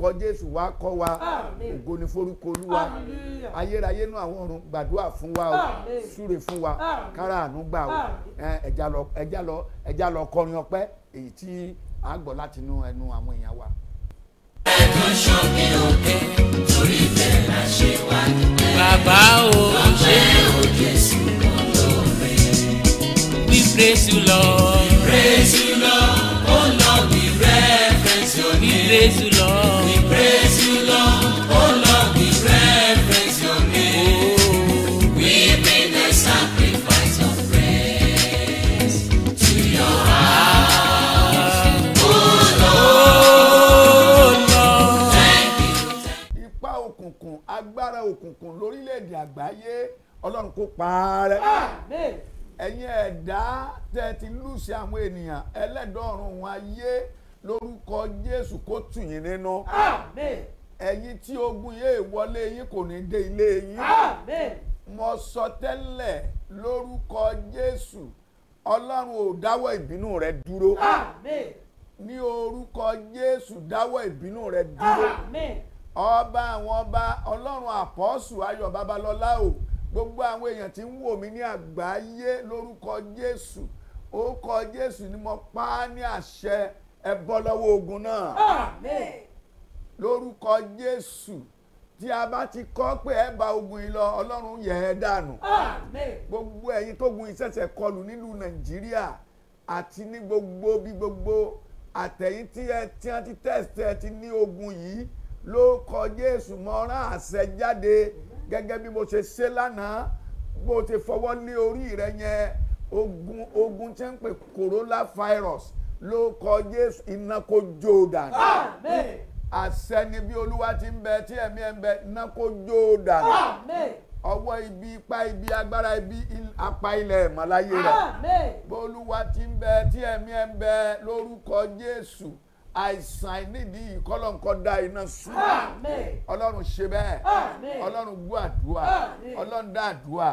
orúkọ jésù wá kọ́ wa ògo ni forúkọ olúwa ayérayé nú àwọn ọ̀run gbàdúrà fún wa súre fún wa kára àánú gbà o ẹja lọ kọrin ọpẹ́ èyí tí a gbọ́ láti inú ẹnu àwọn èèyàn wa. ẹ̀dùn ṣókè òkè torí ìfẹ́ la ṣe wá nílẹ̀ bàbá o ṣe òkè sí olóore. we praise you lord. we praise you lord. oh lord we reverence your name. we agbára òkùnkùn lórílẹ̀‐èdè àgbáyé ọlọ́run kó parẹ́. ẹ̀yin ẹ̀dá tẹ́ ti lùsí àwọn ènìyàn ẹlẹ́dọ̀ọ̀rùn wọn ayé lórúkọ jésù kó tù yín nínú. ẹ̀yin tí ogun yé wọlé yín kò ní dé ilé yín. mo sọ tẹ́lẹ̀ lórúkọ jésù ọlọ́run ò dáwọ́ ìbínú rẹ dúró. ní orúkọ jésù dáwọ́ ìbínú rẹ̀ dúró. Amen. ọba àwọn ọba ọlọ́run àpọ́sù ayọ̀ babalọ́lá o gbogbo àwọn èèyàn tí ń wò mí ní àgbáyé lórúkọ jésù orúkọ jésù ni mo pa á ní àṣẹ ẹ bọ́ lọ́wọ́ ogun náà lórúkọ jésù tí a bá ti kọ́ pé ẹ bá ogun yìí lọ ọlọ́run yẹ̀ ẹ́ dànù àmín gbogbo ẹ̀yin tógun yìí ṣẹ̀ṣẹ̀ kọlù nílùú nàìjíríà àti ní gbogbo bí gbogbo àtẹ̀yìn tí ẹ ti tẹ̀sítẹ̀ ti ní ogun yìí ló kọ Jésù mọ àṣẹ jáde gẹ́gẹ́ bí mo ṣe ṣe lánàá bó ti fọwọ́ lé orí rẹ yẹn ogun ogun tí ń pè corona virus ló kọ Jésù iná kó jó dànù. àṣẹ ni bí Olúwa ti ń tí ẹ̀mí ẹ̀ bẹ iná kó jó ibi ibi agbára ibi apá ilẹ̀ bó Olúwa ti ń bẹ tí ẹ̀mí ẹ̀ àìsàn àìnídìí yìí kọ́lọ́n kọ́ da iná sùn ọlọ́run ṣe bẹ́ẹ̀ ọlọ́run gbọ́ àdúrà ọlọ́run dá àdúrà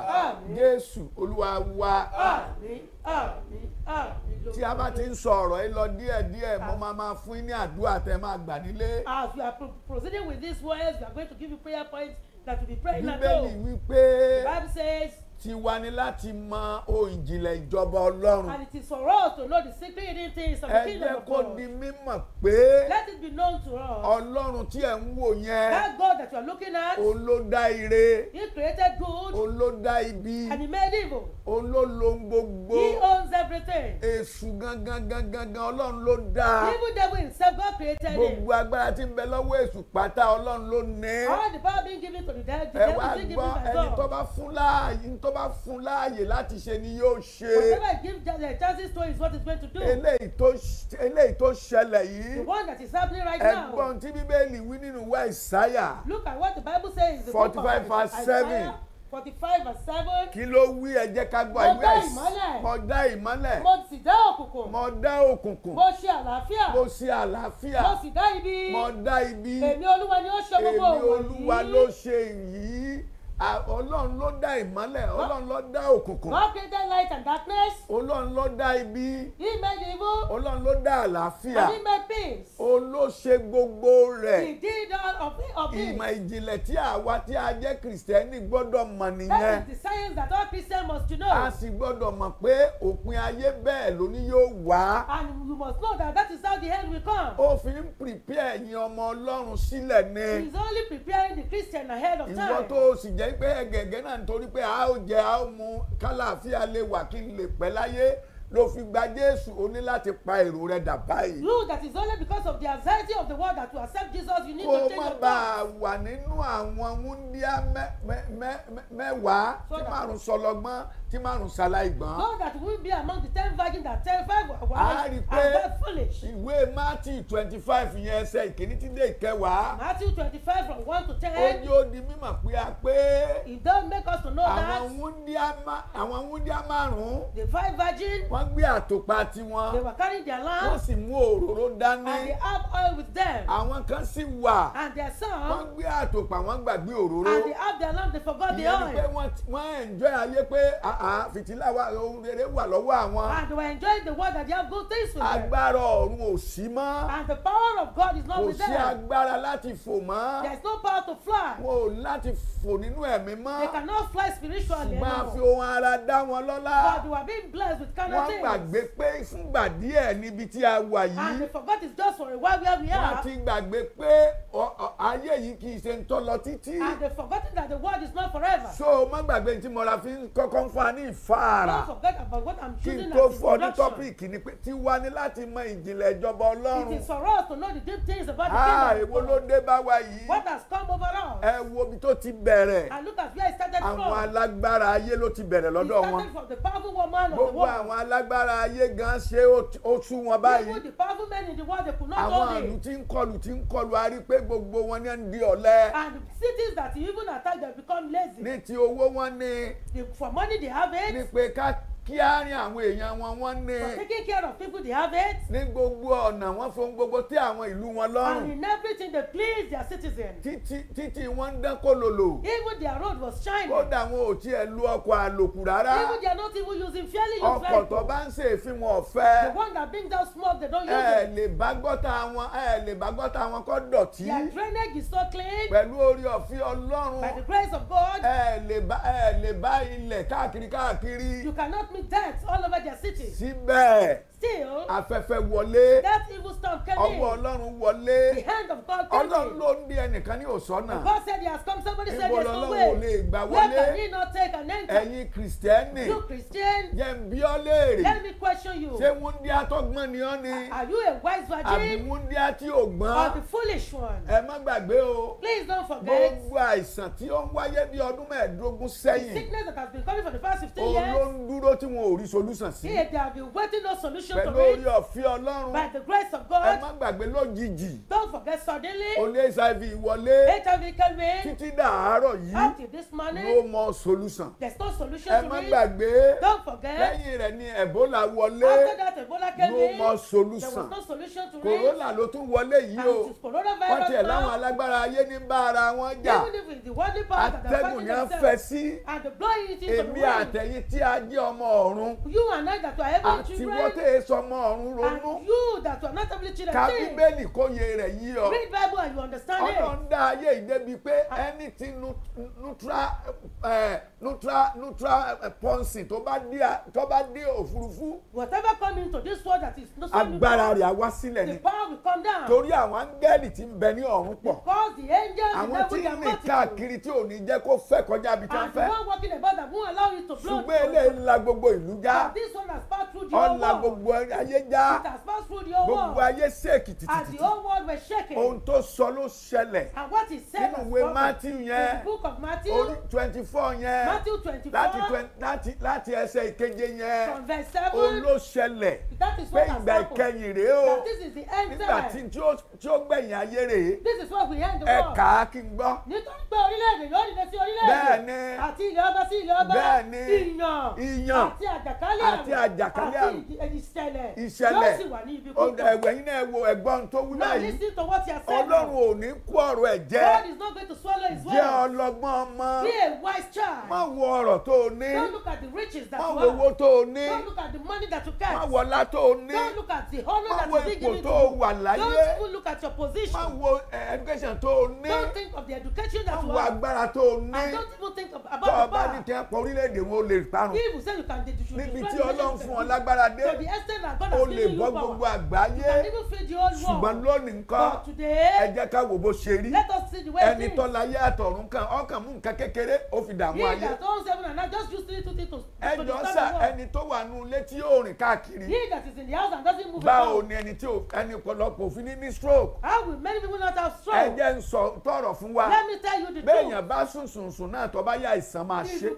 jésù olúwa wa tí a bá ti ń sọ ọ̀rọ̀ yìí lọ díẹ̀díẹ̀ mo máa máa fún yín ní àdúrà tẹ́ máa gbà nílé. as we are proceeding with these words we are going to give you prayer points that we be praying now. our home. bíbélì wípé. the bible says ti wá ní láti mọ òǹjìnlẹ̀ ìjọba ọlọ́run. and it is for us to know the secret hidden things of the kingdom of God. ẹ jẹ́ kó di mímọ̀ pé. let it be known to us. ọlọ́run tí ẹ̀ ń wò yẹn. that God that you are looking at. òun ire. he created good. òun ibi. and he made evil. òun gbogbo. he owns everything. èṣù gangan gangan ọlọ́run ló dá. even devil himself God created him. gbogbo agbára tí ń bẹ lọ́wọ́ èṣù pátá ọlọ́run ló ní. all the power being given to the devil. ẹ wá gbọ́ ẹni tó bá fún láàyè tó bá fún láàyè láti ṣe ni yóò ṣe. whatever give the chances to is what he's going to do. eléyìí tó eléyìí tó ṣẹlẹ̀ yìí. the one that is happening right now. ẹ̀gbọ́n tí bíbélì wí nínú ìwé Àìsáyà. look at what the bible says. forty five verse seven forty-five verse seven. kí ló wí ẹ jẹ́ ká gbọ́ ìwé ẹ̀sìn. mo dá ìmọ́lẹ̀. mo dá ìmọ́lẹ̀. mo sì dá òkùnkùn. mo dá òkùnkùn. mo ṣe àlàáfíà. mo ṣe àlàáfíà. mo sì dá ibi. mo dá ibi. èmi olúwa ni ó ṣe gbogbo òwò yìí. èmi olúwa ló ṣe yìí ọlọ́run ló dá ìmọ́lẹ̀ ọlọ́run ló dá òkùnkùn. God created light and darkness. ọlọ́run ló dá ibi. he made evil. ọlọ́run ló dá àlàáfíà. and he made peace. olóṣe gbogbo rẹ̀. he did all of it. ìmọ̀ ìjìnlẹ̀ tí àwa tí a jẹ́ kìrìsìtẹ́nì gbọ́dọ̀ mọ̀ nìyẹn. that is the science that all Christians must know. a sì gbọ́dọ̀ mọ̀ pé òpin ayé bẹ́ẹ̀ ló ní yóò wá. and you must know that that is how the end will come. ó fi ń prepare ẹ̀yin ọmọ ọlọ́run sílẹ̀ ni. he is only preparing the Christian ahead of time. ìwọ tó o sì jẹ́ jẹ́ pé ẹ̀gẹ̀gẹ̀ náà nítorí pé a ó jẹ a ó mu kálàáfíà lè wà kí n lè pẹ́ láyé ló fi gba jésù o láti pa èrò rẹ dà báyìí. you that is only because of the anxiety of the world that you accept Jesus you need to change your mind. kó má bàa wà nínú àwọn wúndíá mẹ́wàá tí márùn sọlọgbọ́n tí márùn ṣaláì gbọ́n. all that will be among the ten virgins that ten five were wise and were foolish. ìwé matthew twenty five yẹn ẹsẹ̀ ìkíní tí dé ìkẹwàá. matthew twenty five from one to ten. ó ní ó di mímọ̀ pé a pé. it don make us to know that. àwọn wúndíá àwọn wúndíá márùn-ún. the five virgins. wọ́n gbé àtòpá tiwọn. they were carrying their lamp. wọ́n sì mú òróró dání. and they have oil with them. àwọn kan sì wà. and their son. wọ́n gbé àtòpá wọ́n gbàgbé òróró. and they have their lamp they forgot the oil. ìyẹn ni pé wọ́n enjoy ayé pé. Ah, fìtílà wà rere wà lọ́wọ́ àwọn. and to enjoy the word that they have good things with them. agbára ọ̀run ò sí mọ́. and the power of God is not with them. kò sí agbára láti fò mọ́. there is no power to fly. wọn ò láti fò nínú ẹ̀mí mọ́. they cannot fly spiritually anymore. máa fi ohun ara dá wọn lọ́lá. but we are being blessed with kind of things. wọ́n gbàgbé pé fúngbà díẹ̀ níbi tí a wà yìí. and they forgot it's just for a while where we are. wọ́n ti gbàgbé pé ayé yìí kì í ṣe ń tọ́ lọ títí. and they forgot that the world is not forever. so má gbàgbé tí mo ra fi kọ́kọ́ ń fa máa ní ìfáàrà kí n tó fọ ní tọ́pìkì ni pé ti wá ní láti mọ ìjìnlẹ̀ ìjọba ọlọ́run. it is for us to know the deep things about the kingdom. Ah, èwo ló dé bá wa yìí. what has come over us. ẹ wo ibi tó ti bẹ̀rẹ̀. and look started from. àwọn alágbára ayé ló ti bẹ̀rẹ̀ lọ́dọ̀ wọn. it started from the powerful woman of the gbogbo àwọn alágbára ayé gan ṣe ó sú wọn báyìí. in the world and cities that even attack them become lazy. ní ti owó wọn ní. for money they have it. ni pé ká kíárin àwọn èèyàn wọn wọ́n ní. for taking care of people they have it. ní gbogbo ọ̀nà wọ́n fún gbogbo tí àwọn ìlú wọn lọ́rùn. and in everything they please their citizens. títí títí wọ́n dán kólòlò. even their road was shining. kódà wọn ò tiẹ̀ lu ọkọ̀ àlòkù rárá. even they are not even using fairly used vehicle. ọkọ̀ tó bá ń ṣe èéfín ọ̀fẹ́. the one that brings out smoke they don't use it. ẹ lè bá gbọ́ta wọn ẹ lè bá gbọ́ta wọn kọ́ dọ̀tí. their drainage is so clean. pẹ̀lú orí ọ̀fin Ọlọ́run. by the grace of God. ẹ lè bá ẹ lè bá ilẹ̀ káàkiri káàkiri. you cannot be death all over their city. síbẹ̀ still. afẹ́fẹ́ wọlé. that evil storm came in. ọwọ́ Ọlọ́run wọlé. the hand of God came in. Ọlọ́run ló ń di ẹnìkan ní òsọ́nà. God said he has come somebody said there is no way. ìwọ ò lè gbà wọlé. where can he not take an entry. ẹ̀yin kìrìsìtẹ́nì. you christian. yẹn bí ọ léèrè. let me question you. ṣé wúndíá tó gbọ́n ni ọ́ ni. are you a wise virgin. àbí wúndíá tí ò gbọ́n. or the foolish one. ẹ má gbàgbé o. please don't forget. gbogbo àìsàn tí ó ń wáyé bí ọdún mẹ́ẹ̀ẹ́dógún sẹ́yìn. the sickness that has been coming for the past fifteen years. òun ló ń dúró tí wọn ò rí solution to it. by the grace of God. ẹ má gbàgbé lójijì. don't forget suddenly. olè hiv wọlé. hiv came in. títí dàárọ̀ yìí. up till this morning. no more solution. there's no solution to it. ẹ má gbàgbé. don't forget. lẹ́yìn rẹ̀ ni ebola wọlé. after that ebola came no in. no more solution. there was no solution to it. corona ló tún wọlé yìí o. coronavirus now. wọ́n tiẹ̀ láwọn alágbára ayé ní bá wọn jà. are fighting atẹ́gùn ni wọ́n fẹ́ sí. and the blowing it into the wind. èmi àtẹ̀yìn tí a jẹ́ ọmọ ọ̀run. you and I that are heaven children. àtiwọ́tẹ̀ èé sọmọ ọ̀run ronú. and you that were not able to change. ka bíbélì kóye rẹ̀ yí ọ. read bible and you understand it. ọlọ́run dá ayé ìdẹ́bi pé anything ah. neutral neutral neutral ponsi tó bá dé òfurufú. whatever come into this world that is not so neutral. agbára rẹ̀ á wá sílẹ̀ ni. the power will come down. torí àwọn áńgẹ́lì tí ń bẹ ní ọ̀run pọ̀. because the angels never get multiple. àwọn tí ń rìn káàkiri tí ò ní jẹ́ kó fẹ́ kọjá bí tán fẹ́. and the one working about that won't allow you to blow. ṣùgbọ́n eléyìí la gbogbo ìlú já. and this one has passed through the whole world gbogbo ayé já gbogbo ayé ṣèkì títí ohun tó sọ ló ṣẹlẹ̀ nínú ìwé matthew yẹn orí twenty four yẹn láti láti ẹsẹ̀ ìkeje yẹn olóṣẹlẹ̀ pé ìgbà ìkẹyìn rèé o nígbà tí ó gbẹ̀yìn ayé rèé ẹ̀ka kí n gbọ́. nítorí pé orílẹ̀-èdè yóò dìde sí orílẹ̀-èdè bẹ́ẹ̀ni àti ilẹ̀ ọba sí ilẹ̀ ọba bẹ́ẹ̀ni ìyàn àti àjàkálẹ̀ àrùn àti àjàkálẹ̀ àrùn ìṣẹ̀lẹ̀ ìṣẹ̀lẹ̀ ẹ̀wẹ̀yìn náà wo ẹ̀gbọ́n tó wí báyìí ọlọ́run ò ní kó ọ̀rọ̀ ẹ̀ jẹ́ jẹ́ ọlọ́gbọ́n ọmọ má wo ọ̀rọ̀ tó o ní má wo owó tó o ní má wo ọlá tó o ní má wo ipò tó o wà láyé má wo education tó o ní má wo agbára tó o ní tó o bá ní tẹ́ pọ̀ orílẹ̀-èdè wọn lè parun níbi tí ọlọ́run fún ọ lágbára dé o lè bọ́ gbogbo àgbáyé ṣùgbọ́n lónìí nǹkan ẹ jẹ́ ká wo bó ṣe rí ẹni tó láyé àtọ̀run kan ọkàn mú nǹkan kékeré ó fi dààmú ayé ẹ jọ sà ẹni tó wà nù létí yóò rìn káàkiri báwo ni ẹni tí ẹni pọ̀lọpọ̀ òfin ní ní stroke ẹ jẹ́ ń sọ tọrọ fún wa bẹ́ẹ̀ yẹn bá sùn sùn sùn náà tó bá yá àìsàn máa ṣe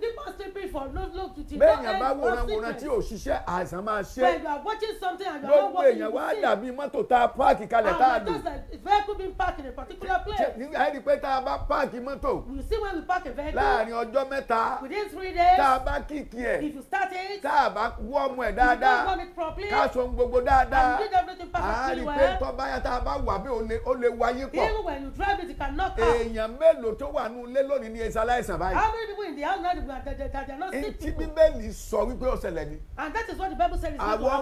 bẹ́ẹ̀ yẹn bá wòran wòran tí ò ṣiṣẹ́ àìsàn máa ṣe are watching something and you are not watching it. gbogbo èèyàn wá dàbí mọ́tò tá a páàkì kalẹ̀ tá a lò. and motors are vehicle being parked in a particular place. ẹ rí i pé tá a bá páàkì mọ́tò. you see when we park a vehicle. láàrin ọjọ́ mẹ́ta. within three days. tá a bá kìkì ẹ̀. if you start it. tá a bá wọ́ ọmọ ẹ̀ dáadáa. you don't run it properly. ká so gbogbo dáadáa. and do everything perfectly well. a rí i pé tọ́ báyà tá a bá wà bí o lè wáyé pọ̀. even when you drive it you can knock out. èèyàn mélòó tó wà nù lé lónìí ni ẹ̀sán láìsàn báyìí. how many people in the house now dey they are not sick people. ntí bíbélì sọ wípé ó and that is what the bible says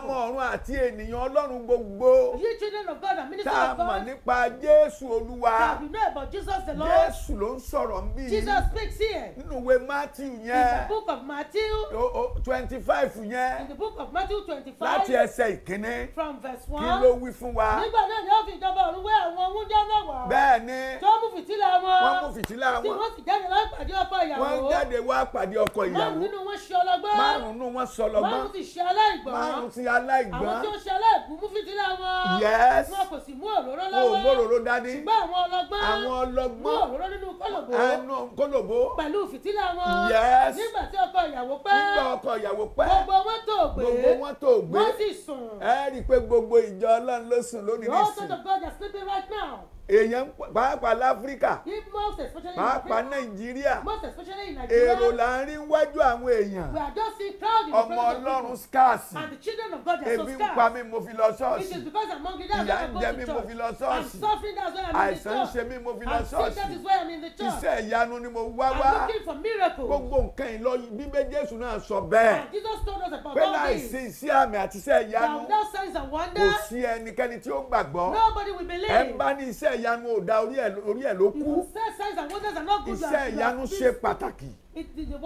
ọmọ ọ̀run àti ènìyàn ọlọ́run gbogbo. you children of God and ministers of God. tá a mọ̀ nípa Jésù Olúwa. that you know about Jesus the Lord. Jésù ló ń sọ̀rọ̀ ń bí. Jesus speaks here. nínú ìwé Matthew yẹn. in the book of Matthew. twenty five yẹn. in the book of Matthew twenty five. láti ẹsẹ̀ ìkíní. from verse one. kí ló wí fún wa. nígbà náà ni ó fi ìjọba ọ̀run wé àwọn oúnjẹ náà wá. bẹ́ẹ̀ tó mú fìtílà wọn. wọ́n mú fìtílà wọn. tí wọ́n sì jáde wá pàdé ọkọ ìyàwó. wọ́n jáde wá pàdé ọkọ ìyàwó. márùn-ún wọn ṣe ọlọ́gbọ́n. márùn-ún nínú wọn ṣọlọ́gbọ́n. márùn-ún sì ṣe aláìgbọ́n. márùn-ún sì aláìgbọ́n. àwọn tí ó ṣe aláìkú mú fìtílà wọn. yẹ́s. wọn kò sì mú òróró lọ́wọ́. o mú òróró dání. ṣùgbọ́n àwọn ọlọ́gbọ́n. mú òróró nínú kólòbó. ẹnu pẹ̀lú fìtílà wọn. yẹ́s. nígbà tí ọkọ ìyàwó pẹ́. nígbà ọkọ ìyàwó pẹ́. gbogbo wọn tó gbé. gbogbo wọn tó gbé. wọ́n sì sùn. ẹ rí i pé gbogbo ìjọ ọlọ́run ló sùn lónìí nísìnyí èèyàn pàápàá láfíríkà pàápàá nàìjíríà èrò là ń rí wájú àwọn èèyàn ọmọ ọlọ́run scarce ebi ń pa mí mo fi lọ ṣọ́ọ̀ṣì ìyà ń jẹ mí mo fi lọ ṣọ́ọ̀ṣì àìsàn ń ṣe mí mo fi lọ ṣọ́ọ̀ṣì iṣẹ́ ìyanu ni mo wá wá gbogbo nǹkan ìlọ bíbẹ́ jésù náà sọ bẹ́ẹ̀ pé láìsí iṣẹ́ àmì àti iṣẹ́ ìyanu kò sí ẹnikẹ́ni tí ó gbàgbọ́ ẹ ń bá ní iṣẹ́ iṣẹ́ ìyanu ò da orí ẹ̀ ló kú iṣẹ́ ìyanu ṣe pàtàkì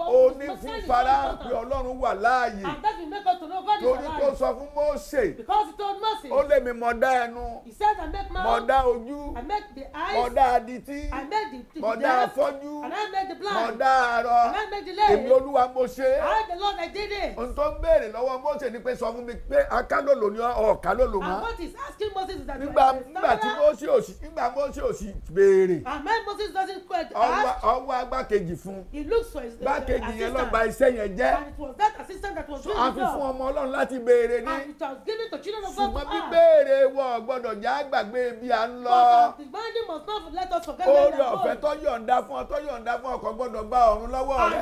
onífúnfara pé ọlọ́run wà láàyè torí tó sọ fún Mósè ó lè mi mọ̀dá ẹnu mọ̀dá ojú mọ̀dá adití mọ̀dá afọ́jú mọ̀dá arọ èmi olúwa mo ṣe ohun tó ń béèrè lọ́wọ́ Mósè ni pé sọ fún mi pé akálòlò ni ọ̀kálòlò mọ́ nígbà nígbà tí Mósè òsì nígbà Mósè òsì béèrè ọwọ́ agbákejì fún un bákejì yẹn ló bà iṣẹ́ yẹn jẹ́ a fi fún ọmọ ọlọ́run láti béèrè ní ṣùgbọ́n bí béèrè wọ gbọ́dọ̀ já gbàgbé bí a ń lọ uh, orí ọ̀fẹ́ tó yọ̀ǹda fún ọ tó yọ̀ǹda fún ọ kò gbọ́dọ̀ gba ọ̀run lọ́wọ́ rẹ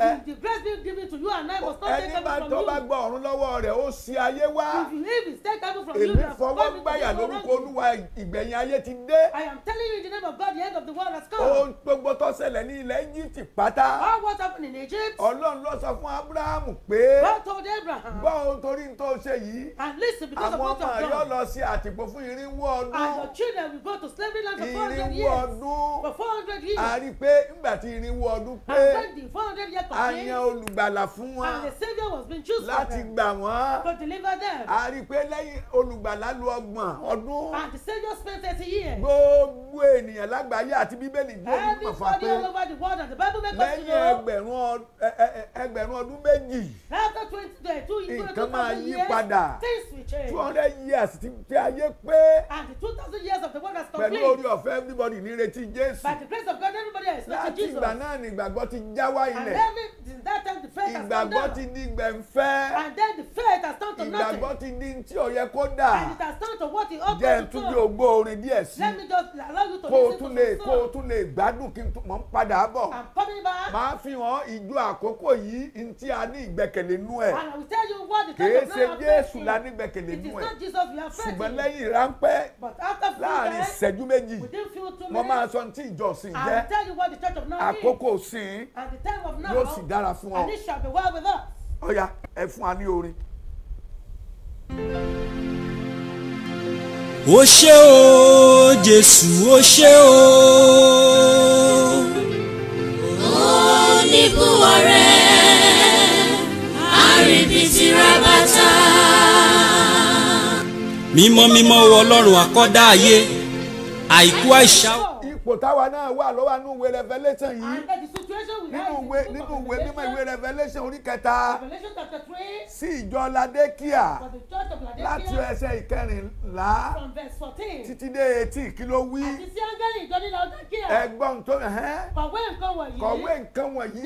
ẹni bá tó bá gba ọ̀run lọ́wọ́ rẹ ó sì ayé wá èmi fọwọ́ gbáyà lórúkọ olúwa ìgbẹ̀yìn ayé ti dé. I am telling you in the name of God the end of the world has come. ohun gbogbo tó ṣẹlẹ̀ ní ilẹ̀ Egypt pátá. all what happened. Abraham in Egypt. Ọlọ́run ló sọ fún Abrahamu pé. God told Abraham. Gbọ́ ohun torí ń tó ṣe yìí. And listen because of what I've done. Àwọn ọmọ yóò lọ sí àtìpó fún irinwó ọdún. And your children will go to slavery land for four hundred years. Irinwó ọdún. For four hundred years. A rí i pé nígbà tí irinwó ọdún pé. And when the four hundred years complete. A yan olùgbàlà fún wọn. And the savior was being chosen. Láti gbà wọ́n. To deliver them. A rí i pé lẹ́yìn olùgbàlà lu ọgbọ̀n ọdún. And the savior spent thirty years. Gbogbo ènìyàn lágbàáyé àti bíbélì gbé onímọ̀ fún the world and the Bible makes us know. Lẹ́yìn ẹgbẹ̀rún ẹgbẹ̀rún ẹgbẹ̀rún ọdún méjì nǹkan máa yí padà two hundred years ti fi ayé pé pẹ̀lú orí ọ̀fẹ́ everybody ní retí Jesus. láti ìgbà náà ni ìgbàgbọ́ ti já wá ilẹ̀ then the ìgbàgbọ́ ti di gbẹ̀ǹfẹ́. and then the faith has turned nothing. ìgbàgbọ́ ti di tí ò yẹ kó dà. and it has turned to what it ought to do. jẹ́ tún bí o gbọ́ orin díẹ̀ sí. let me just allow you to listen to the song. lè kó o tún lè gbádùn kí n tún mọ̀ ń padà bọ̀. i'm coming back. máa fi hàn ìjọ àkókò yìí n tí a ní ìgbẹ́kẹ̀lé nú ẹ̀. and i will tell you what the kind of man i'm facing. kì í ṣe Jésù la ní ìgbẹ́kẹ̀lé nú ẹ̀. it is not Jesus we are facing. ṣùgbọ́n lẹ́yìn ráńpẹ́ láàrin ìṣẹ́jú méjì mo máa sọ ní tí ìjọ sìn jẹ́ àkókò sìn yóò sì dára fún and it shall be well with us. ọ̀ya ẹ fún wa ní orin. ó ṣé o jésù ó ṣé o. ó ní búwọ́ rẹ̀ àríbìtì mímọ́ mímọ́ ọlọ́run àkọ́dá ayé àìkú àìṣá ipò táwa náà wà lọ́wọ́ nínú ìwé revelation yìí nínú ìwé nínú ìwé mímọ́ ìwé revelation orí kẹta sí ìjọ Laodikia láti ẹsẹ̀ ìkẹrìnlá títí dé etí kí ló wí ẹgbọ́n tó kọ̀wé nǹkan wọ̀nyí kọ̀wé nǹkan wọ̀nyí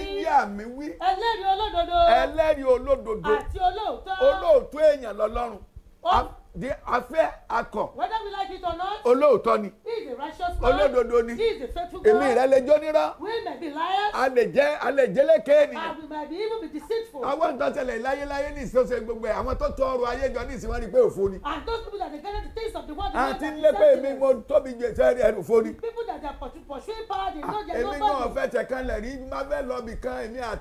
ní yà mí wí ẹlẹ́rìí olódodo ẹlẹ́rìí olódodo àti olóòótọ́ olóòótọ́ èèyàn lọ́lọ́run di afẹ́ akọ. whether we like it or not. olóòótọ́ ni. he is a righteous man. olódodo ni. he is a faithful God. èmi rẹ lè jó nírọ́. we may be liars. a lè jẹ́ a lè jẹ́lẹ́kẹ́ ènìyàn. and we may be even be deceitful. àwọn nǹkan tẹ̀lé láyéláyé ní ìṣòṣe gbogbo ẹ̀ àwọn tó tọ ọrọ̀ ayé jọ ní ìsìn wọn ni pé òfo ni. and those people that dey gather the things of the world. àti ilé pé èmi mo tóbi ju ẹsẹ̀ rẹ̀ òfo ni. people that dey pursue pursue power dey ah, know their own value. èmi náà fẹ́ tẹ̀ kan lẹ̀ rí má fẹ́ lọ bì kan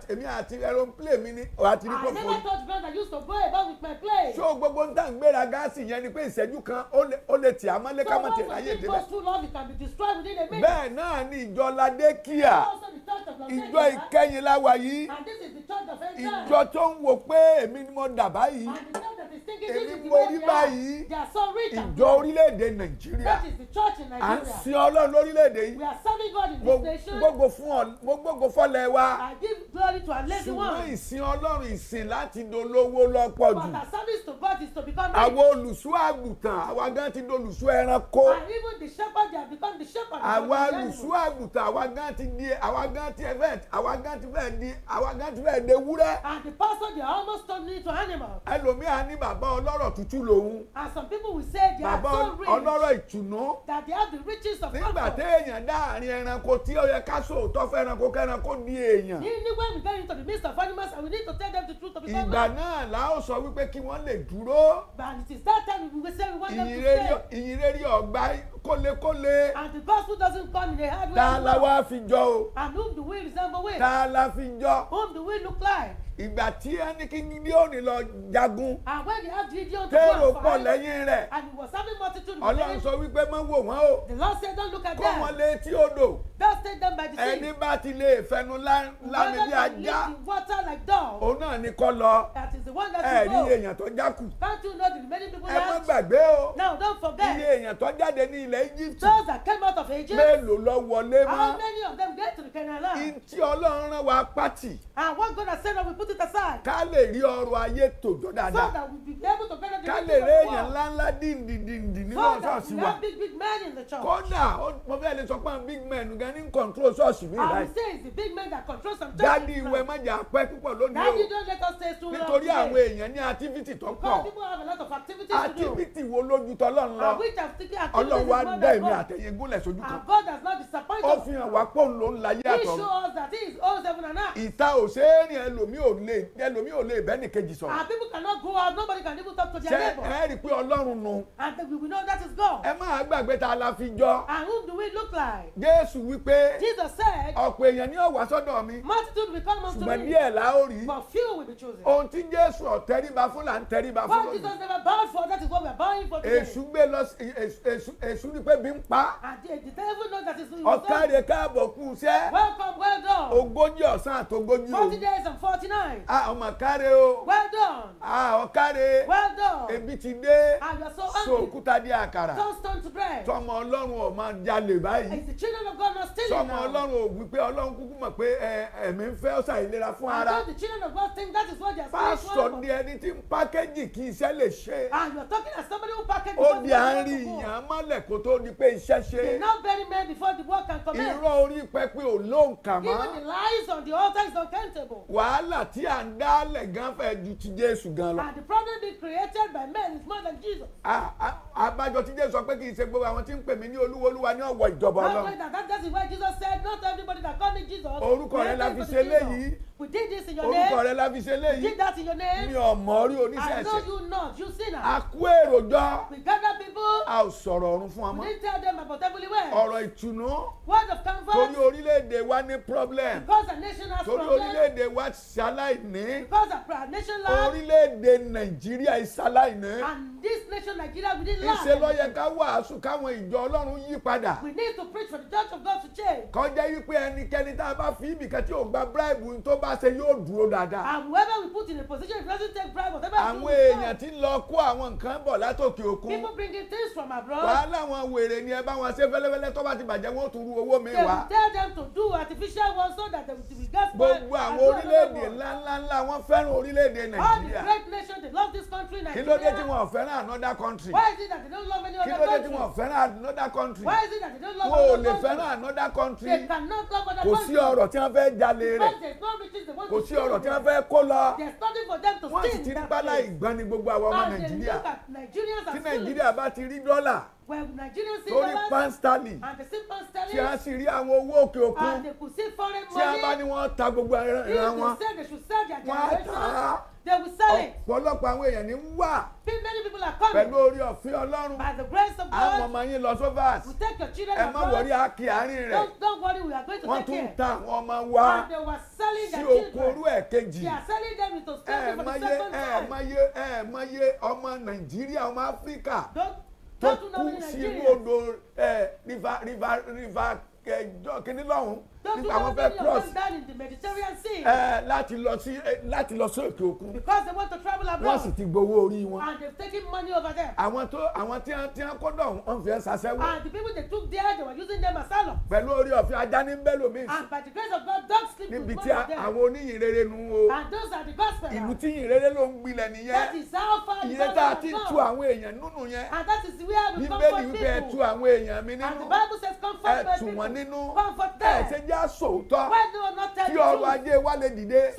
èmi àti aeroplane mi ni àti ní kò fún mi. I never thought brother used to go about with my plane. ṣó gbogbo ń tàn gbéra gáàsì reality yẹn ni pé ìṣẹ́jú kan ó lè tì á mọ́lé ká mọ́ tẹ̀ láyé débẹ̀. bẹ́ẹ̀ náà ni ìjọ Ládékíà ìjọ ìkẹyìn láwa yìí ìjọ tó ń wò pé èmi ni mo dà báyìí èmi mo rí báyìí ìjọ orílẹ̀-èdè Nàìjíríà à ń sin Ọlọ́run lórílẹ̀-èdè yìí mo gbógo fọ́lẹ̀ wa ṣùgbọ́n ìsìn Ọlọ́run ìsìn láti dolówó lọ́pọ̀ jù àwọn olù olùṣọ́ àgùntàn àwa gan ti di olùṣọ́ ẹranko. and even the shepherd they have become the shepherd. àwa olùṣọ́ àgùntàn àwa gan ti di àwa gan ti fẹ́ àwa gan ti fẹ́ di àwa gan ti fẹ́ de wúrẹ́. and the pastor they almost turned into animals. ẹlòmíà ní bàbá ọlọ́rọ̀ tútù lòun. and some people will say they bàbá are so rich. bàbá ọlọ́rọ̀ ìtùnú. that they have the riches of God. nígbà téèyàn dáàrin ẹranko tí ó yẹ ká sòótọ́ fẹ́ ẹranko kẹ́ranko di èèyàn. ní ní when we get into the midst of animals and we need to tell them the truth of the Bible. ìgbà náà làá sọ wípé kí wọ́n lè dúró. but it is that ìyìn rérí ọgbà kólekóle. and the gospel doesn't come in a hard way. ta la fi jọ o. and whom do we resemble with. ta fi jọ. whom do we look like. ìgbà tí ẹni kí gideoni lọ jagun. and when you have gideon to go and fight. tèrò pọ̀ lẹ́yìn rẹ̀. and he was having multitude. ọlọ́run sọ wípé má wò wọ́n o. the lord said don't look at them. kó wọn lé etí odò. just take them by the sea. ẹni bá ti lè fẹnu lámi bí ajá. òun náà ni kọ́ lọ. that is the one that you know. ẹ̀rí èèyàn tó jákù. can't you know the many people that. ẹ má gbàgbé o. now don't forget. iye èèyàn tó jáde ní ilé ilẹ̀ Egypt. those that came out of Egypt. mélòó lọ wọlé mọ́. how many of them get to the canal? land. ntí Ọlọ́run rán wa pátì. and what God has said that we put it aside. ká lè rí ọrọ̀ ayé tòjọ́ dáadáa. so that we be able to better the the world. ká lè rí èèyàn ńláńlá dìndìndìndì nínú ọ̀ṣọ́ọ̀ṣì wa. so that we have big big men in the church. kódà mo fẹ́ lè sọ pé big men gan ní control ṣọ́ọ̀ṣì mi láì. I will say it's the big men that control some churches. dádì ìwé má jà pẹ́ púpọ̀ lónìí o. dádì don't let us stay too long. nítorí àwọn èèyàn ní activity tó pọ̀. because people have a lot of activity to do. activity wo lójú tọ́lọ́run lọ. and which activity. ọlọ́wà dá èmi àtẹ̀yìn gúnlẹ̀ sójú kan. God has not disappointed us. ó fi hàn wá pé ló ń láyé àtọ. He shows us that he is all seven and a half. ìta ò ṣe é rìn ẹlòmíì ò lè ẹlòmíì ò lè bẹ́ẹ̀ nìkejì sọ̀rọ̀. and people cannot go out nobody can even talk to their neighbor. ṣe ẹ rí i pé Ọlọ́run nu. and we know that is God. ẹ máa gbàgbé ta la fi jọ. and who do we look like. Jésù wípé. Jesus said. ọ̀pọ̀ èèyàn ni ó sọ́dọ̀ mi. multitude will come unto me. ṣùgbọ́n díẹ̀ la ó but few will be chosen. ohun tí Jésù ọ̀tẹ́ríba fún là ń tẹ́ríba fún lónìí. what Jesus never bowed for that is what we are bowing for ní pé bí ń pa. àti èdè tẹ́lifù náà that is in your káàbọ̀ kú iṣẹ́. welcome well done. ogójì ọ̀sán àti ogójì o. forty days and forty nine. a ọmọ káre o. well done. a ọ̀kadì. well done. ebi ti dé. and ah, you so òkúta di àkàrà. don't turn to bread. tọmọ ọlọ́run ò máa jalè báyìí. it's the children of God not stealing now. tọmọ ọlọ́run ò wí pé kúkú mọ̀ pé ẹ̀mí ń fẹ́ ọ̀sà ìlera fún ara. and so the children of God tó di pé iṣẹ́ ṣe. the not very men before the work can commence. irọ́ orí pẹpẹ ò lóǹkà mọ́. even the lies on the altar is uncountable. wàhálà tí à ń dálẹ̀ gan fẹ́ ju ti Jésù gan lọ. and the problem being created by men is more than Jesus. àbájọ tí Jésù sọ pé kì í ṣe gbogbo àwọn tí ń pè mí ní olúwo olúwa ní ọ̀wọ̀ ìjọba Ọlọ́run. that is why Jesus said not everybody that call me Jesus. orúkọ rẹ̀ la fi ṣe léyìí we did this in your name. orúkọ rẹ la fi ṣe léyìí. we did that in your name. mi ò mọ̀ rí oníṣẹ̀ṣẹ̀. I know you not you sinner. a kó èrò we gather people. a ò sọ̀rọ̀ ọ̀run fún wa we didn't tell them about heavenly words. ọ̀rọ̀ ìtùnú. word of comfort. torí orílẹ̀-èdè wa ní problem. because the nation has torí problem. torí orílẹ̀-èdè wa ṣaláìní. because our nation lack. orílẹ̀-èdè nàìjíríà ṣaláìní. and this nation Nigeria we didn't lack. ìṣe ló yẹ ká wàásù káwọn ìjọ ọlọ́run yí padà. we need to preach for the church of God to change. kọjá yí pé ẹnikẹ́ni tá a bá fi ibìkan tí ò gba bíráìbù tó bá ṣe yóò dúró dáadáa. and whoever we put in a position if he doesn't take bribe whatever we, do. àwọn èèyàn ti lọ kó àwọn nǹkan bọ̀ látòkè òkun. people bringing things from abroad. wàhálà wọn wèrè ni ẹ bá wọn ṣe fẹ́lẹ́fẹ́lẹ́ tó bá ti bàjẹ́ wọn ó tún ru owó mi wá. they tell them to do artificial ones so that they will be gas well. gbogbo àwọn orílẹ̀-èdè ńláńláńlá wọ́n fẹ́ràn orílẹ̀-èdè nàìjíríà. all the great nations they love this country nàìjíríà. kí ló dé tí wọn fẹ́ràn another country. why is it that they don't love any other country. kí ló dé another country. why is it that they don't love another country. country. they cannot love another country. kò sí ọ̀rọ̀ tí wọ́n fẹ́ kò sí ọ̀rọ̀ tí wọ́n fẹ́ kó lọ wọ́n sì ti rí bálá ìgbani gbogbo àwa ọmọ nàìjíríà tí nàìjíríà bá ti rí dọ́là lórí pánstálì tí a sì rí àwọn owó òkè òkun tí a bá ní wọ́n ta gbogbo ẹran wọn wọ́n á ta á they will sell it. ọ̀pọ̀lọpọ̀ àwọn èèyàn ní wà. many people are coming. pẹ̀lú orí ọ̀fin ọlọ́run. by the grace of God. àwọn ọmọ yín lọ sófàs. we take your children abroad. ẹ má wọrí àkè àárín rẹ̀. don't don't worry we are going to One take care. wọ́n tún ta àwọn ọmọ wa. and they were selling their children. sí okoru ẹ̀kejì. they are selling them into slavery for the second time. ẹ má yé ẹ má yé ọmọ nàìjíríà ọmọ áfíríkà. tó kú sínú odò river river river kẹjọ kìnnìlọ́hún nípa àwọn fẹ́ cross ẹ láti lọ sí láti lọ sí òkè òkun wọ́n sì ti gbowó orí wọn àwọn tó àwọn tí wọ́n tí wọ́n kó dọ̀ wọ́n fi ẹ́ sasẹ́wọ̀ pẹ̀lú orí ọ̀fẹ́ ajá ní bẹ́lòmíì níbi tí àwọn oníyìn rere nu o ìlú tí yìn rere ló ń gbilẹ̀ nìyẹn iye tá a ti tu àwọn èèyàn nínú yẹn bíbélì wípé ẹ tu àwọn èèyàn mi nínú ẹ tù wọ́n nínú ẹ ṣe jẹ́ já sòótọ́ kí ọrọ̀ ajé wa lè dìde ẹ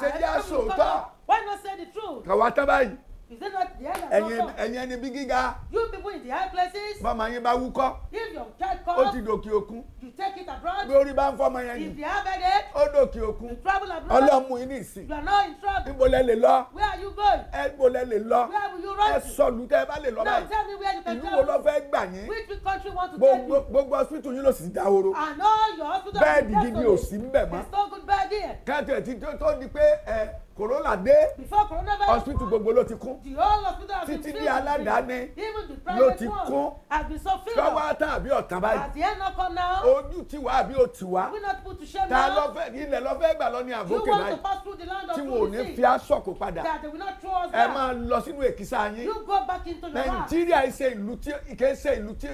ṣe já sòótọ́ kàwá tán báyìí. Is it not the end of ẹ̀yin ẹ̀yin ẹni bí gíga. You people in the high places. Bọ́mọ yín bá wúkọ́. If your child comes. Ó ti dòkè òkun. You take it abroad. Bí orí bá ń fọmọ yẹn ni. If you have any, Ó dòkè òkun. You travel abroad. Ọlọ́mú yín ní ìsìn. You are not in trouble. Níbo lẹ lè lọ? Where are you going? Ẹ lẹ lè lọ. Where will you run to? Ẹ sọlù tẹ ẹ bá lè lọ báyìí. Now tell me where you can travel. Ìlú wo ló fẹ́ gbà yín? Which country want to take you? Gbogbo hospital yín ló sì dáhoro. And all your hospital. Bẹ́ẹ̀dì gidi ò sí ń bẹ̀ mọ́. It's so good corona dé hospital gbogbo ló ti kún títí di aládàáni ló ti kún lọ́wọ́ tá àbí ọ̀tàn báyìí ojú ti wá àbí o ti wá ta lọ́fẹ́ ilẹ̀ lọ́fẹ́ gbà lọ ní àbókè báyìí tí wọn ò ní fi aṣọ́kò padà ẹ máa lọ sínú èkìsà yín nàìjíríà ìṣe ìlú tí kì í ṣe ìlú tí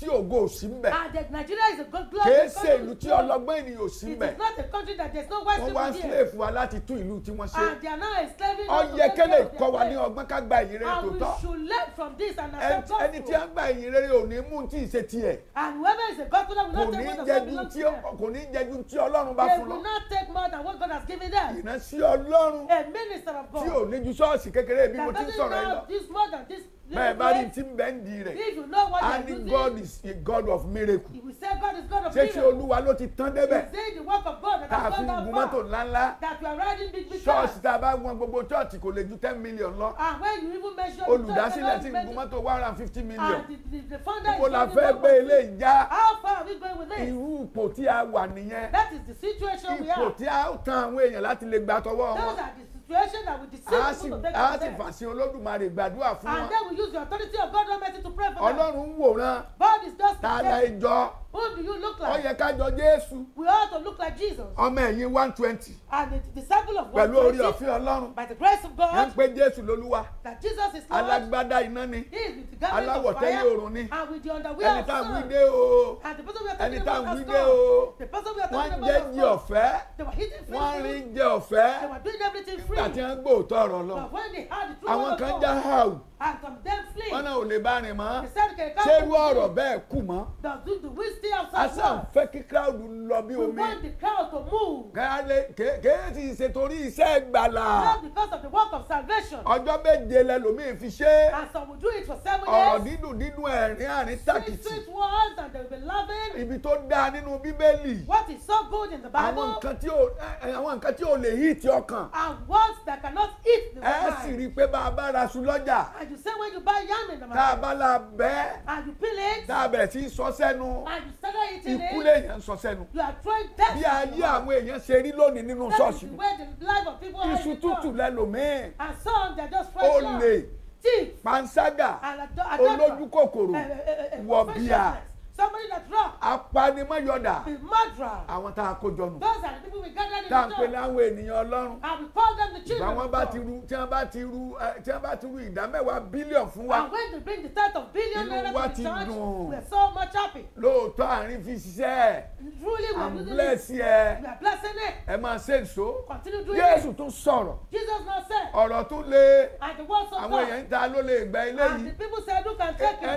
tí ògo ò sí mbẹ. ah the Nigeria is a global country. kèé ṣe ìlú tí ọlọ́gbọ́n ènìyàn ò sí mbẹ. it is not a country that there is no white people here. wọ́n wá slave wa láti tún ìlú tí wọ́n ṣe. ah they are now enslaving us. ọyẹ kẹlẹ ìkọ́ wa ní ọgbọ́n ká gba ìyìn rere tó tọ́. and we should learn from this and accept God. ẹni tí a gba ìyìn rere ò ní mú tí ì ṣe tiẹ̀. and whoever is a God follower will not take more than what belongs to them. kò ní jẹ ju tí Ọlọ́run bá fún lọ. they will not take more than what God has given them. ìránṣẹ́ Ọlọ́run. a minister of God. tí ò ní ju ṣọ́ọ̀ṣì kékeré bí mo ti ń sọ̀rọ̀ yìí lọ. this more than this bẹ́ẹ̀ bá rí tí bẹ́ẹ̀ ń di rẹ̀ a ní God is a God of miracle ṣé ṣe olúwa ló ti tán débẹ̀ tààfin gun mọ́tò ńláńlá ṣọ́ọ̀ṣì tá a bá wọn gbogbo ṣọ́ọ̀ṣì kò lè ju ten million lọ olùdásílẹ̀ ti gun mọ́tò one hundred and fifty million mo la fẹ́ gbé ilé ìjà irú ipò tí a wà nìyẹn ipò tí a tan àwọn èèyàn láti lè gbà tọwọ́ wọn creation that will deceive ask people to take advantage. a sì fàṣẹ olódùmarè gbàdúrà fún wa. and then we use the authority of God Almighty to pray for them. ọlọ́run wòran. God is just the same. tààlà ìjọ. Who do you look like? Ó yẹ Jésù. We ought to look like Jesus. Ọmọ ẹ̀yìn one twenty. And the disciple of one twenty. Pẹ̀lú orí ọ̀fẹ́ Ọlọ́run. By the grace of God. Yẹn pe Jésù lólúwa. That Jesus is Lord. Alágbádá iná ni. He is with the garment of fire. Aláwọ̀ tẹ́lẹ̀ oòrùn ni. And with the underwear of sun. Ẹni tá à ń wí o. And the person we are talking about was God. The person we are talking about was God. Wọ́n jẹ́ jẹ ọ̀fẹ́. They were eating free. Wọ́n rí jẹ ọ̀fẹ́. They were doing everything free. Nígbà tí wọ́n gbóòótọ́ ọ̀rọ̀ lọ. But when they had the true and condemn slaves. wọn náà ò lè bá rìn mọ́. he said kèké kò sẹ́rú ọ̀rọ̀ bẹ́ẹ̀ kù mọ́. does do the still outside. asa fẹ́ kí crowd lọ bí omi. we want the crowd to move. kẹ́hálẹ̀ kèé ti ṣe torí iṣẹ́ ìgbàlà. not because of the work of salvation. ọjọ́ méje lẹ́lòmíì fi ṣe. and some will do it for seven years. ọ̀rọ̀ dídùn dídùn ẹ̀rín àrín tàkìtì. sweet sweet words and they will be loving. ibi tó dáa nínú bíbélì. what is so good in the bible. àwọn nǹkan tí ò àwọn nǹkan tí ò lè hit ọkàn. and words that cannot hit the mind. ẹ sì rí i pé bá a bá ra lọ́jà the same way you buy yam in the market. tá la bẹ́ẹ̀. and you peel it. tá a bẹ̀rẹ̀ sí sọ sẹ́nu. and you started eating it. ikú lèèyàn ń sọ sẹ́nu. you are trying death. bí ayé àwọn èèyàn ṣe rí lónìí nínú ṣọ́ọ̀ṣì. that is the way the life of people are. iṣu tútù lẹ́lòmíì. and some they just fresh love. olè panṣágà olójúkòkòrò eh, eh, eh, wọ̀bìà somebody that rob. apanimọ̀yọ̀dà. the murderer. àwọn tá a kó jọ those are the people we gathered in the church. tá à pè láwọn ènìyàn ọlọ́run. and we call them the children. báwọn bá ti ru tí wọ́n bá ti ru tí wọ́n bá ti ru ìdá mẹ́wàá bílíọ̀n fún wa. and when they bring the tenth of billion naira to the church dùn. we are so much happy. lóòótọ́ àárín fi ṣiṣẹ́. truly we are doing bless yẹ. we are blessing it. ẹ máa ṣe èso. continue doing it. Jésù tún sọ̀rọ̀. Jesus now said. ọ̀rọ̀ tún le. and the world so God. àwọn èèyàn ń ta ló lè gba eléyìí. and the people say look and take it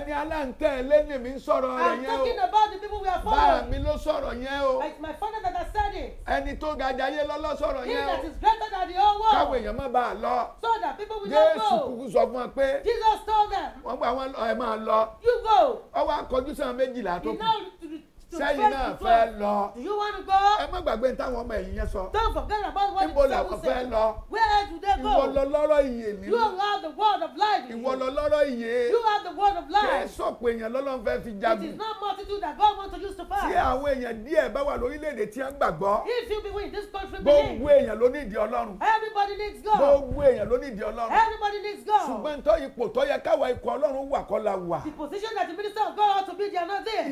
yẹn o. I'm talking about the people we are following. Bá mi ló sọ̀rọ̀ yẹn o. It's my father that has said it. Ẹni tó ga jayé lọ́lọ́ sọ̀rọ̀ yẹn o. He that is greater than the whole world. Káwọn èèyàn má bàa lọ. So that people will not go. Jésù kúkú sọ fún wọn pé. Jesus told them. Wọ́n gba àwọn ẹ̀ máa lọ. You go. Ọwọ́ akọjú sàn méjìlá tó kù. He now sẹ́yìn náà fẹ́ lọ. do you wanna go. ẹ má gbàgbé ní táwọn ọmọ ẹ̀yìn yẹn sọ. don't forget about what the bible says. ibo làwọn fẹ́ lọ. where do they go. ìwọ lọ lọ́rọ̀ ìyè mi. you are the word of life. ìwọ lọ lọ́rọ̀ ìyè. you are the word of life. kẹ́ ẹ sọ pé èèyàn lọ́lọ́run fẹ́ fi jagun. it is not multitude that God wants to use to fight. tí àwọn èèyàn díẹ̀ bá wà lórílẹ̀‐èdè tí wọ́n gbàgbọ́. if you be in this country believe. gbogbo èèyàn ló ní ìdí ọlọ́run. everybody needs God. gbogbo èèyàn ló ní ìdí ọlọ́run. everybody needs God. the position that the minister of God ought to be there not there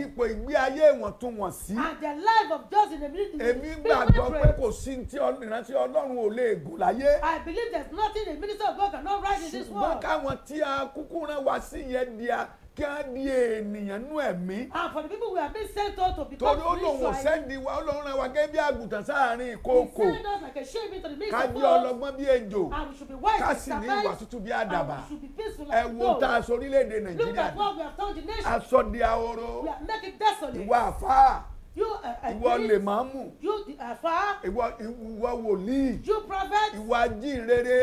níwọ̀ntúnwọ̀nsí. and the life of just in a minute. èmi gbàgbọ́ pé kò sí ti ìrántí ọlọ́run ò lè gùn láyé. I believe there is nothing the minister of God cannot write in this world. ṣùgbọ́n káwọn tí a kúkú rán wa sí yẹn di a kí ènìyàn nú ẹ̀mí. and for the people we have been sent out to become free soil. torí olóhùn sẹ́ndì wa olóhùn rẹ̀ wá gẹ́gẹ́ bí àgùntàn sáàárín ìkookò. he send like a sheep into the midst bí ejò. and we should be wise and survive. ká ìwà tútù bí àdàbà. and we should be peaceful like dogs. tá a sọ orílẹ̀-èdè nàìjíríà. look at what we have told nation. a we are making desolate. Eh, eh, ìwọ eh, lè máa mú ìwọ wòlíì ìwọ ajínrere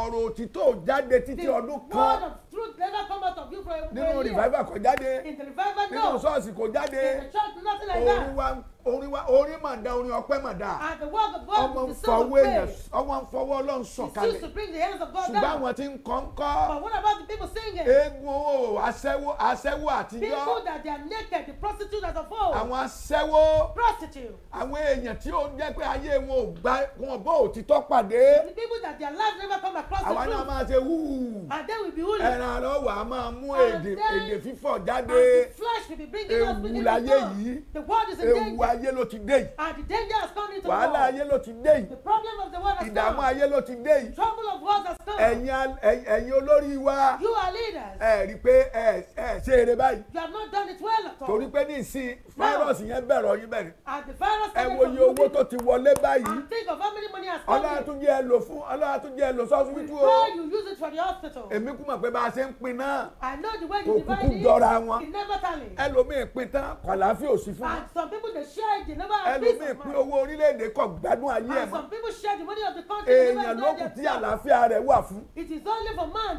ọ̀rọ̀ òtítọ́ jáde títí ọdún kan nínú revival kò jáde nínú ṣọ́ọ̀ṣì kò jáde òun wa ń orin wa orin mà dá orin ọpẹ́ mà dá ọmọ nfọwọ́ èèyàn ọmọ nfọwọ́ ọlọ́run sọ̀kalẹ̀ ṣùgbọ́n àwọn tí ń kọ́ ń kọ́ eégún o aṣẹ́wó aṣẹ́wó àtijọ́ àwọn aṣẹ́wó àwọn èèyàn tí ó jẹ́ pé ayé wọn ò gbá wọn bó òtítọ́ pàdé àwọn náà máa ṣe wúù ẹran àrọ wà á máa mú èdè fífọ̀ jáde ewu láyé yìí ewu ayé ayé ló ti dé yìí. and ah, the danger has come into the world. wàhálà ayé ló ti dé yìí. the problem of the world has come. ìdààmú ayé ló ti dé yìí. trouble of world has come. ẹ̀yin ẹ̀yin olórí wa. you are leaders. ẹ rí i pé ẹ ẹ ṣe eré báyìí. you have not done it well at all. torí pé ní ìsín fáírọ́ọ̀sì yẹn bẹ̀rẹ̀ ọyún bẹ̀rẹ̀. and the virus ẹ wo iye owó tó ti wọlé báyìí. and think of how many money has come. ọlọ́run tún jẹ́ ẹ lò fún ọlọ́run tún jẹ́ ẹ lò sọ́sibítù o. before you use it for the hospital. èmi kú mọ̀ pé bá a ṣe ń pin náà. I know the way you divide it. kò kúkú wọn. it never tally. ẹlòmíì pin tán kọ̀láfíà ò sí fún. and some people dey share ẹlòmíì pín owó orílẹ̀-èdè kọ̀ gbádùn ayé ẹ̀ mọ́ èèyàn ló kù tí àlàáfíà rẹ̀ wà fún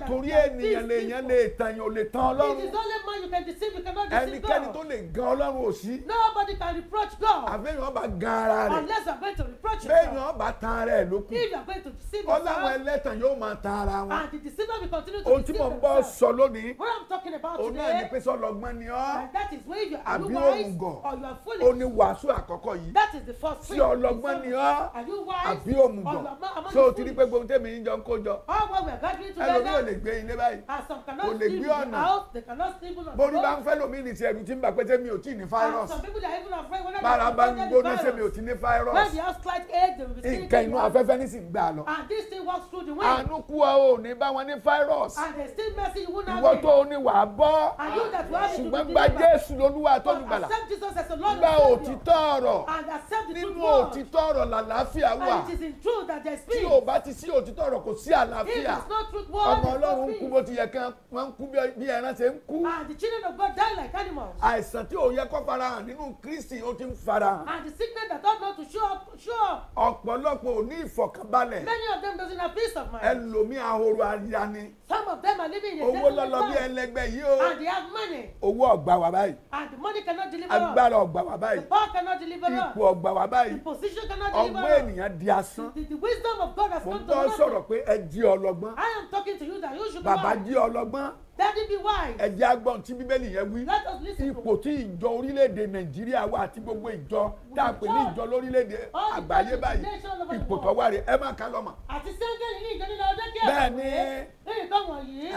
torí ènìyàn lèèyàn lè tàn yàn ò lè tàn ọlọ́run ẹnikẹ́ni tó lè gan ọlọ́run ò sí àbẹ̀yàn bá gan ara rẹ̀ bẹ́ẹ̀yàn bá tan ara ẹ̀ ló kù ọlọ́run ẹlẹ́tàn yóò máa tan ara wọn ohun tí mo ń bọ́ sọ lónìí òun náà ní pé sọ́lọ́gbọ́n ni ọ́ àbí òun gọ̀ ó ní wà wàásù àkọ́kọ́ yìí tí ọlọ́gbọ́n ni ọ́ àbí òmùgọ̀ tó o ti rí pé gbogbo tèmi ń jọ ń kó jọ oh, ẹlòmí ò lè gbé ilé báyìí kò lè gbé ọ̀nà borí bá ń fẹ́ lómi ní ti ẹ̀rù tí ń bà pé tèmi ò tí ì ní fáírọ́ọ̀sì bára bá ń gbóná tèmi ò tí ì ní fáírọ́ọ̀sì nǹkan inú afẹ́fẹ́ ní sì ń gbà lọ àánú kú ọ ò ní bá wọn ní fáírọ́ọ̀sì ìwọ tó o ní wàá bọ́ ṣùgbọ́n gba Jésù lólúwa tó lùgbàlà gba òtítọ́ òtítọ́ ọ̀rọ̀ nínú òtítọ́ ọ̀rọ̀ làlàáfíà wà tí ò bá ti sí òtítọ́ ọ̀rọ̀ kò sí àlàáfíà ọmọ ọlọ́run ń kú bó ti yẹ kí wọ́n ń kú bí ẹran ṣe ń kú àìsàn tí ò yẹ kó farahàn nínú Kristi ó ti ń farahàn ọ̀pọ̀lọpọ̀ ò ní ìfọ̀kànbalẹ̀ ẹlòmíì ahoro aya ni some of them are living in a owó lọ́lọ́ bí ẹlẹgbẹ́ yìí o and they have money. owó ọ̀gbà wà báyìí. and money cannot deliver us. agbára ọ̀gbà wà báyìí. the power cannot deliver us. ipò ọ̀gbà wà báyìí. the position cannot deliver us. ọgbọ́n ènìyàn di asán. the wisdom of God has come to us. mo ń tọ́ sọ̀rọ̀ pé ẹ di ọlọ́gbọ́n. I am talking to you that you should be wise. bàbá di ọlọ́gbọ́n. Daddy be wise. Ẹ jẹ́ agbọ́n tí Bíbélì yẹn wí. Let us listen to. Ipò tí ìjọ orílẹ̀-èdè Nàìjíríà wà àti gbogbo ìjọ tá a pè ní ìjọ lórílẹ̀-èdè àgbáyé báyìí. Ipò tó wà rè ẹ má ká lọ́mọ. Àti Sẹ́ńgẹ̀lì ní ìjọ nínú ọjọ́ kí ẹ̀kọ́ rẹ̀. Bẹ́ẹ̀ni. Nǹkan wọ̀nyí.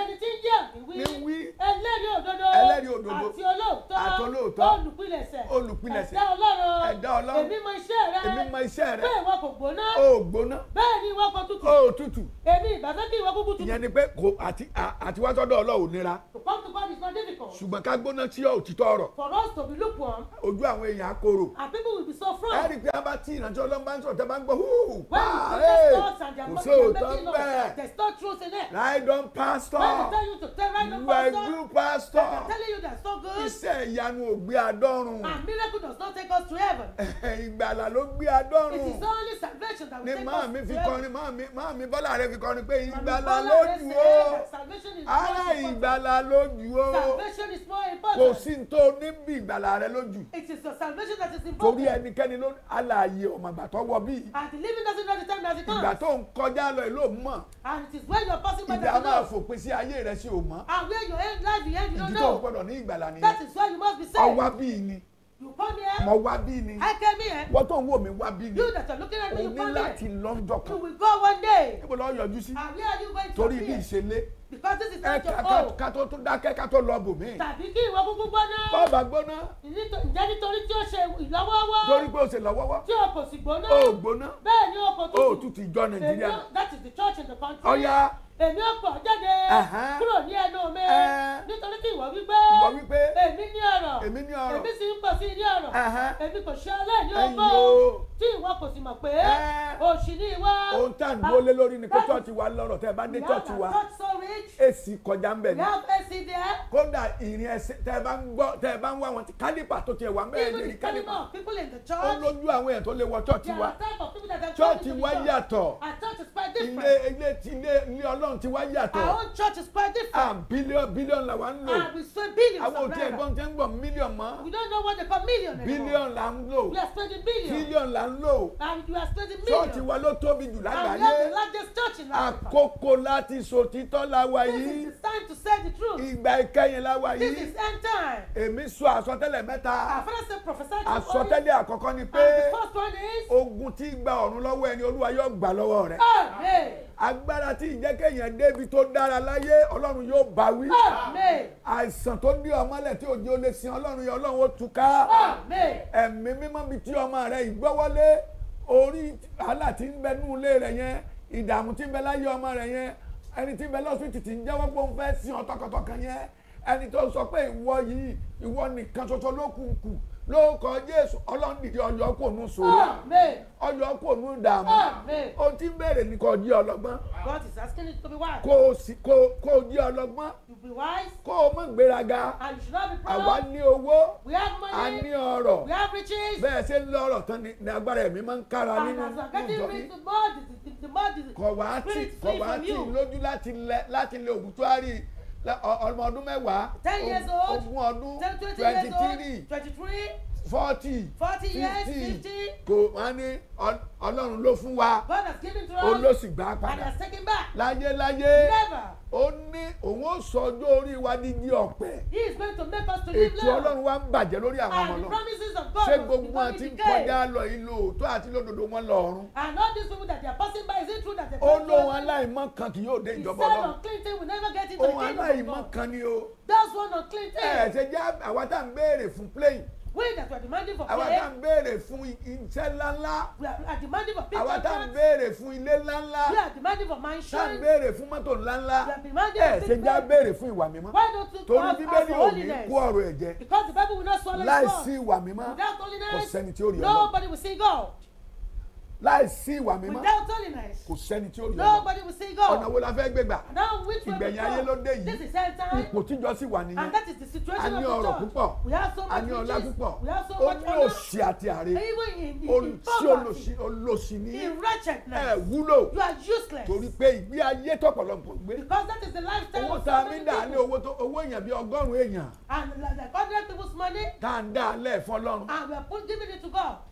Ẹni tí ń jẹ́ ìwí. Ní wí. Ẹlẹ́rìí òdodo. Ẹlẹ́rìí òdodo. Àti olóòótọ́. Àti olóòótọ́. Olùpilẹ̀sẹ̀. Olùpilẹ̀sẹ̀. Ẹ̀dá Ọlọ́run. Ẹ̀dá Ọlọ́run. Èmi mọ iṣẹ́ rẹ. Èmi mọ iṣẹ́ rẹ. Bẹ́ẹ̀ ìwọ kò gbóná. O gbóná. Bẹ́ẹ̀ ni ìwọ kò tutù. O tutù. Èmi ìgbà lọ́dọ̀ Ọlọ́run nira. to come to God is not difficult. ṣùgbọ́n ká gbóná sí òtítọ́ ọ̀rọ̀. for us to be lukewarm. ojú àwọn èèyàn akoro. and people will be so front. ẹ pé a bá tí ìrìnàjò Ọlọ́run ń sọ̀rọ̀ tẹ́ bá ń gbọ́ húù. when you ah, protest us and their money is making us there is no truth in it. lie down pastor. when they tell you to tell right now my good pastor. I'm telling you that's so good. Iṣẹ́ ìyanu ò gbé adọ́run. And miracle does not take us to heaven. Ìgbàlà ló gbé adọ́run. It is only salvation that will take us to heaven. Ní máa mi fi kọrin, máa mi máa mi Bọ́lá rẹ̀ fi kọrin pé ìgbàlà ló jù ó. Ara ìgbàlà ló jù ó. Salvation is more important. Kò sí tó níbi ìgbàlà rẹ̀ lójú. It is your salvation that is important. Torí ẹnikẹ́ni ló alààyè ọ̀màgbà tó wọ bí. And the living doesn't know the time that it comes. Ìgbà tó ń kọjá lọ ìlú òun mọ̀. And it is when you are passing by the door. Ìdá máa fòpin sí ayé rẹ̀ sí òun mọ́. And where you don't know. that is why you must be saved. ọwá bíi ni. you come here. mo wá bíi ni. I came here. wọ́n tó ń wò mí wá bíi ni. you that are looking at me you come here. o láti London kan. you will go one day. níbo lọ́ọ́ yọjú sí. and where are you going to be. torí ibi ìṣẹ̀lẹ̀. because this is not your home. ẹ ká dákẹ́ ká tó lọ bòmí. tàbí kí ìwọ kúkú gbóná. bọ́ọ̀bà gbóná. ǹjẹ́ nítorí tí o ṣe ìlọ́wọ́wọ́. torí pé o ṣe lọ́wọ́wọ́. tí o kò sì gbóná. o gbóná. bẹ́ẹ̀ ni o kò tutù. o tutù ìjọ Nàìjíríà. that is the church in the country. ọ̀ya. Oh, yeah èmi ò pọ̀ jáde kúrò ní ẹnu mi nítorí kí ìwọ wípé èmi ní ọ̀rọ̀ èmi sì ń pọ̀ sí ní ọ̀rọ̀ èmi kò ṣe aláìní ọgbọ́n tí ìwọ kò sì mọ̀ pé òṣì ni ìwọ. ohun tá à ń dúró lórí ni pé chọ́ọ̀tì wa lọ́rọ̀ tẹ́ ẹ bá dé chọ́ọ̀tì wa èsì kọjá ń bẹ̀ ni kódà ìrìn ẹsẹ̀ tẹ́ ẹ bá ń gbọ́ tẹ́ ẹ bá ń wá wọn kálípà tó tiẹ̀ wà mẹ́rin lè rí kálípà ó lójú àwọn èèyàn tó lè wọ chọ́ọ̀tì wa chọ́ọ̀tì wa yàtọ̀ ilé ilé ilé ọlọ́ bọ́lọ̀ ti wá yàtọ̀. our own church is quite different. ah billion billion la wa ń lò. ah we spend billions of naira. àwọn òtí ẹ̀gbọ́n ti ń gbọ́ million mọ́. we don't know what they call million anymore. billion la ń lò. we are spending billion. billion la ń lò. and we are spending million. church wa ló tóbi jù lágbàáyé. and we are the largest church in Africa. àkókò láti sòtítọ́ la wa yìí. this is the time to say the truth. ìgbà ìkẹyìn la wa yìí. this is end time. èmi sọ àsọtẹ́lẹ̀ mẹ́ta. our father said prophesy to all. àsọtẹ́lẹ̀ àkọ́kọ́ ni pé. and the first one is. ogun tí gba ọ̀run lọ́wọ́ ẹni olúwa yóò gbà lọ́wọ́ rẹ̀. amen agbára tí ìjẹ́kẹ̀yàn débi tó dára láyé ọlọ́run yóò bá wí. àìsàn tó dí ọmọlẹ̀ tí òjì ó lè sin ọlọ́run yẹn ọlọ́run ó tú ká. ẹ̀mí mímọ́ bíi tí ọmọ rẹ ìgbọ́wọ́lé orí wàhálà tí ń bẹ nú ilé rẹ yẹn ìdààmú tí ń bẹ láyé ọmọ rẹ yẹn ẹni tí ń bẹ lọ́sítì tí ń jẹ́wọ́ pé òun fẹ́ sin ọ̀tọ̀kọ̀tọ̀ kan yẹn ẹni tó sọ pé ìwọ yìí ìwọ nìkan ṣoṣo ló kù lórúkọ jésù ọlọ́run dìde ọyọ kò nù sòrò ọyọ kò nù dààmú o ti bẹ̀rẹ̀ ní kò jí ọlọ́gbọ́n kò sí kò jí ọlọ́gbọ́n kò o mọ̀ gbéraga àwa ní owó a ní ọrọ̀ bẹ́ẹ̀ ṣe ń lọ ọrọ̀ tán ni agbára ẹ̀mí máa ń kára nínú ìjọ yìí kọ̀ wá tì lójú láti lẹ òkú tó a rí i ọmọ ọdún mẹ́wàá ogún ọdún twenty three forty forty years fifty kò wọ́n ní ọlọ́run ló fún wa olóṣì gbà padà láyé láyé ó ní òun ó sọ ọjọ́ orí wa ní di ọ̀pẹ ètò ọlọ́run wa ń bàjẹ́ lórí àwọn ọmọ lọ ṣé gbogbo àti kọjá lọ ìlú òótọ́ àti lódodo wọn lọ ọ̀run ó lóhun aláìmọ́ kan kì yóò dé ìjọba ọlọ́run ohun aláìmọ́ kan ni o ẹ̀ ṣe jẹ́ àwa tá à ń béèrè fún playing we that were demanding for prayer. àwa tá béèrè fún iṣẹ́ ńláńlá. we are demanding for people contracts. àwa tá béèrè fún ilé ńláńlá. we are demanding for mansion. tá béèrè fún mọ́tò ńláńlá. we are demanding for big pay. ẹ ṣe béèrè fún ìwà mímọ́. why don't you call us for holiness. torí bíbélì ò ní kó ọ̀rọ̀ ẹ̀ because the bible will not swallow you up. láìsí ìwà mímọ́ kò sẹ́ni nobody will see God láìsí ìwà mímọ́ kò sẹ́ni tí ó rí ọ ọ̀nà wo la fẹ́ gbé gbà ìgbẹ̀yìn ayé ló dé yìí ipò tíjọ sì wà nìyẹn a ní ọrọ̀ púpọ̀ a ní ọlá púpọ̀ ó ní òṣì àti àárẹ̀ olùsí olòṣì ní ẹ wúlò torí pé ìgbé ayé tọ̀pọ̀lọpọ̀ gbé owó tá a mi dà ní owó owó èèyàn bíi ọgọ́rùn-ún èèyàn tá a ń dà á lẹ̀ fọlọ́run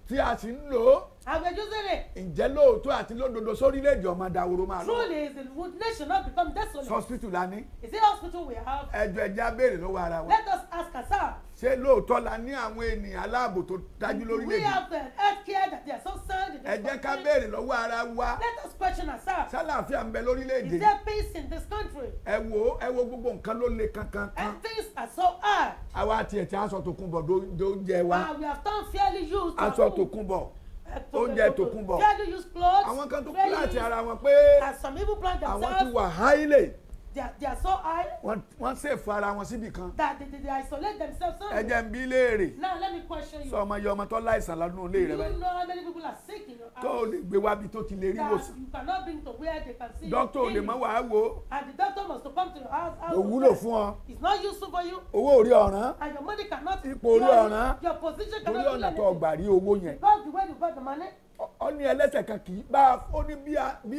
tí a sì ń lò ó. àgbẹjọ́sẹ̀lẹ̀. ǹjẹ́ lóòótọ́ àti lódodo sórílẹ̀-èdè ọmọ dàwòrò máa lọ. truly is the root nation not become desolate. hospital la ní. is it hospital we have. ẹjọ ẹjẹ abéèrè lọ́wọ́ ara wa. let us ask ourselves ṣé lóòótọ́ la ní àwọn ènìyàn aláàbò tó dájú lórílẹ̀-èdè. we have the health care that they are so sad. ẹ jẹ́ ká béèrè lọ́wọ́ ara wa. let us question ourselves. sálàáfíà ń bẹ lórílẹ̀-èdè. is there peace in this country. ẹ wo ẹ wo gbogbo nǹkan ló le kankan. and things are so hard. àwa tiẹ̀ tí aṣọ tó kún bọ̀ ló ń jẹ wa. and ah, we have done fairly used. aṣọ tó kún bọ̀ oúnjẹ tó kún bọ̀ àwọn kan tó kú láti ara wọn pé àwọn ti wà háìlè they are, so high. wọ́n wọ́n ṣèfù ara wọn síbì kan. that they, they, they isolate themselves so. ẹ jẹ́ n bí léèrè. now let me question you. sọ ọmọ yẹ ọmọ tó láìsàn lọ́dún ilé rẹ báyìí. you know how many people are sick in your house. tó o lè gbé wá tó ti lè rí wòsàn. you cannot bring to where they can see doctor ò lè mọ wàá wo. and the doctor must come to your house. kò wúlò fún ọ. it's not useful for you. owó orí ọ̀ràn. and your money cannot. ipò orí ọ̀ràn. your position cannot be anything. torí ọ̀nà tó gbà rí owó yẹn. because the way you got the money. ọ ní ẹlẹ́sẹ̀ kan kì í bá a ó ní bí a bí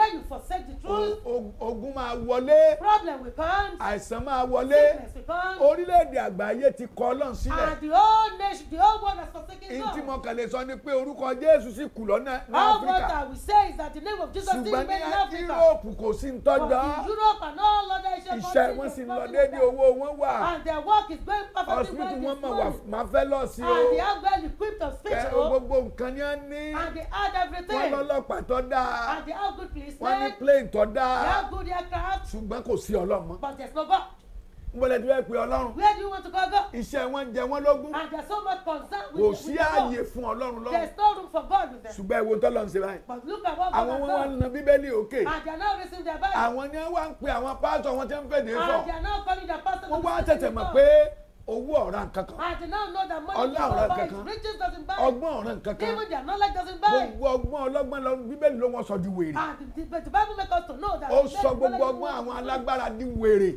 where you forsake the truth. ogun máa wọlé. problem will come. àìsàn máa wọlé. sickness will come. orílẹ̀-èdè àgbáyé ti kọ̀ Ọlọ́run sílẹ̀. and the whole nation the whole world has forsaken God. ìtì mọ̀kàn sọ ni pé orúkọ Jésù sì kù lọ́nà ní Áfíríkà. all what we say is that the name of Jesus still remain in Africa. ṣùgbọ́n ní Europe kò sí ntọ́jọ́. but in Europe and all other Asian countries. iṣẹ́ wọn sì lọ déédéé owó wọn wà. and their work is going perfectly well this morning. hospital wọn máa wà máa fẹ́ lọ sí o. and they are well equipped to speak to. nǹkan ni wọ́n ní. and they had everything. wọ́n lọ́lọ́pàá tó dáa. and they have good people wọ́n ní plane tó dáa ṣùgbọ́n kò sí ọlọ́mọ wọ́n lè pe ọlọ́run. where do you want to go go. iṣẹ́ wọn jẹ wọ́n lógún. and there so much concern with the with the kò sí ààyè fún ọlọ́run lọ́wọ́. no room for God with them. ṣùgbọ́n ẹ wo tọ́lọ́ ń ṣe báyìí. but look at what God has done. àwọn wọn wá na bíbélì òkè. and they not receiving their Bible. àwọn ni wọ́n wá ń pe àwọn pásítọ̀ wọn tí wọ́n fẹ́ sọ. and they not calling their pastor. wọ́n wá tètè mọ̀ pé owó ọ̀ràn kankan ọlá ọ̀ràn kankan ọgbọ́n ọ̀ràn kankan gbogbo ọgbọ́n ọlọ́gbọ́n lọ bíbélì ló wọ́n sọ di wèrè ó sọ gbogbo ọgbọ́n àwọn alágbára di wèrè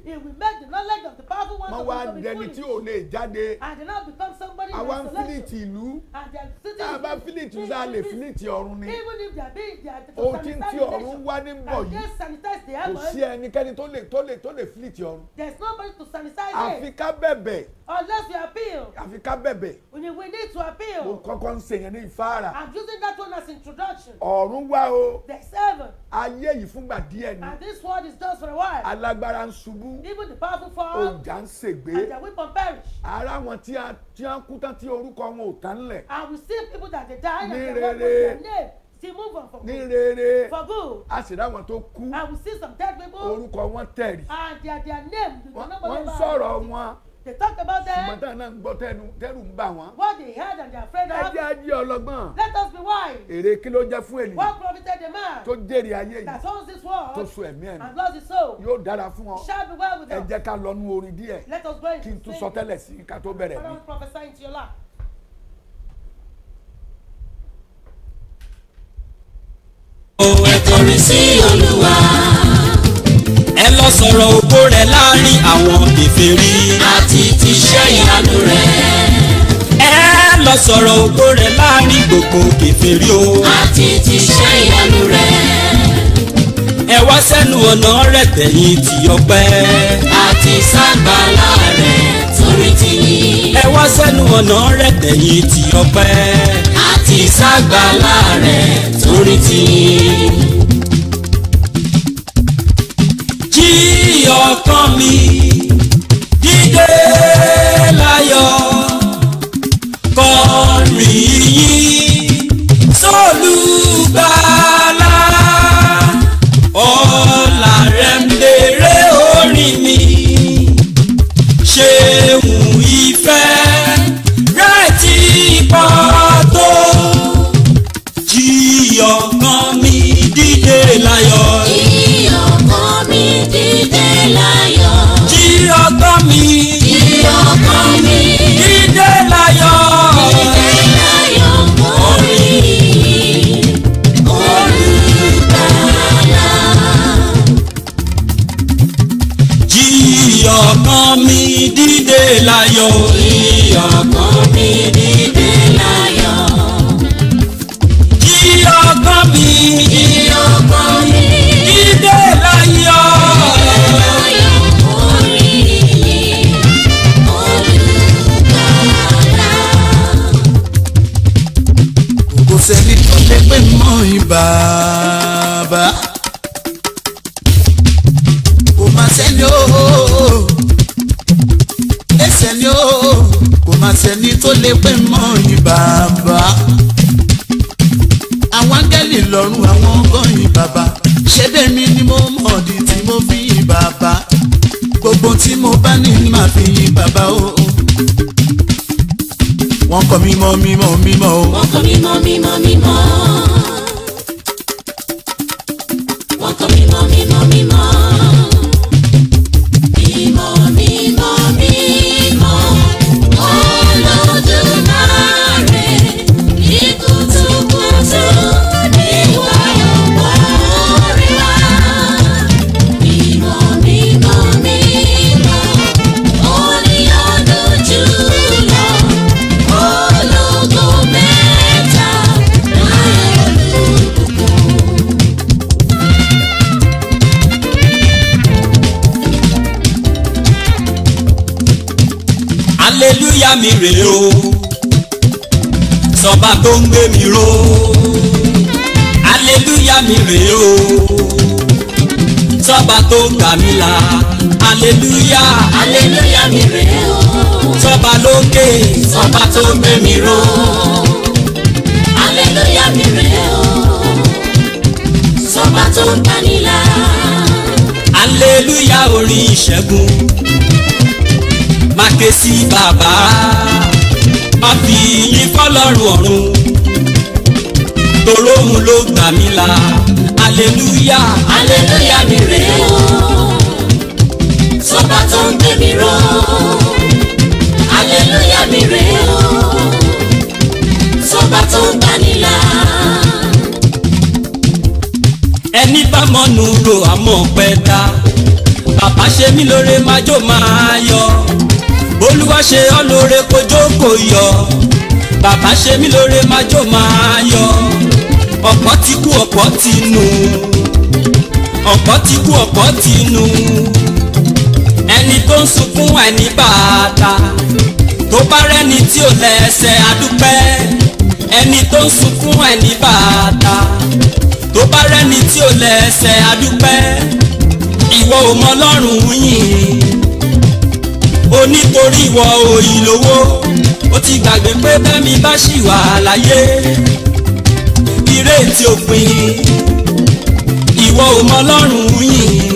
wọ́n wá dẹni tí ò lè jáde àwa ń fílìtì ìlú tá a bá fílìtì ìlú a lè fílìtì ọ̀run ni òtí tí ọ̀run wá ní bọ̀ yìí kò sí ẹnikẹ́ni tó lè fílìtì ọ̀run àfi ká bẹ̀bẹ̀. Unless you appeal. Àfi ká bẹ̀bẹ̀. We need to appeal. Mo kọ́kọ́ ń sèyàn ní ìfáàrà. I'm using that one as introduction. Ọ̀run wá o. The seven. Ayé yìí fúngbà díẹ̀ ni. And this world is just for a while. Alágbára ń ṣubú. Even the powerful fall. Òjà ń ṣègbé. And their weapon perish. Ara wọn tí a tí a kú tán tí orúkọ wọn ò tán lẹ̀. And we see people that they die. Ní rere. Ti move on for good. Ní rere. For good. A sì dáwọn tó kú. I will see some dead people. Orúkọ wọn tẹ̀rì. And their their name. Wọ́n sọ̀rọ̀ wọn they talked about them. ṣùgbọ́n náà ń gbọ́ tẹ́nu tẹ́rù ń bà wọ́n. what they heard and they are afraid of. ẹ jẹ́ ajé ọlọ́gbọ́n. let us be wise. èrè kí ló jẹ́ fún ènìyàn. what profited the man. tó jèrè ayé yìí. that owns this world. tó so ẹ̀mí ẹ̀mí. and lost his soul. yóò dára fún ọ. shall be well with them. ẹ jẹ́ ká lọ nú orin díẹ̀. let us go into kí n tún sọ sí ká tó bẹ̀rẹ̀ mi. I don't prophesy into your life. Oh, ẹ lọ sọ̀rọ̀ ògo rẹ̀ láàrin àwọn kèfèrí. àti ti ṣẹ́ ìyanu rẹ̀. ẹ lọ sọ̀rọ̀ ògo rẹ̀ láàrin gbogbo kèfèrí o. àti ti ṣẹ́ ìyanu rẹ̀. ẹ wá sẹ́nu ọ̀nà rẹ̀ tẹ̀yìn tí ọpẹ́. àti sábàlá rẹ̀ torí ti yín. ẹ wá sẹ́nu ọ̀nà rẹ̀ tẹ̀yìn tí ọpẹ́. àti sábàlá rẹ̀ torí ti yín jí ọkàn mi dídé láyọ̀ kọrin yín sólùgbàlà. láyọ̀. Jí ọkọ mi. Jí ọkọ mi. Jídé láyọ̀. Jídé láyọ̀ mórí. Olùgbàlà. Jí ọkọ mi dídé láyọ̀. Jí ọkọ mi dídé láyọ̀. Jí ọkọ mi. Jí ọkọ mi. bàbá. kò má sẹ́ni o ẹsẹ̀ ni ó kò má sẹ́ni tó lè pé mọ́ yìí bàbá. àwọn áńgẹ́lì lọ́rùn àwọn ọgbọ́n yìí bàbá ṣé bẹ́ẹ̀ mi ni mo mọ̀ ọ̀dì tí mo fi yìn bàbá gbogbo tí mo bá ní màá fi yìn bàbá o. Oh wọ́n kọ́ mímọ́ mímọ́ mímọ́ o. wọ́n kọ́ mímọ́ mímọ́ mímọ́. tó gbà mí là aleluya aleluya mi rè o sọba lókè sọba tó gbé mi ró aleluya mi rè o sọba tó gbà mí là aleluya orin ìṣẹ́gun má ké sí bàbá má fi yín fọlọ́run ọ̀run toróhun ló gbà mí là aleluya. aleluya mi rè o sọba tó ń gbé mi ró aleluya mi rè o sọba tó ń gbanilá. ẹni bá mọ́nu ro àmọ́ pẹ́ dá bàbá ṣe mí lóore máa jó máa yọ̀ olúwa ṣe ọ́ lóore kó jókòó yọ̀ bàbá ṣe mí lóore máa máa yọ̀ ọ̀pọ̀ ti kú ọ̀pọ̀ ti nù ọ̀pọ̀ ti kú ọ̀pọ̀ ti nù ẹni tó ń sunkún ẹni bàtà tó bá rẹ́ni tí ò lẹ́sẹ̀ adúpẹ́ ẹni tó ń sunkún ẹni bàtà tó bá rẹ́ni tí ò lẹ́sẹ̀ adúpẹ́ ìwọ ò mọ Ọlọ́run yìí ó ìwọ òyìn ó ti gbàgbé pé bẹ́mi bá ṣì wà láyé ti rétí òpin ìwọ ò mọ ọlọ́run yìí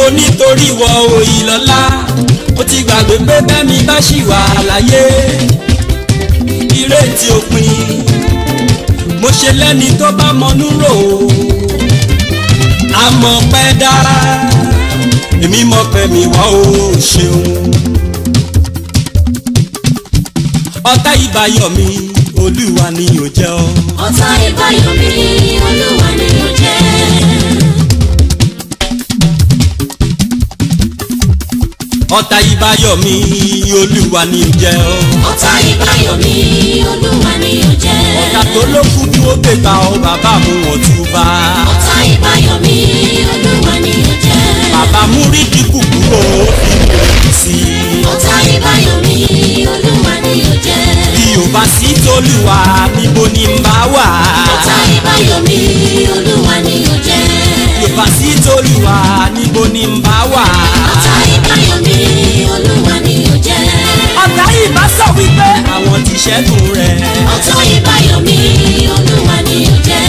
ó nítorí ìwọ òyì lọ́lá ó ti gbàgbé pé bẹ́mi bá ṣì wà láyé ìrètí òpin mo ṣe lẹ́ni tó bá mọnú rò ó àmọ́ pẹ́ dára èmi mọ̀ pé mi wá ó ṣeun ọ̀tá ìbáyọ̀ mi olúwa ni yóò jẹ́ ọ. ọ̀tá ìbáyọ̀ mi olúwa ni yóò jẹ́. ọ̀tá ìbáyọ̀ mi olúwa ni yóò jẹ́ ọ. ọ̀tá ìbáyọ̀ mi olúwa ni yóò jẹ́. ọ̀tá tó ló kú ni ó gbé gba ọ bàbá mu wọ́n tún bá. ọ̀tá ìbáyọ̀ mi olúwa ni yóò jẹ́. bàbá mú rí dínkù ó fi kúrò sí. ọ̀tá ìbáyọ̀ mi olúwa ni yóò jẹ́ ò bá sí tolúwa níbo ni n bá wà. ọ̀tá ìbáyọ̀ olúwa ni yóò jẹ́. yorùbá sí tolúwa níbo ni n bá wà. ọ̀tá ìbáyọ̀ olúwa ni yóò jẹ́. ọ̀tá ìbá sọ wípé àwọn ti ṣẹ́gun rẹ̀. ọ̀tá ìbáyọ̀ olúwa ni yóò jẹ́.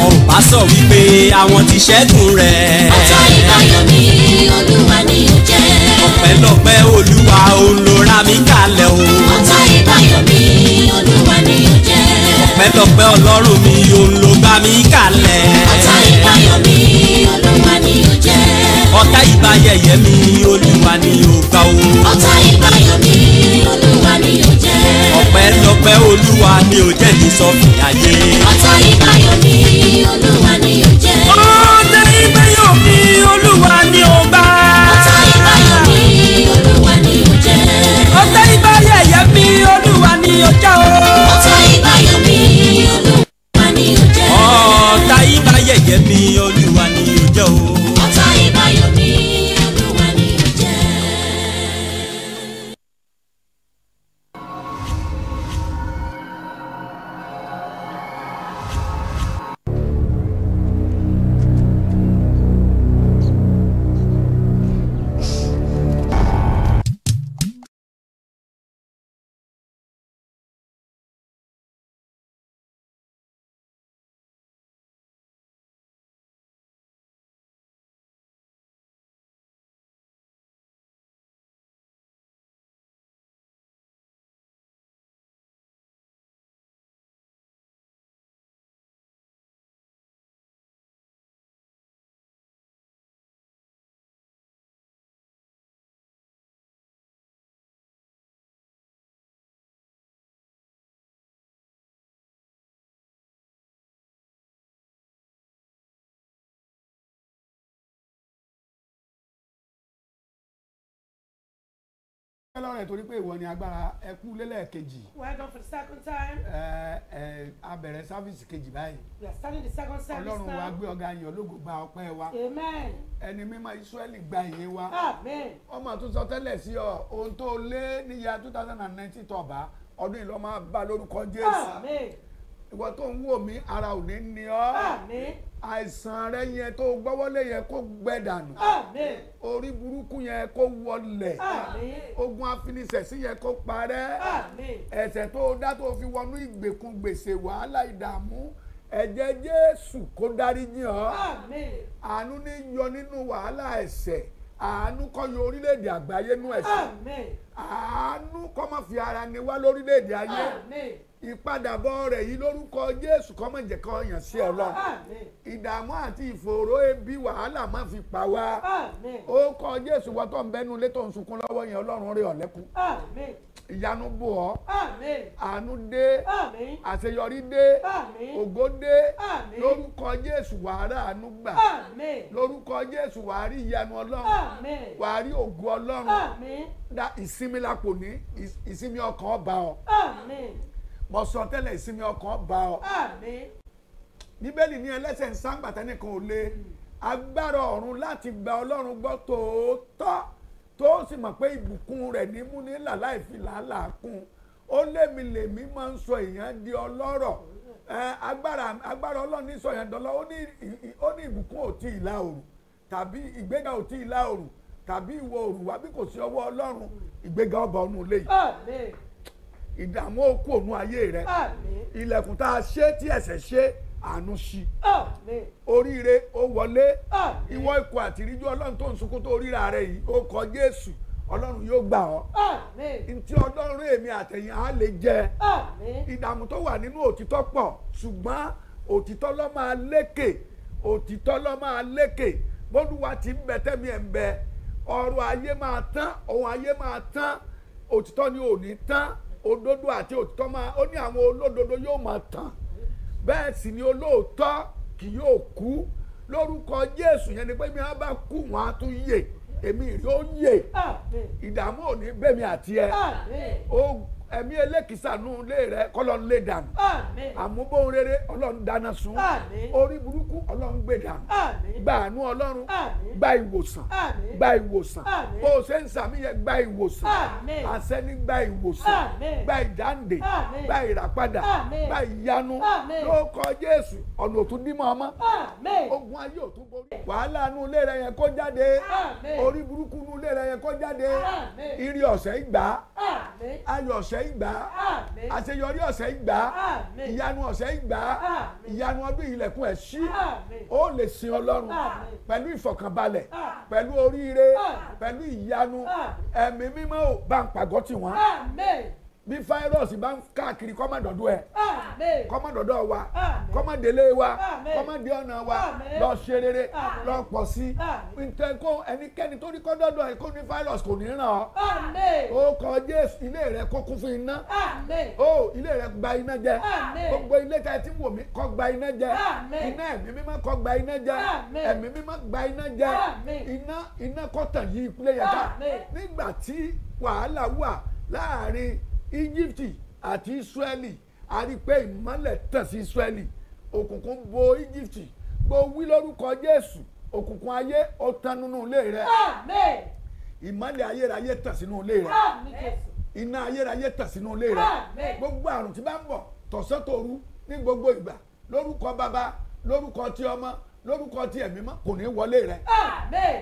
wọn ò bá sọ wípé àwọn ti ṣẹ́gun rẹ̀. ọ̀tá ìbáyọ̀ olúwa ni yóò jẹ́. ọpẹ́lọpẹ́ olúwa òun ló ra mi kalẹ̀ o. ọ̀tá ìbáyọ̀ ayọ̀ mi olúwa ni ó jẹ́. ọpẹ́lọpẹ́ ọlọ́run mi òun ló gbà mí kalẹ̀. ọ̀tá ìpayọ̀ mi olúwa ni ó jẹ́. ọ̀tá ìbáyẹyẹ mi olúwa ni ó gbà o. ọ̀tá ìpayọ̀ mi olúwa ni ó jẹ́. ọpẹ́lọpẹ́ olúwa ni ó jẹ́ ní sọ́fì ayé. ọ̀tá ìpayọ̀ mi olúwa ni ó jẹ́. ọ̀tá ìpayọ̀ mi olúwa ni ó gbà. lọ́rẹ̀ torí pé ìwọ ni agbára ẹkú lélẹ́ẹ̀kejì. well done for the second time. ẹ ẹ a bẹ̀rẹ̀ sáfíìsì kejì báyìí. we are starting the second service now. ọlọ́run wa gbé ọ̀gá yan lógo gba ọpẹ́ wa. amen. ẹni mímọ́ ìsírẹ́lì gba ìyìn wa. amen. ọmọ tó sọ tẹ́lẹ̀ sí ọ ohun tó lé níyà two thousand and nineteen tọ̀ba ọdún yìí ló máa bá lórúkọ jésù. amen. ìwọ tó ń wò mí ara ò ní ní ọ. amen àìsàn rẹ yẹn tó gbọ́wọ́lé yẹn kó gbẹ dànù orí burúkú yẹn kó wọlẹ̀ ogun afinisẹ̀sí yẹn kó parẹ́ ẹ̀ṣẹ̀ tó dá tó fi wọnú ìgbèkùn gbèsè wàhálà ìdààmú ẹ̀jẹ̀ Jésù kó dáríjì ọ́ àánú ní yọ nínú wàhálà ẹ̀ṣẹ̀ àánú kó yọ orílẹ̀-èdè àgbáyé nú ẹ̀ṣẹ̀ àánú kó má fi ara ni wá lórílẹ̀-èdè ayé. Amen ìpadàbọ̀ rẹ̀ yìí lórúkọ Jésù kó má jẹ́ kó yàn sí Ọlọ́run ìdààmú àti ìfòòró ebi wàhálà má fi pa wá ó kọ Jésù wọ́n tó ń bẹ́nu ilé tó ń sunkún lọ́wọ́ yẹn Ọlọ́run rẹ̀ ọ̀lẹ́kùn ìyanu bò ọ́ àánú dé àṣeyọrí dé ògo dé lórúkọ Jésù wàá rà àánú gbà lórúkọ Jésù wàá rí ìyanu Ọlọ́run wàá rí ògo Ọlọ́run ìsinmi lápò ní ìsinmi ọkàn ọba ọ. mo sọ tẹ́lẹ̀ ìsinmi ọkàn bá ọ. bíbélì ní ẹlẹ́sẹ̀ ń sáńgbà tẹ́nìkan ò le hmm. agbára ọ̀run láti gba ọlọ́run gbọ́ tòótọ́ tó sì mọ̀ pé ìbùkún rẹ̀ ní mú láì fi làálàá kún ó lémi lèmi máa ń sọ èèyàn di ọlọ́rọ̀ agbára ọlọ́run ní sọ èèyàn dọ́lọ́ ó ní ìbùkún tàbí ìgbéga tàbí ìwọ ìdààmú òkú òun ayé rẹ ilẹ̀kùn tá a ṣe tí ẹ̀sẹ̀ ṣe àánú ṣí oríire ó wọlé ìwọ ikọ̀ àtìríjú ọlọ́run tó ń sunkún tó ríra rẹ yìí ó kọ Jésù ọlọ́run yóò gbà ọ́ ntí ọlọ́run èmi àtẹ̀yìn á lè jẹ ìdààmú tó wà nínú òtítọ́ pọ̀ ṣùgbọ́n òtítọ́ ló máa lékè òtítọ́ ló máa lékè bólúwa ti ń bẹ tẹ́mi ẹ̀ ń bẹ ọrọ̀ ayé máa tán ohun ayé máa tán òtítọ́ ni ò tán òdodo àti òtítọ́ máa ó ní àwọn olódodo yóò máa tàn bẹ́ẹ̀ sì ni olóòótọ́ kì yóò kú lórúkọ Jésù yẹn ni pé mi á bá kú wọn á tún yè èmi ìrí ó yè ìdààmú ò ní bẹ́mi àti ẹ ẹ̀mí ẹlẹ́kìsànú ilé rẹ kọ́lọ́n lè dànù àmúbóhun rere ọlọ́run dáná sun orí burúkú ọlọ́run gbé dànù gba àánú ọlọ́run gba ìwòsàn gba ìwòsàn bó o ṣe ń sàmì yẹn gba ìwòsàn àṣẹ ní gba ìwòsàn gba ìdáǹdè gba ìràpadà gba ìyanu ló kọ Jésù ọ̀nà òtún dímọ̀ ọmọ ogun ayé òtún borí wàhálà nu ilé rẹ yẹn kó jáde orí burúkú nu ilé rẹ yẹn kó jáde ire ọ̀sẹ̀ ìgbà ayọ̀ ọ̀sẹ̀ ìgbà àṣeyọrí ọ̀sẹ̀ ìgbà ìyanu ọ̀sẹ̀ ìgbà ìyanu ọdún ilẹ̀kùn ẹ̀ ṣí ó lè sin ọlọ́run pẹ̀lú ìfọ̀kànbalẹ̀ pẹ̀lú oríire pẹ̀lú ìyanu ẹ̀mí mímọ́ bá ń pàgọ́ tì wọ́n bí fáírọ́ọ̀sì bá ń káàkiri kọ́mọ̀dọ̀dọ̀ ẹ̀ kọ́mọ̀dọ̀dọ̀ wa kọ́mọ̀délé wa kọ́mọ̀dé ọ̀nà wa lọ ṣe rere lọ pọ̀ sí i ntẹ̀ kó ẹnikẹ́ni tó ní kọ́ dọ́dọ̀ ẹ̀ kó ní fáírọ́ọ̀sì kò ní ràn ọ́ ó kọ jésù ilé rẹ kó kún fún iná ó ilé rẹ gba iná jẹ gbogbo ilé ta ti wò mí kó gba iná jẹ iná ẹ̀mí mímọ́ kó gba iná jẹ ẹ̀mí mímọ́ gba iná jẹ iná iná kó tàn Egypt àti Israeli a rí i pé ìmọ́lẹ̀ tàn sí Israeli òkùnkùn bo Egypt gbọ́ wí lórúkọ Jésù òkùnkùn ayé ó tán nínú ilé rẹ ìmọ́lẹ̀ ayérayé tàn sínú ilé rẹ iná ayérayé tàn sínú ilé rẹ gbogbo àrùn tí bá ń bọ̀ tọ̀sán tòru ní gbogbo ìgbà lórúkọ bàbá lórúkọ tí ọmọ lórúkọ tí ẹ̀mí mọ́ kò ní wọlé rẹ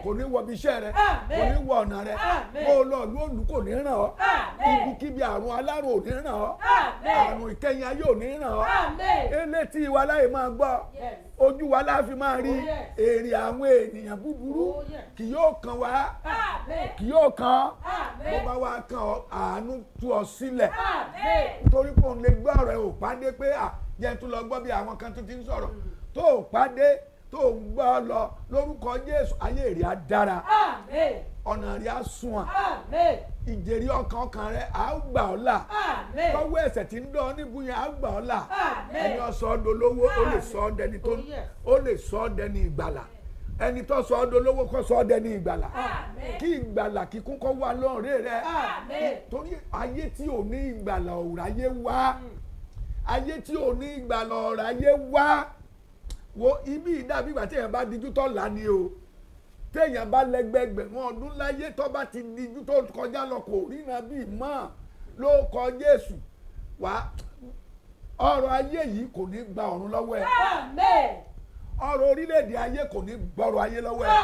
kò ní wọ ibiṣẹ́ rẹ kò ní wọ ọ̀nà rẹ kó o lọ lóòlù kò ní ràn ọ́ ibikíbi àrùn alárùn ò ní ràn ọ́ àrùn ìkẹyìn ayé ò ní ràn ọ́ elétí wa láyé máa gbọ́ ojú wa la fi máa rí oh, èrè àwọn ènìyàn búburú oh, kì yóò kàn wá kì yóò kàn bó bá wá kàn ọ́ àánú tú ọ sílẹ̀ torí pé òun lè gbọ́ ọ̀rọ̀ ẹ̀ ò pàdé pé à jẹ́ tún lọ gbọ́ bí àwọn kan tó ti ń sọ̀rọ̀ mm. tó ò pàdé tó ń gbọ́ lọ lórúkọ Jésù ayé rẹ̀ á dára ọ̀nà rẹ̀ á sunwọ̀n ìjẹ́rí ọkàn ọkàn rẹ̀ á gbà ọ́ là lọ́wọ́ ẹ̀ṣẹ̀ tí ń dán níbu yẹn á gbà ọ́ là ẹni ọ̀sọ́ dolówó ó lè sọ ọ́ dẹni tó oh, ó lè sọ ọ́ dẹni ìgbàlà ẹni tó sọ ọ́ dolówó kó sọ ọ́ dẹni ìgbàlà kí ìgbàlà kíkún kó wà lọ́rẹ́ rẹ torí ayé tí ò ní ìgbàlà ọ̀rọ̀ ayé wá hmm. ayé tí ò ní ìgbàlà ọ̀rọ̀ ayé wá wo ibi ìdàbí ìgbà téèyàn bá dijú tó là ni o téèyàn bá lẹgbẹgbẹ̀rún ọdún láyé tó bá ti dijú tó kọjá lọ kò ríran bíi mọ́ ló kọ Jésù wá ọrọ̀ ayé yìí kò ní gba ọ̀run lọ́wọ́ ẹ̀. Àmín ọrọ̀ orílẹ̀-èdè ayé kò ní gbọ́rọ̀ ayé lọ́wọ́ ẹ̀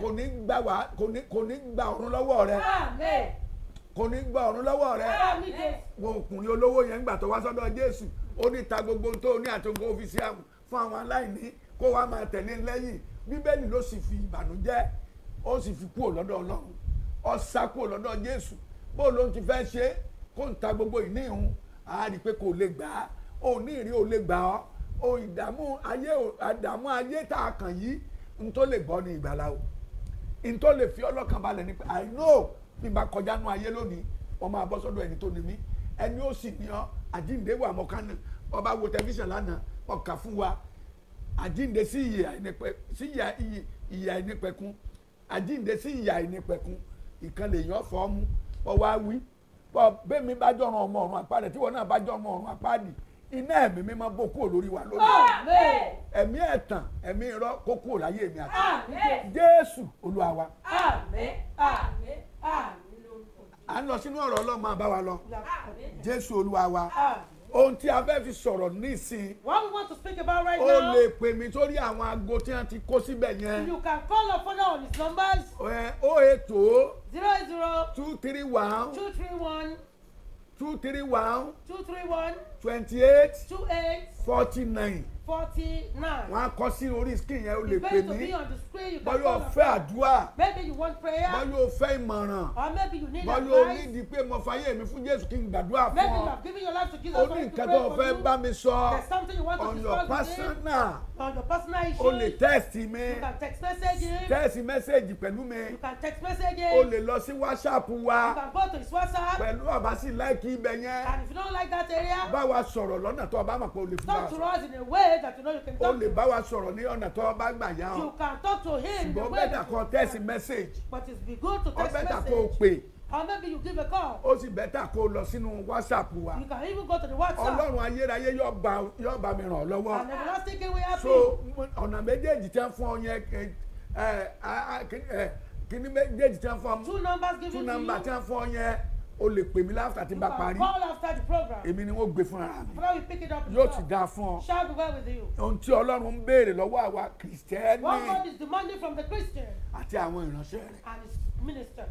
kò ní gba wà kò ní kò ní gba ọ̀run lọ́wọ́ rẹ̀ kò ní gba ọ̀run lọ́wọ́ rẹ̀ wọn òkùnrin olówó yẹn ń gbà tó wá sọ́dọ̀ Jésù ó ní ta gbogbo tó ní àtúngó fi sí àwọn fún àwọn aláìní kó wàá máa tẹ̀lé lẹ́yìn bíbélì ló sì fi ìbànújẹ́ ó sì fi kúrò lọ́dọ̀ ọlọ́run ó sá kúrò lọ́dọ̀ jésù bó ló ń ti fẹ́ ṣe kó ń ta gbogbo ìní ìhun àá rí i pé kò lè gbà á ò ní ìrí ò lè gbà ọ́ ò ìdààmú ayé àdààmú ayé tá a kàn yìí n tó lè gbọ́ ní ìgbàlá o n tó lè fi ọlọ́kàn balẹ̀ ni i know bí n bá kọjá nú ayé lónìí wọ́n máa bọ́ sọ́dọ̀ ẹni tó ni mí ẹni ó sì ní ọ àjíǹde wà mọ́kánná ọba wo tẹlifíṣàn lánàá ọ̀kà fún wa àjínde sí ìyà ìnípẹ sí ìyà ìyà àjínde sí ìyà ìnípẹ̀kun ìkan lèèyàn fọ́ mú ọwọ́ awí bọ́ bẹ́ẹ̀mi bá jọ̀ràn ọmọ ọ̀run àpáàdì tí wọn náà bá jọ̀ràn ọmọ ọ̀run àpáàdì iná ẹ̀mí mímọ́ bó kúrò lórí wa lónìí ẹ̀mí ẹ̀tàn ẹ̀mí irọ́ kó kúrò láyé èmi àti Jésù Olúwa à ń lọ sínú ọ̀rọ̀ Ọlọ́run máa lọ Jésù Olúwa wa ohun tí a fẹ́ fi sọ̀rọ̀ nísìn. what we want to speak about right now. o lè pè mí sórí àwọn aago tí wọ́n ti kó síbẹ̀ yẹn. you can call up further on his numbers. ẹ o ètò. zero zero. two three one. two three one. two three one. two three one. twenty eight. two eight. forty nine forty nine. wọ́n á kọ sí orí screen yẹn o lè pè ní bọ́yọ̀ o fẹ́ àdúrà bọ́yọ̀ o fẹ́ ìmọ̀ràn bọ́yọ̀ o nídìí pé mo fàyè mi fún Jésù kí n gbàdúrà fún ọ o ní nǹkan tó o fẹ́ bá mi sọ on your personal o lè text mi text message pẹ̀lú mi o lè lọ sí WhatsApp wa pẹ̀lú ọ̀bá sì láìkí ibẹ̀ yẹn bá wa sọ̀rọ̀ lọ́nà tó o bá mọ̀ pé o lè fún wa that you know you can talk to him. o lè bá wa sọ̀rọ̀ ní ọ̀nà tó bá gbà yá o. you can talk to him the way you can. ṣùgbọ́n bẹ́ẹ̀ kọ́ text message. but it's be good to text message. ọbẹ̀ pè. or maybe you give a call. ó sì bẹ́tà kó lọ sínú whatsapp wa. you can even go to the whatsapp. ọlọ́run ayérayé yóò bá yóò bá mi ràn lọ́wọ́. and everlasting king so ọ̀nà méjèèjì tẹ́ fún ọ yẹn kí ni méjèèjì tẹ́ fún ọ. two numbers given to you. two numbers tẹ́ fún ọ yẹn o lè pè mí láfta tí n bá parí èmi ni wọ́n gbé fúnra mi yóò ti dáa fún ọ ohun tí ọlọ́run ń béèrè lọ́wọ́ àwa kìrìsìtẹ́nì àti àwọn ìránṣẹ́ rẹ̀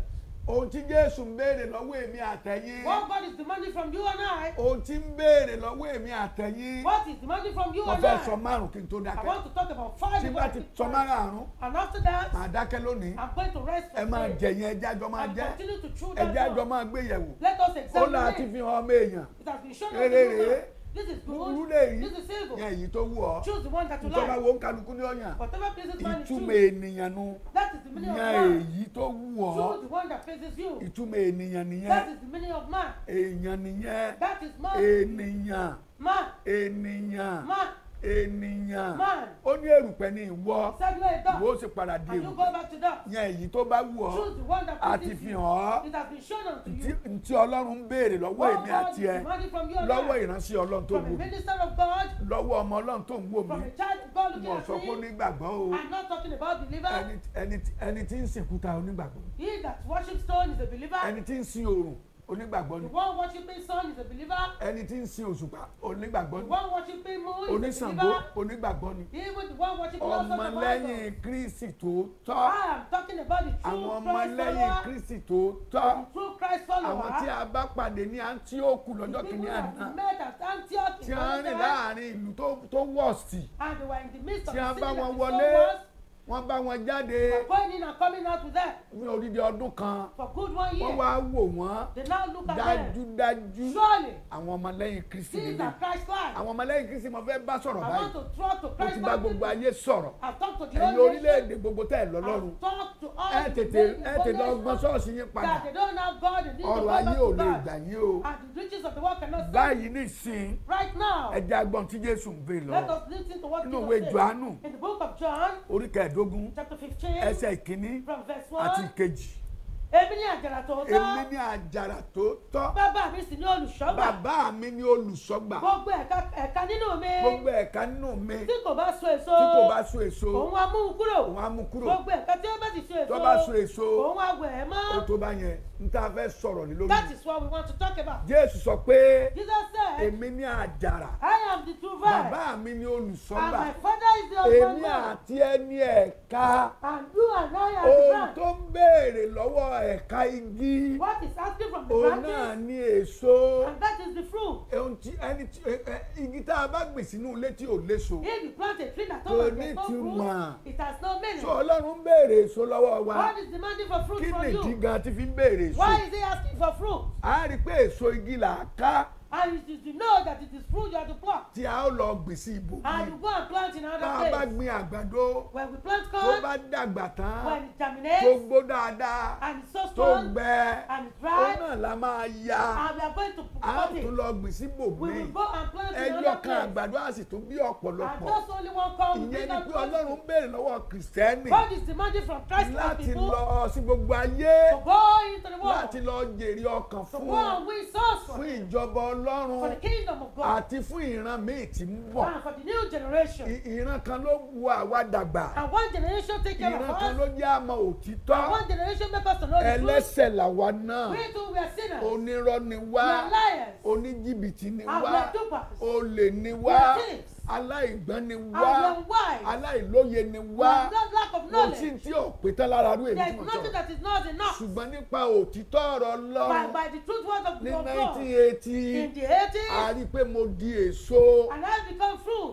ohun tí jésù ń béèrè lọ́wọ́ èmi àtẹ̀yìn. what God is demanding from you and I. ohun tí ń béèrè lọ́wọ́ èmi àtẹ̀yìn. what is demanding from you and I. mo fẹ́ sọ márùn kí n tó dákẹ́. I want to talk about five. tí bá ti sọ márùn. and after that. màá dákẹ́ lónìí. I'm going to rest for today. ẹ máa jẹ yẹn ẹjẹ́ àjọ máa jẹ́. and continue to chew that down. ẹjẹ́ àjọ máa gbé yẹ̀wò. let us examine it. ó lọ àti fi hàn ọmọ èèyàn. it has been shown to be true this is good Lule, this is evil yẹn èyí tó wù ọ choose the one that you like ìjọba wo ń kálukú ní ọ̀yàn whatever places man choose ìtumọ̀ ènìyàn nu that is the meaning of man yẹn èyí tó wù ọ choose the one that pleases you ìtumọ̀ ènìyàn nìyẹn that is the meaning of man èèyàn nìyẹn man ènìyàn man ènìyàn man ènìyàn ó ní èrùpẹ̀ ní ìwọ ìwọ ó sì padà dé ìwọ yẹn èyí tó bá wù ọ́ àti fi hàn ọ́ ntí ọlọ́run ń béèrè lọ́wọ́ èmi àti ẹ lọ́wọ́ ìránṣẹ́ ọlọ́run tó wù mí lọ́wọ́ ọmọ ọlọ́run tó ń wò mí mo sọ pé onígbàgbọ́ o ẹni tí ń sìnkúta onígbàgbọ́ ẹni tí ń sin oòrùn onígbàgbọ́ ni. the one worshiping sun is a believer. ẹni tí ń sin òṣùpà onígbàgbọ́ ni. the one worshiping moon is a believer. oníṣàngó onígbàgbọ́ ni. even the one worshiping lord of the bible. ọmọlẹ́yìn kristi tòótọ́. I am talking about the true Christ follower. àwọn ọmọlẹ́yìn kristi tòótọ́. the true Christ follower. àwọn tí a bá pàdé ní antioku lọ́jọ́ kìíní àná. the people that met at antioch. tí a rìn láàrin ìlú tó wọ̀ sí. and they were in the midst of the city that is so wọ́n bá wọn jáde. for going in and coming out with them. ní odidi ọdún kan. for good one year. wọ́n wá wò wọ́n. they now look at them. dájúdájú. surely. àwọn ọmọlẹ́yìn kristi nílé. these are Christ life. àwọn ọmọlẹ́yìn kristi mo fẹ́ bá sọ̀rọ̀ báyìí. I want to talk to Christ life. ti bá gbogbo ayé sọ̀rọ̀. I talk to the whole nation. ẹ̀yin orílẹ̀-èdè gbogbo tẹ̀ lọ́lọ́run. I talk to all the people. ẹ tètè ẹ tètè lọ gbọ́n yín padà. that they don't have God in this world. ọrọ̀ ayé ò lè gbà and the riches of the world cannot save. báyìí right now. let us listen to what Jesus said. inú in the book of John. oríkẹ́ kẹẹ̀ẹ́dógún ẹsẹ̀ ìkíní àti ìkejì èmi ni àjàrà tó tọ́. èmi ni àjàrà tó tọ́. bàbá mi sì ni olùṣọ́gbà. bàbá mi ni olùṣọ́gbà. gbogbo ẹ̀ka ẹ̀ka nínú mi. gbogbo ẹ̀ka nínú mi. tí kò bá so èso. tí kò bá so èso. òun á mú un kúrò. òun á mú un kúrò. gbogbo ẹ̀ka tí ó bá ti so èso. tó bá so èso. òun á wẹ̀ ẹ́ mọ́. o tó bá yẹn n ta fẹ́ sọ̀rọ̀ ní lórí. that is what we want to talk about. Jésù sọ pé. Jesus said. èmi ni àjàrà. I am the true vine. bàbá mi ni olùṣọ́gbà. and my father is the olùṣọ́gbà. èmi àti ẹni ẹ̀ka. and ohun tó ń béèrè lọ́wọ́ ẹ̀ka igi òun náà ní èso ohun tí ẹni igi tá a bá gbìn sínú ilé tí ò léso kò ní ìtumọ̀ sọ ọlọ́run ń béèrè èso lọ́wọ́ wa kí nìdí gan ti fi ń béèrè èso a rí i pé èso igi là á ká and it is to know that it is fruit you are to pluck. tí a ó lọ gbìn sí ibò. and you go and plant in another place. bá gbin àgbàdo. when we plant corn. tó bá dàgbà tán. when it germinates. tó gbó dáadáa. and it's so strong. tó gbẹ. and it's dry. ó náà la máa ya. and we are going to cut it. a ó tún lọ gbìn sí ibò mi. we will go and plant in another place. ẹyọ kan àgbàdo a sì tún bí ọ̀pọ̀lọpọ̀. and just only one corn will bring out plenty. ìyẹn ni pé Ọlọ́run béèrè lọ́wọ́ kìrìsìtẹ́nì. God is demanding from Christ and people. láti lọ sí gbogbo ayé. to go into the world. láti lọ jèrè ọkàn fún. to go and win souls for. fún ìjọba Ọl ọlọ́run àti fún ìran míì tí ń bọ̀. Ah, ìran kan ló wu àwa dàgbà. ìran kan ló jẹ́ àmọ́ òtítọ́. ẹlẹ́ṣẹ̀ làwa náà. onírọ́ ni wá. oníjìbìtì ni wá. olè ni wá aláìgbọ́n ni wá aláìlóye ni wá kò sí tí ò pé tán lára rú èmi tí mo sọ ṣùgbọ́n nípa òtítọ́ ọ̀rọ̀ Ọlọ́run ní nineteen eighty a rí i pé mo di èso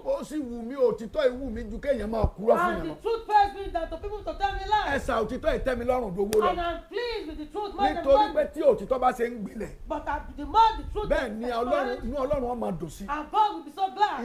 ó sì wù mí òtítọ́ ìwù mí ju kéèyàn máa kúrò fún mi lọ ẹ̀sà òtítọ́ ìtẹ́mi lọ́rùn dowó lọ nítorí pé tí òtítọ́ bá ṣe ń gbilẹ̀ bẹ́ẹ̀ ni inú Ọlọ́run ọmọ dùn sí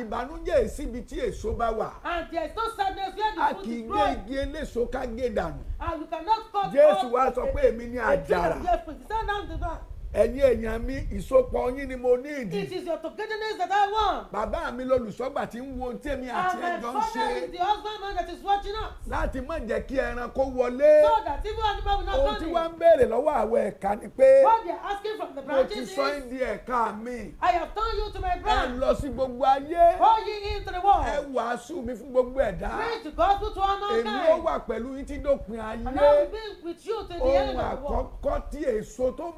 ìbànújẹ́ dẹ̀ síbi tí èso bá wà. and there is no sadness where the fruit is growing. a kì í gé igi eléso ká gé dànù. and you cannot cut Jésù wá sọ pé èmi ni àjàrà. a tree of years ago he said now the man ẹ̀yin èèyàn mi ìsopọ̀ yín ni mo ní ìdí. it is your togetherness that I want. bàbá mi lolùṣọ́gbà tí ń wo ohun tí èmi àti ẹjọ́ ń ṣe. and my father is the husbandman that is watching us. láti má jẹ́ kí ẹranko wọlé. so that even animal will not come in. ohun tí wọ́n ń béèrè lọ́wọ́ àwọn ẹ̀ka ni pé. what they are asking from the branches is. mo ti sọ ẹ́ di ẹ̀ka mi. I have turned you to my branch. ẹ lọ sí gbogbo ayé. all ye into the world. ẹ wàásù mi fún gbogbo ẹ̀dá. preach the gospel to all mankind. èmi ó wà pẹ̀lú I will be with you till the end of the world. ohun àkọ́kọ́ tí èso tó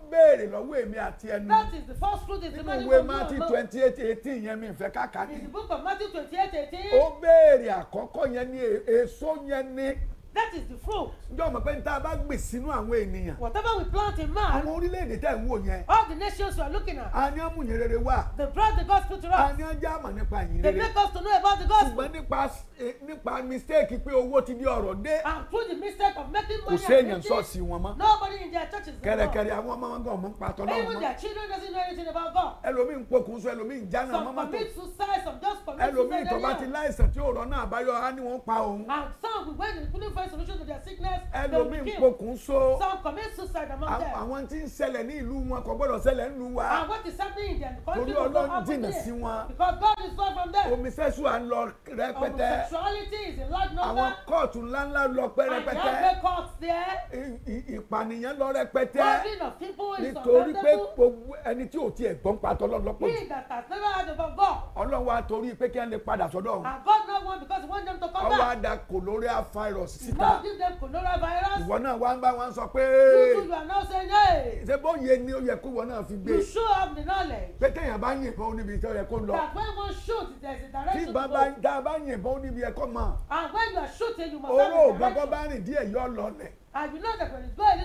ń ìyàwó èmi àti ẹnu. that is the first fruit. is the man you go know. nínú ìwé Matthew twenty eight eighteen yẹn mi ìfẹ́ káàkiri. in the book of Matthew twenty eight eighteen. ó béèrè àkọ́kọ́ yẹn ní èso yẹn ní that is the fruit. ǹjọ́ mọ̀ pé n bá gbìn sínú àwọn ènìyàn. whatever we plant in man. àwọn orílẹ̀-èdè tẹ̀ ń wò yẹn. all the nations we are looking at. a ní á mú yẹn rere they brought the gospel to us. a ní á já nípa yìí rere. they make us to know about the gospel. ṣùgbọ́n nípa eh, nípa mistake pé owó ti di ọ̀rọ̀ dé. and through the mistake of making money. kò sí èèyàn sọ́ọ̀sì wọn mọ́. nobody in their churches. kẹrẹkẹrẹ àwọn ọmọ wọn gan ọmọ ń pa tọ́ lọ́wọ́ mọ́. even their children doesn't know anything about God. ẹlòmíì ń pokùn so ẹlòmíì ń jáná mọ́mọ́tò. some commit suicide some just commit suicide. ẹlòmíì tó bá ti láìsàn tí òòrọ̀ náà àbáyọ á ní wọ́n pa òun. and some we went to find solution to their sickness. ẹlòmíì pokùn so. some commit suicide among them. àwọn tí ń ṣẹlẹ̀ ní ìlú wọn kò gbọ́dọ̀ ṣẹlẹ̀ nínú wa. and what is happening in their country will go up today. torí Ọlọ́run jìnnà because God is far from them. homosexual ń lọ rẹpẹtẹ. homosexuality is in large number. àwọn kóòtù ńláńlá lọ rẹpẹtẹ. and there are courts there. ìpànìyàn lọ rẹpẹtẹ. gathering of people is unbearable. nítorí pé gbogbo ẹni tí ò tiẹ̀ gbọ́n pa tọ́lọ́ lọ́pọ̀ jù. he that has never heard of God. Ọlọ́run wa torí pé kí wọ́n lè padà sọ́dọ̀ God no want because he want them to come back. ọwọ́ àdàkọ̀ lórí a virus síta ìwọ náà wá ń bá wọn sọ pé ṣé bó yẹ ni ó yẹ kó wọn náà fi gbé pé téèyàn bá yìnbọn níbi tó yẹ kó lọ tí bàbá tá a bá yìnbọn níbi ẹ̀kọ́ mọ̀ oró ògbàgbọ́ bá rìn díẹ̀ yọ lọ́lẹ̀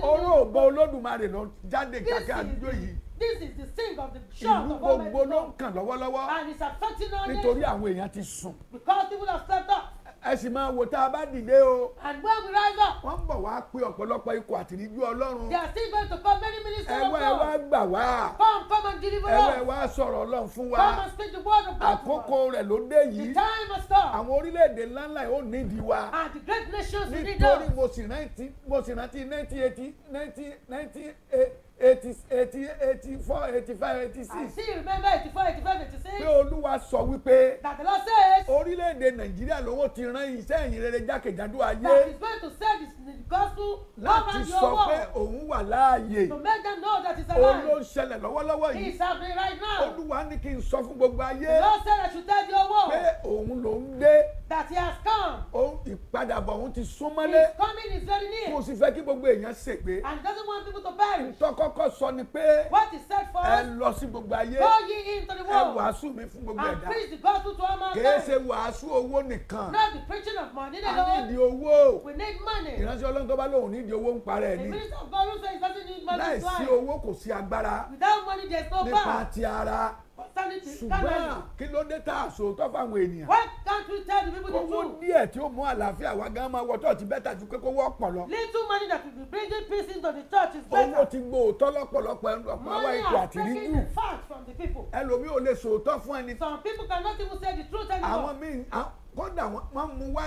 oró ògbọ́ olódùmarè lọ jáde kàkà àdúgbò yìí. This is the sin of the church of all men. Ìlú gbogbo ló ń kàn lọ́wọ́lọ́wọ́. And it's affecting all nations. Nítorí àwọn èèyàn ti sùn. Because people have slept up ẹ sì máa wò tá a bá dìde o. àgbọ̀n mi wọ́n ń bọ̀ wá pé ọ̀pọ̀lọpọ̀ ikọ̀ àtìríjú Ọlọ́run. they are still going to come many ministers of gbà wá. come come and deliver us. sọ̀rọ̀ Ọlọ́run fún wa. come and speak the word of God. àkókò rẹ̀ ló dé yìí. the time has come. àwọn orílẹ̀-èdè ńláńlá yóò ní ìdí wa. and the great nations need us. nítorí mo sì rántí eighty eighty eighty four eighty five eighty six. I still remember eighty four eighty five eighty six. pé olúwa sọ wípé. that the Lord says. orílẹ̀-èdè nàìjíríà lọ́wọ́ ti rán iṣẹ́ ìyìnrere jákèjádò ayé. that is going to send the gospel. láti sọ pé òun wà láàyè. to make them know that it's is alive. òun ló ń ṣẹlẹ̀ lọ́wọ́lọ́wọ́ yìí. he is happening right now. olúwa ní kí n sọ fún gbogbo ayé. the Lord said I should tell you owó. pé òun ló ń dé. that he has come. òun ìpadàbọ̀ òun ti súnmọ́lé. his coming is very near. kò sì fẹ́ kí gbogbo èèyàn ṣègbé. and doesn't want people to perish kọ́kọ́ sọ ni pé. what is said for us. ẹ lọ sí gbogbo ayé. go ye into the world. ẹ wàásù mi fún gbogbo ẹ̀dá. and preach the gospel to all mankind. kì í ṣe wàásù owó nìkan. not the preaching of money alone. a nídìí owó. we need money. ìránṣẹ́ ọlọ́run tó bá lóun nídìí owó ń parẹ́ ni. the minister of God who says he doesn't need money to fly. láìsí owó kò sí agbára. without money there is no power. nípa ti ara ṣùgbọ́n kí ló dé tá a sòótọ́ fáwọn ènìyàn. why can't we tell the people the truth. owó díẹ̀ tí ó mú àlàáfíà wá gan máa wọtọ́ ti bẹ́tà ju pé kó wọ́ lọ. little money that will be bringing peace into the church is better. owó ti gbó òótọ́ lọ́pọ̀lọpọ̀ ẹnu ọ̀pọ̀ àwọn ètò àtìrí jù. ẹlòmíì ò lè sòótọ́ fún ẹni. some people cannot even say the truth anymore. àwọn míì kódà wọ́n mú wá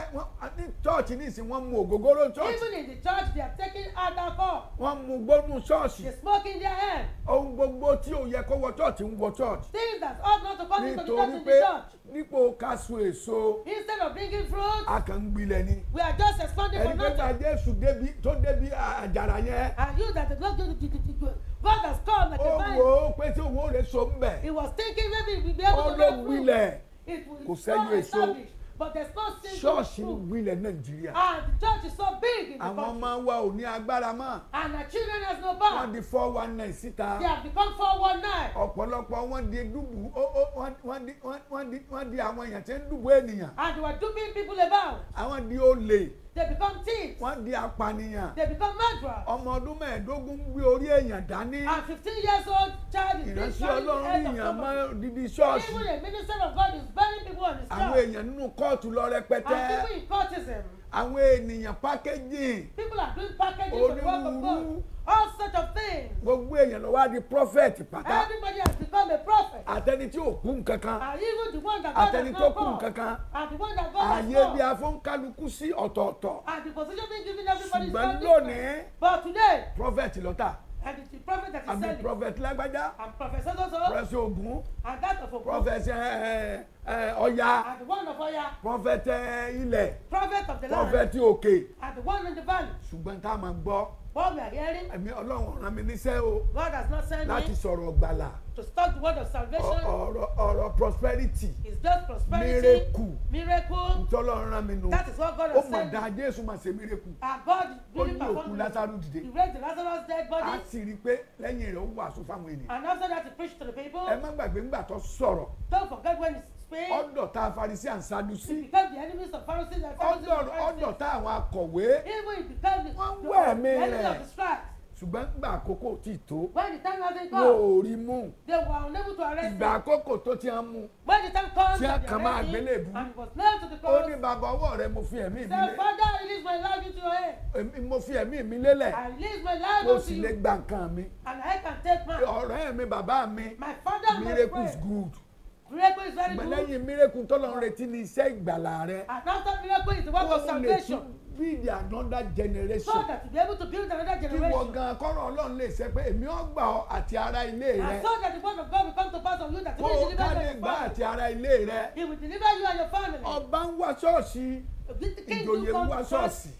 ní chọ́ọ̀chì nísìnyí wọ́n mú ògógóró chọ́ọ̀chì. even in the church they are taking alcohol. wọ́n mú gbónú chọ́ọ̀chì. they smoke in their head. ohun gbogbo tí ò yẹ kó wọ chọ́ọ̀chì ń wọ chọ́ọ̀chì. things that ought not to come into the church in the so èso. instead of bringing fruit. a kàn ń gbilẹ̀ ni. we are just expanding for nothing. ẹni pé Jésù débi tó débi àjàrà yẹn. and you that the Lord go to God has come at the time. ó pé tí òun ò lè so ń bẹ̀. he was thinking maybe we be able to bear fruit. ó ló gbilẹ̀ kò sẹ́yìn èso but there's no single church ní wílẹ̀ nàìjíríà. and ah, the church is so big in the country. àwọn ọmọ wa ò ní agbára mọ́. and our children has no power. wọ́n di four one nine síta. they have become four one nine. ọ̀pọ̀lọpọ̀ wọ́n di dùbù wọ́n di àwọn èèyàn tí ń dùbù ènìyàn. and they were duping people about. àwọn di olè they become thieves. wọ́n di apànìyàn. they become murderers. ọmọ ọdún mẹ́ẹ̀ẹ́dógún gbé orí èèyàn dání. and fifteen years old child is being carried to head of somebody. ìránṣẹ́ ọlọ́run ìyàn mọ́ even a minister of God is burying people on the street. àwọn èèyàn nínú kóòtù lọ rẹpẹtẹ. and people in courtism àwọn ènìyàn packaging. people are doing packaging for the work of God. all sorts of things. gbogbo èèyàn ló wá di prophet pátá. everybody has become a prophet. àtẹni tí ò kú nkankan. and even the one that God has not àtẹni tó kú nkankan. and the one that God has called. àyè bí afọ́nkálukú sí ọ̀tọ̀ọ̀tọ̀. and the position being given everybody is very different. ṣùgbọ́n lónìí. but today. prophet lọ́tà and the prophet that is selling. and the prophet lágbájá. and Professor so Professor ogun. and that of ogun. prophet ẹ ẹ ọya prophet eh, ilẹ̀ prophet òkè ṣùgbọ́n tá a máa gbọ́ ẹ̀mí ọlọ́run rán mi níṣẹ́ o láti sọ̀rọ̀ gbàlà to start the word of salvation. ọ̀rọ̀ ọ̀rọ̀ prosperity. is just prosperity. miracle. miracle. ntọ́lọ́run rán mi nù. that is what God has said. ó mà dá Jésù mà ṣe miracle. and God really performed. ó ní òkú Lásárù dìde. he raised the Lazarus dead body. a sì rí i pé lẹ́yìn rẹ̀ ó wàásù fáwọn ènìyàn. and after that he preached to the people. ẹ má gbàgbé ńgbà tó sọ̀rọ̀. don't forget when pé. ọ̀dọ̀ tá a Farisí à ń ṣáájú sí. ọ̀dọ̀ tá àwọn akọ̀wé. wọ́n ń wẹ̀ mí rẹ̀ ṣùgbọ́n gbà àkókò tí tó. wọ́n ò rí mú. ìgbà àkókò tó ti hàn mú. tí a kàn máa gbélé bú. ó ní bàbá ọwọ́ rẹ mo fi ẹ̀mí mi lé. mo fi ẹ̀mí mi lélẹ̀. mo sì lè gba nǹkan mi. ọ̀rẹ́ mi bàbá mi. miracle is good miracle is very good. lẹ́yìn miracle tọ́lọ́run retí ni iṣẹ́ ìgbàlà rẹ. and miracle is the work of salvation. o lè another generation. so that you be able to build another generation. kí wọ́n gan kọ́rọ̀ ọlọ́run lè ṣe pé èmi ó gbà ọ́ àti ara ilé rẹ. and so that the word of God will come to pass on you that you will deliver your family. kó o ká lè gbà àti ara ilé rẹ. he will deliver you and your family. ọba ń wá ṣọ́ọ̀ṣì ìjòyè ń wá ṣọ́ọ̀ṣì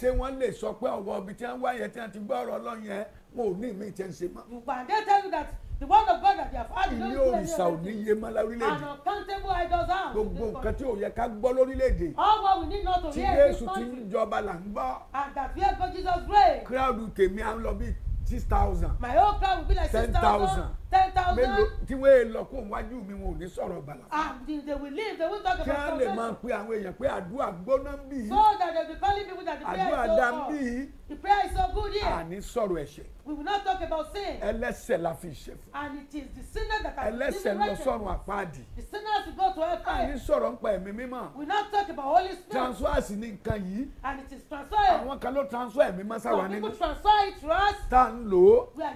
ṣé wọ́n lè sọ pé ọ̀wọ́ ibi tí wọ́n wá yẹn tí wọ́n ti gbọ́ ọ̀rọ̀ ọlọ́run yẹn wọn ò ní ìmí ìtẹ́ǹsẹ̀ mọ́. but they tell you that the word of God that you have heard. ilé òrìṣà ò ní yé má lórílẹ̀‐èdè. and uncountable idols are. gbogbo nǹkan tí ò yẹ ká gbọ́ lórílẹ̀‐èdè. all what we need not to hear is something. tí Jésù ti ń jọba là ń gbọ́. and that fear for Jesus' reign. crowd tèmi à ń lọ bíi six thousand. my whole crowd will be like six thousand ten thousand. mélòó tí wọ́n yé lọ kó wájú mi wọn ò ní sọ̀rọ̀ bàlá. ah they will leave they will talk about something. kí wọ́n lè máa pe àwọn èèyàn pé àdúrà gbóná ń so that they be calling people that the prayer is so good. àdúrà dá ń the prayer is so good here. àní sọ̀rọ̀ ẹ̀ṣẹ̀. we will not talk about sin. ẹlẹ́ṣẹ̀ la fi ṣe fún. and it is the sinner that has been sin right. ẹlẹ́ṣẹ̀ lọ sọ̀run àpáàdì. the sinners go to hell. àní sọ̀rọ̀ ń pa ẹ̀mí mímọ́. we will not talk about holy spirit. transfers ni nǹkan yìí. and it is transfer. àwọn kan ló transfer ẹ̀mí mọ́ sáwọn nínú. some people transfer it to us ń lò ó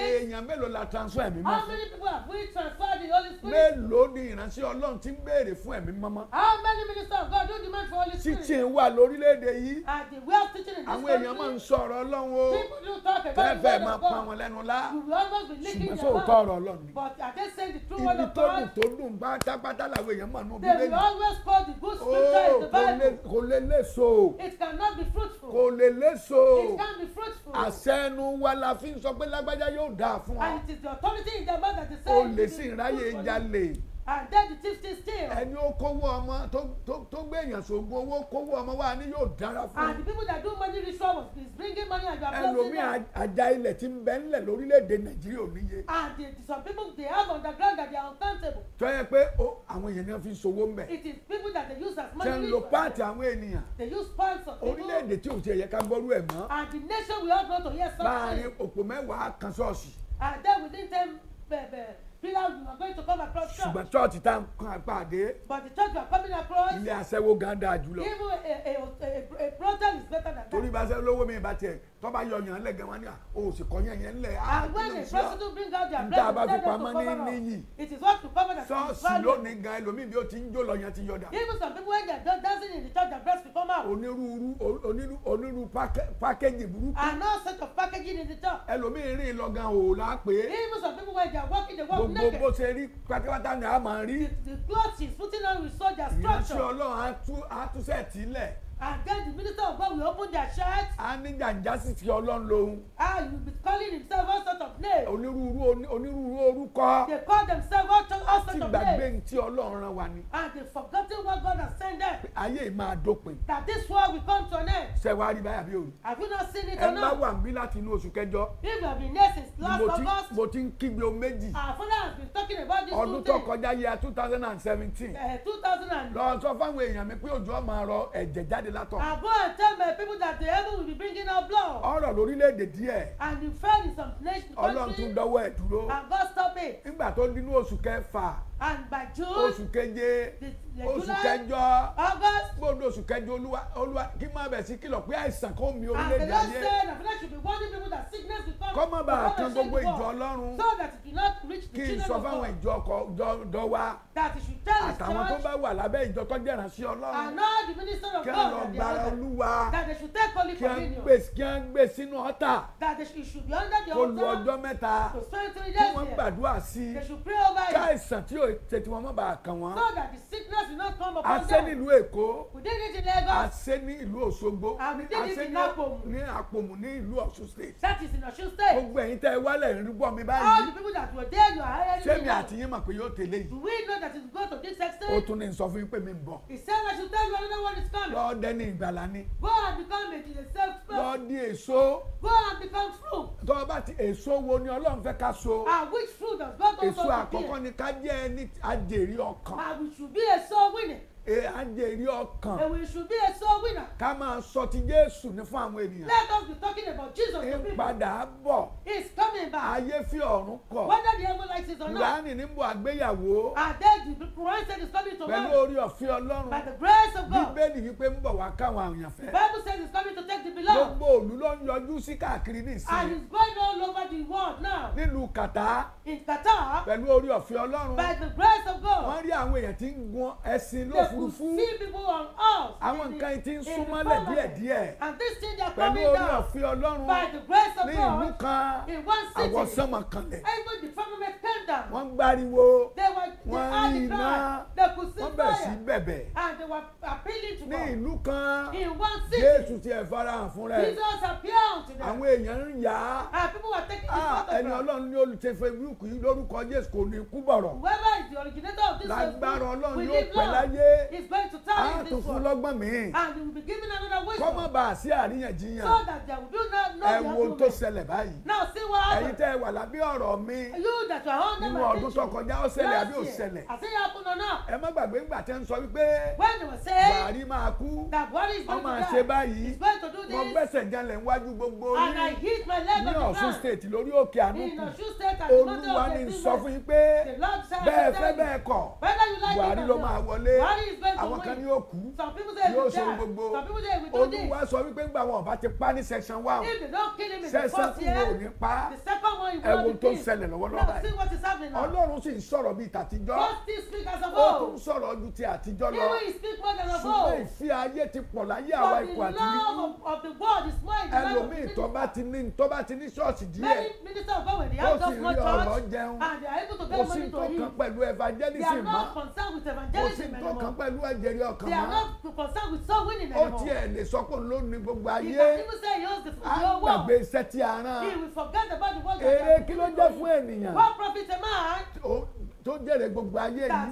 èèyàn mélòó la transfer ẹ̀mí mọ́. how many people have we transferred the holy spirit. mélòó ni ìránṣẹ́ ọlọ́run ti ń béèrè fún ẹ̀mí mọ́mọ́. how many ministers of God do demand for holy spirit. teaching wà lórílẹ̀‐èdè yìí. at the way of teaching in this country. àwọn èèyàn máa ń sọ ọ̀rọ̀ ọlọ́run o. people do talk about the word of God. fẹ́fẹ́ máa pa wọn lẹ́nu lá. you will always be licking their mouth. ṣùgbọ́n sóòótọ́ ọ̀rọ̀ ọlọ́run ni. but are just say the true word of God. ibi tó dùn tó dùn pátápátá làwọn èèyàn mọ̀ nù they always call the good scripture in oh, the Bible. it cannot be fruitful. it can't be fruitful. àṣẹ la sọ pé lágbájá yóò dáa fún wa. and it is the authority in the matter that is olè sì ń jalè and then the thief still steal. ẹni ó kówó ọmọ tó gbé èèyàn sógun owó kówó ọmọ wa ni yóò dára fún. and the people that do money ritual is bringing money and you are blessing them. ẹlòmíì ajá ilẹ̀ ti ń bẹ ńlẹ̀ lórílẹ̀‐èdè nàìjíríà ò and the, some people they have underground that they are uncountable. tó yẹ pé àwọn èèyàn náà fi ń sowó it is people that they use as money ritual. ṣe ń lo páàtì àwọn ènìyàn. they use parts of people. orílẹ̀-èdè tí ò ti ẹ̀yẹ ká gbọ́rú ẹ̀ mọ́. and the nation we all go to hear something. láàrin òpó mẹ́wàá kan ṣọ́ọ̀ṣì. and then within ten bẹ̀ẹ̀ bẹ̀ẹ̀ pillars we were going to across ṣùgbọ́n church tá a pàdé. but the church we coming across. ilé aṣẹ́wó gan dáa jùlọ. even a a a a brothel is better than that. torí bá aṣẹ́wó lówó mi bá tiẹ̀ tó bá yọ yàn lẹ gẹwọn ni à o sì kọ yẹn yẹn lẹ. Ah, when the president bring out their blessing tell them to cover up it is what to cover the value. sọ́ọ̀sì lónìí gan ẹlòmíì bí ó ti ń jó lọ yẹn ti yọ̀dà. even some people when they dancing in the church their breast come out. onírúurú onírú onírú pákéjì burúkú. and all set of packaging in the church. ẹlòmíì rìn lọ gan o la pé. even some people when they are working they work naked. gbogbo bó ṣe rí pátápátá ni a máa rí. the clothes he's putting on with soldier structure. ìránṣẹ́ ọlọ́run á tú á tú sẹ́ẹ̀tì And then the minister of God will open their shirts. A ní jàǹjà sì fi Ọlọ́run lóhùn. Ah, you be calling himself all sort of name. Onírúurú onírúurú orúkọ. They call themselves all, sort of names. Ti gbàgbé ní ti Ọlọ́run rán wa ni. And they forgotten what God has sent them. Ayé yìí máa dópin. That this world will come to an end. Ṣé wàá rí báyà bí o rí? Have you not seen it or not? Ẹ má wà mí láti inú oṣù kẹjọ. If you have been there since last August. Mo ti ń kígbe o méjì. Our father has been talking about this two things. Ọdún tó kọjá yẹ two thousand and seventeen. Eh, two thousand and. Lọ sọ fáwọn èèyàn mi pé òjò máa rọ ẹ̀jẹ̀ jáde jáde látọ̀. àbọ̀ tell my people that the heaven will be bringing up blood. ọ̀rọ̀ lórílẹ̀‐èdè díẹ̀. and the fair is some nation. ọlọ́run tún dọ́wọ́ ẹ̀ dúró. and God stop it. nígbà tó dínú oṣù kẹfà àgbàjọ oṣù keje oṣù kẹjọ gbọdọ oṣù kẹjọ olúwa olúwa kí n máa bẹ̀ sí kìlọ̀ pé àìsàn kò mì orílẹ̀-èdè ayé kọ́ má bàa kan gbogbo ìjọ ọlọ́run kí n sọ fáwọn ìjọ ọkọ̀ jọ wa àtàwọn tó bá wà lábẹ́ ìjọ tó jẹ́ ìránṣẹ́ ọlọ́run kí a lọ gbára olúwa kí a gbé kí a gbé sínú ọ̀tà kó lu ọjọ́ mẹ́ta kí wọ́n gbàdúrà sí i káìsàn tí ò tètè wọn má bàa kàn wọn. so that the sickness will not come upon them. àṣẹ ní ìlú Èkó. we did it in Lagos. àṣẹ ní ìlú Òṣogbo. and we did it in Apomu. Apomu ní ìlú Ọ̀ṣun state. that is in Ọ̀ṣun state. gbogbo ẹ̀yin tẹ́ wálẹ̀ ń gbọ́ mi báyìí. all the people that were there you are hearing me now. sẹ́mi àti yín mọ̀ pé yóò tẹ̀lé yìí. do we know that it go to this extent. ó tún ní sọ fún yín pé mi ń bọ̀. he said that should tell you another one is coming. lọ́ọ́ dẹ́ni ìgbàlá ni. go and become a self person. lọ́ọ́ di èso. go and become fruit. tọ́ bá ti èso wo ni Ọlọ́run fẹ́ ká so. and which fruit does God want us to be? èso àkọ́kọ́ ni ká jẹ́ ẹni ní àjèrè ọkàn. I should be a soul winner àjẹrí ọkàn. and we should be a soul winner. ká máa sọ ti Jésù ní fún àwọn ènìyàn. let us be talking about Jesus to people. bọ̀. he is coming back. ayé fi ọ̀run kọ̀. whether the heaven likes it or not. Kùránì ní bò àgbéyàwó. and then the Quran said he's coming tomorrow. pẹ̀lú orí ọ̀fẹ́ Ọlọ́run. by the grace of God. Bíbélì wípé ń bọ̀ wá káwọn àyànfẹ́. Bible says he's coming to take the beloved. gbogbo òlu ló ń yọjú sí káàkiri nísìnyí. and he's going all over the world now. nílùú Kàtá. in Kàtá. pẹ̀lú by the grace of God òfurufú àwọn nǹkan tí ń súnmọ́lẹ̀ díẹ̀díẹ̀ pẹ̀lú orí ọ̀fin ọlọ́run ní ìlú kan àwọsánmọ̀ kanlẹ̀ wọ́n gbariwo wọ́n rí iná wọ́n bẹ̀ sí bẹ̀bẹ̀ ní ìlú kan Jésù ti ẹ̀ farahàn fún rẹ̀ àwọn èèyàn ń yá ah, ẹni ọlọ́run ní olùtẹ̀fẹ̀ wíwùkù lórúkọ Jésù kò ní kú bọ̀rọ̀ lágbára ọlọ́run yóò pẹ́ láyé he's going to tell you ah, this one. and he will be giving another wisdom. so that there will be no no ẹ wo tó ṣẹlẹ̀ báyìí. now see what happened. ẹ̀yin tẹ́ ẹ wà lábí ọ̀rọ̀ mi. you that you are under my teaching. nínú ọdún tó kọjá ó ṣẹlẹ̀ àbí ò ṣẹlẹ̀. àti ìyá kùnà náà. ẹ má gbàgbé ńgbà tẹ́ ń sọ wípé. when they were saying. Buhari máa kú. that Buhari is going to die. he's going to do this. mo gbẹ́sẹ̀ jalè níwájú gbogbo yín. and I hit my leg on the ground. ní Ọ̀ṣun state lórí òkè ànúkù. olúwa ni sọ fún yín pé bẹ́ẹ̀ fẹ́ bẹ́ẹ̀ kọ̀ Buhari ló máa wọlé. Buhari àwọn kan ní yóò kú yóò sọ gbogbo olúwa sọ wípé ńgbà wọn ọba ti pa ní section one section two ò ní pa ẹ̀wọ̀n tó ń ṣẹlẹ̀ lọ́wọ́lọ́wọ́ yìí ọlọ́run sì ń sọ̀rọ̀ bíi tàtijọ́ ó tún sọ̀rọ̀ ju ti àtijọ́ lọ ṣùgbọ́n ìfẹ́ ayé ti pọ̀ láyé àwa ikú àti níkú ẹlòmíì tó bá ti ní tó bá ti ní ṣọ́ọ̀ṣì díẹ̀ ó sì rí ọ̀rọ̀ jẹun kò sí tó kan pẹ̀lú evangelism mọ́ kò sí tó kan pẹ̀lú ẹ̀jẹ̀ ọkàn mọ́. they are not concerned with soul winning anymore. ó tiẹ̀ lè sọ pé òun gbogbo ayé. because people say he owns the full world. àgbàgbé iṣẹ́ tí a he will forget about the world. èrè kí ló jẹ́ fún ènìyàn. what profit a man. tó jèrè gbogbo ayé yìí. that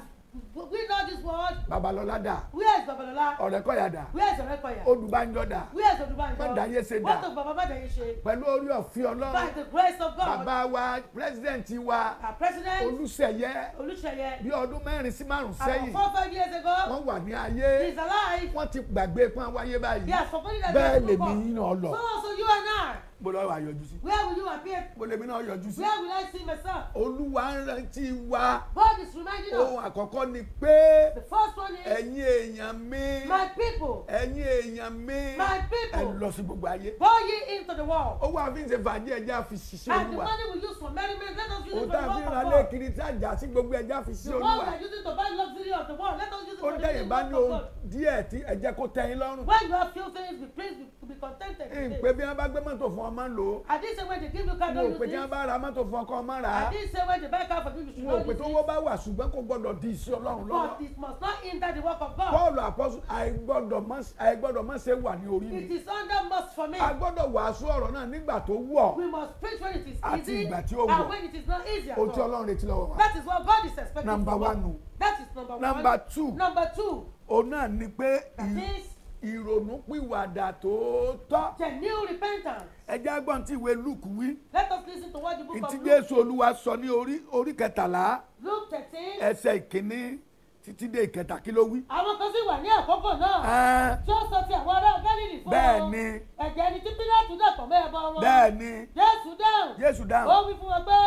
We know this word. Babalọlá Where is Babalọlá? Ọ̀rẹ́kọ̀yà da. Where is Ọ̀rẹ́kọ̀yà? Olùbánjọ da. Where is Olùbánjọ? Mọ̀dáyé ṣe dà. What of Baba Mọ̀dáyé ṣe? Pẹ̀lú orí ọ̀fin Ọlọ́run. By the grace of God. Bàbá wa President wa. Our President. Olúṣeyẹ. Olúṣeyẹ. Bí ọdún mẹ́rin sí márùn-ún sẹ́yìn. About four five years ago. Wọ́n wà ní ayé. He is alive. Wọ́n ti gbàgbé pọ́n wáyé báyìí. He has forgotten that he was born. So you and I mo lọ yọjú sí. where will you appear. mo lèmi náà yọjú sí. where will I see myself. olúwa ń rántí wa. God is reminding us. ohun àkọ́kọ́ ni pé. the first one is. ẹ̀yin èèyàn mi. my people. ẹ̀yin èèyàn mi. my people. ẹ lọ sí gbogbo ayé. go ye into the world. owó àfihàn ṣe fàájì ẹja fi olúwa. and the money we use for merriment let us use it for the world. òtá fi ra lé kiri tí àjà sí gbogbo ẹja fi olúwa. the world we are using to buy luxury of the world let us use it for the world. ó dẹ̀yìn bá ní ohun díẹ̀ tí ẹ kó tẹ́ lọ́rùn. when you have few things be pleased be contented. ìpè bí wọ́n bá gbé mọ́tò kọ́ ọmọ lò. àdìsẹ́ wẹ́n ti kíkú ká lóyún sí. mo pè tí wọ́n bá ra mọ́tò fún ọkọ ọmọ rà á. àdìsẹ́ wẹ́n ti bẹ́ẹ̀ ká fọ́tún ìṣúná yìí sí. mo pè tí wọ́n bá wà ṣùgbọ́n kò gbọ́dọ̀ di iṣẹ́ ọlọ́run lọ́wọ́. but it must not hinder the work of God. Paul apostle àìgbọ́dọ̀ má ṣe wà ní orí mi. it is under must for me. a gbọ́dọ̀ wàásù ọ̀rọ̀ náà nígbà tó wọ̀. we must preach when it is easy. àti ìgbà tí ó wọ̀. and when it is not easy at all. ojú ọlọ́run retí lọ́wọ́ wa. that is what God is expecting. number one nù. that is number one. number two. number two. òun náà ni pé. that is ìrònúpìwàdà tòótọ́. genuine repentance. ẹ jẹ́ agbọ́n tí ìwé luke wí. let us listen to what the book of luke. ìtí jésù olúwa sọ ní orí orí kẹtàlá. luke thirteen. ẹsẹ̀ ìkíní títí dé ìkẹta kí ló wí. àwọn kan sì wà ní àkókò náà. tí ó sọ ti àwọn ará gálílì fún wọn. bẹ́ẹ̀ni. ẹ̀jẹ̀ ni tí pílátù náà tọ̀ mẹ́ẹ̀bọ wọn. bẹ́ẹ̀ni. jésù dáhùn. jésù dáhùn. ó wí fún wọn pé.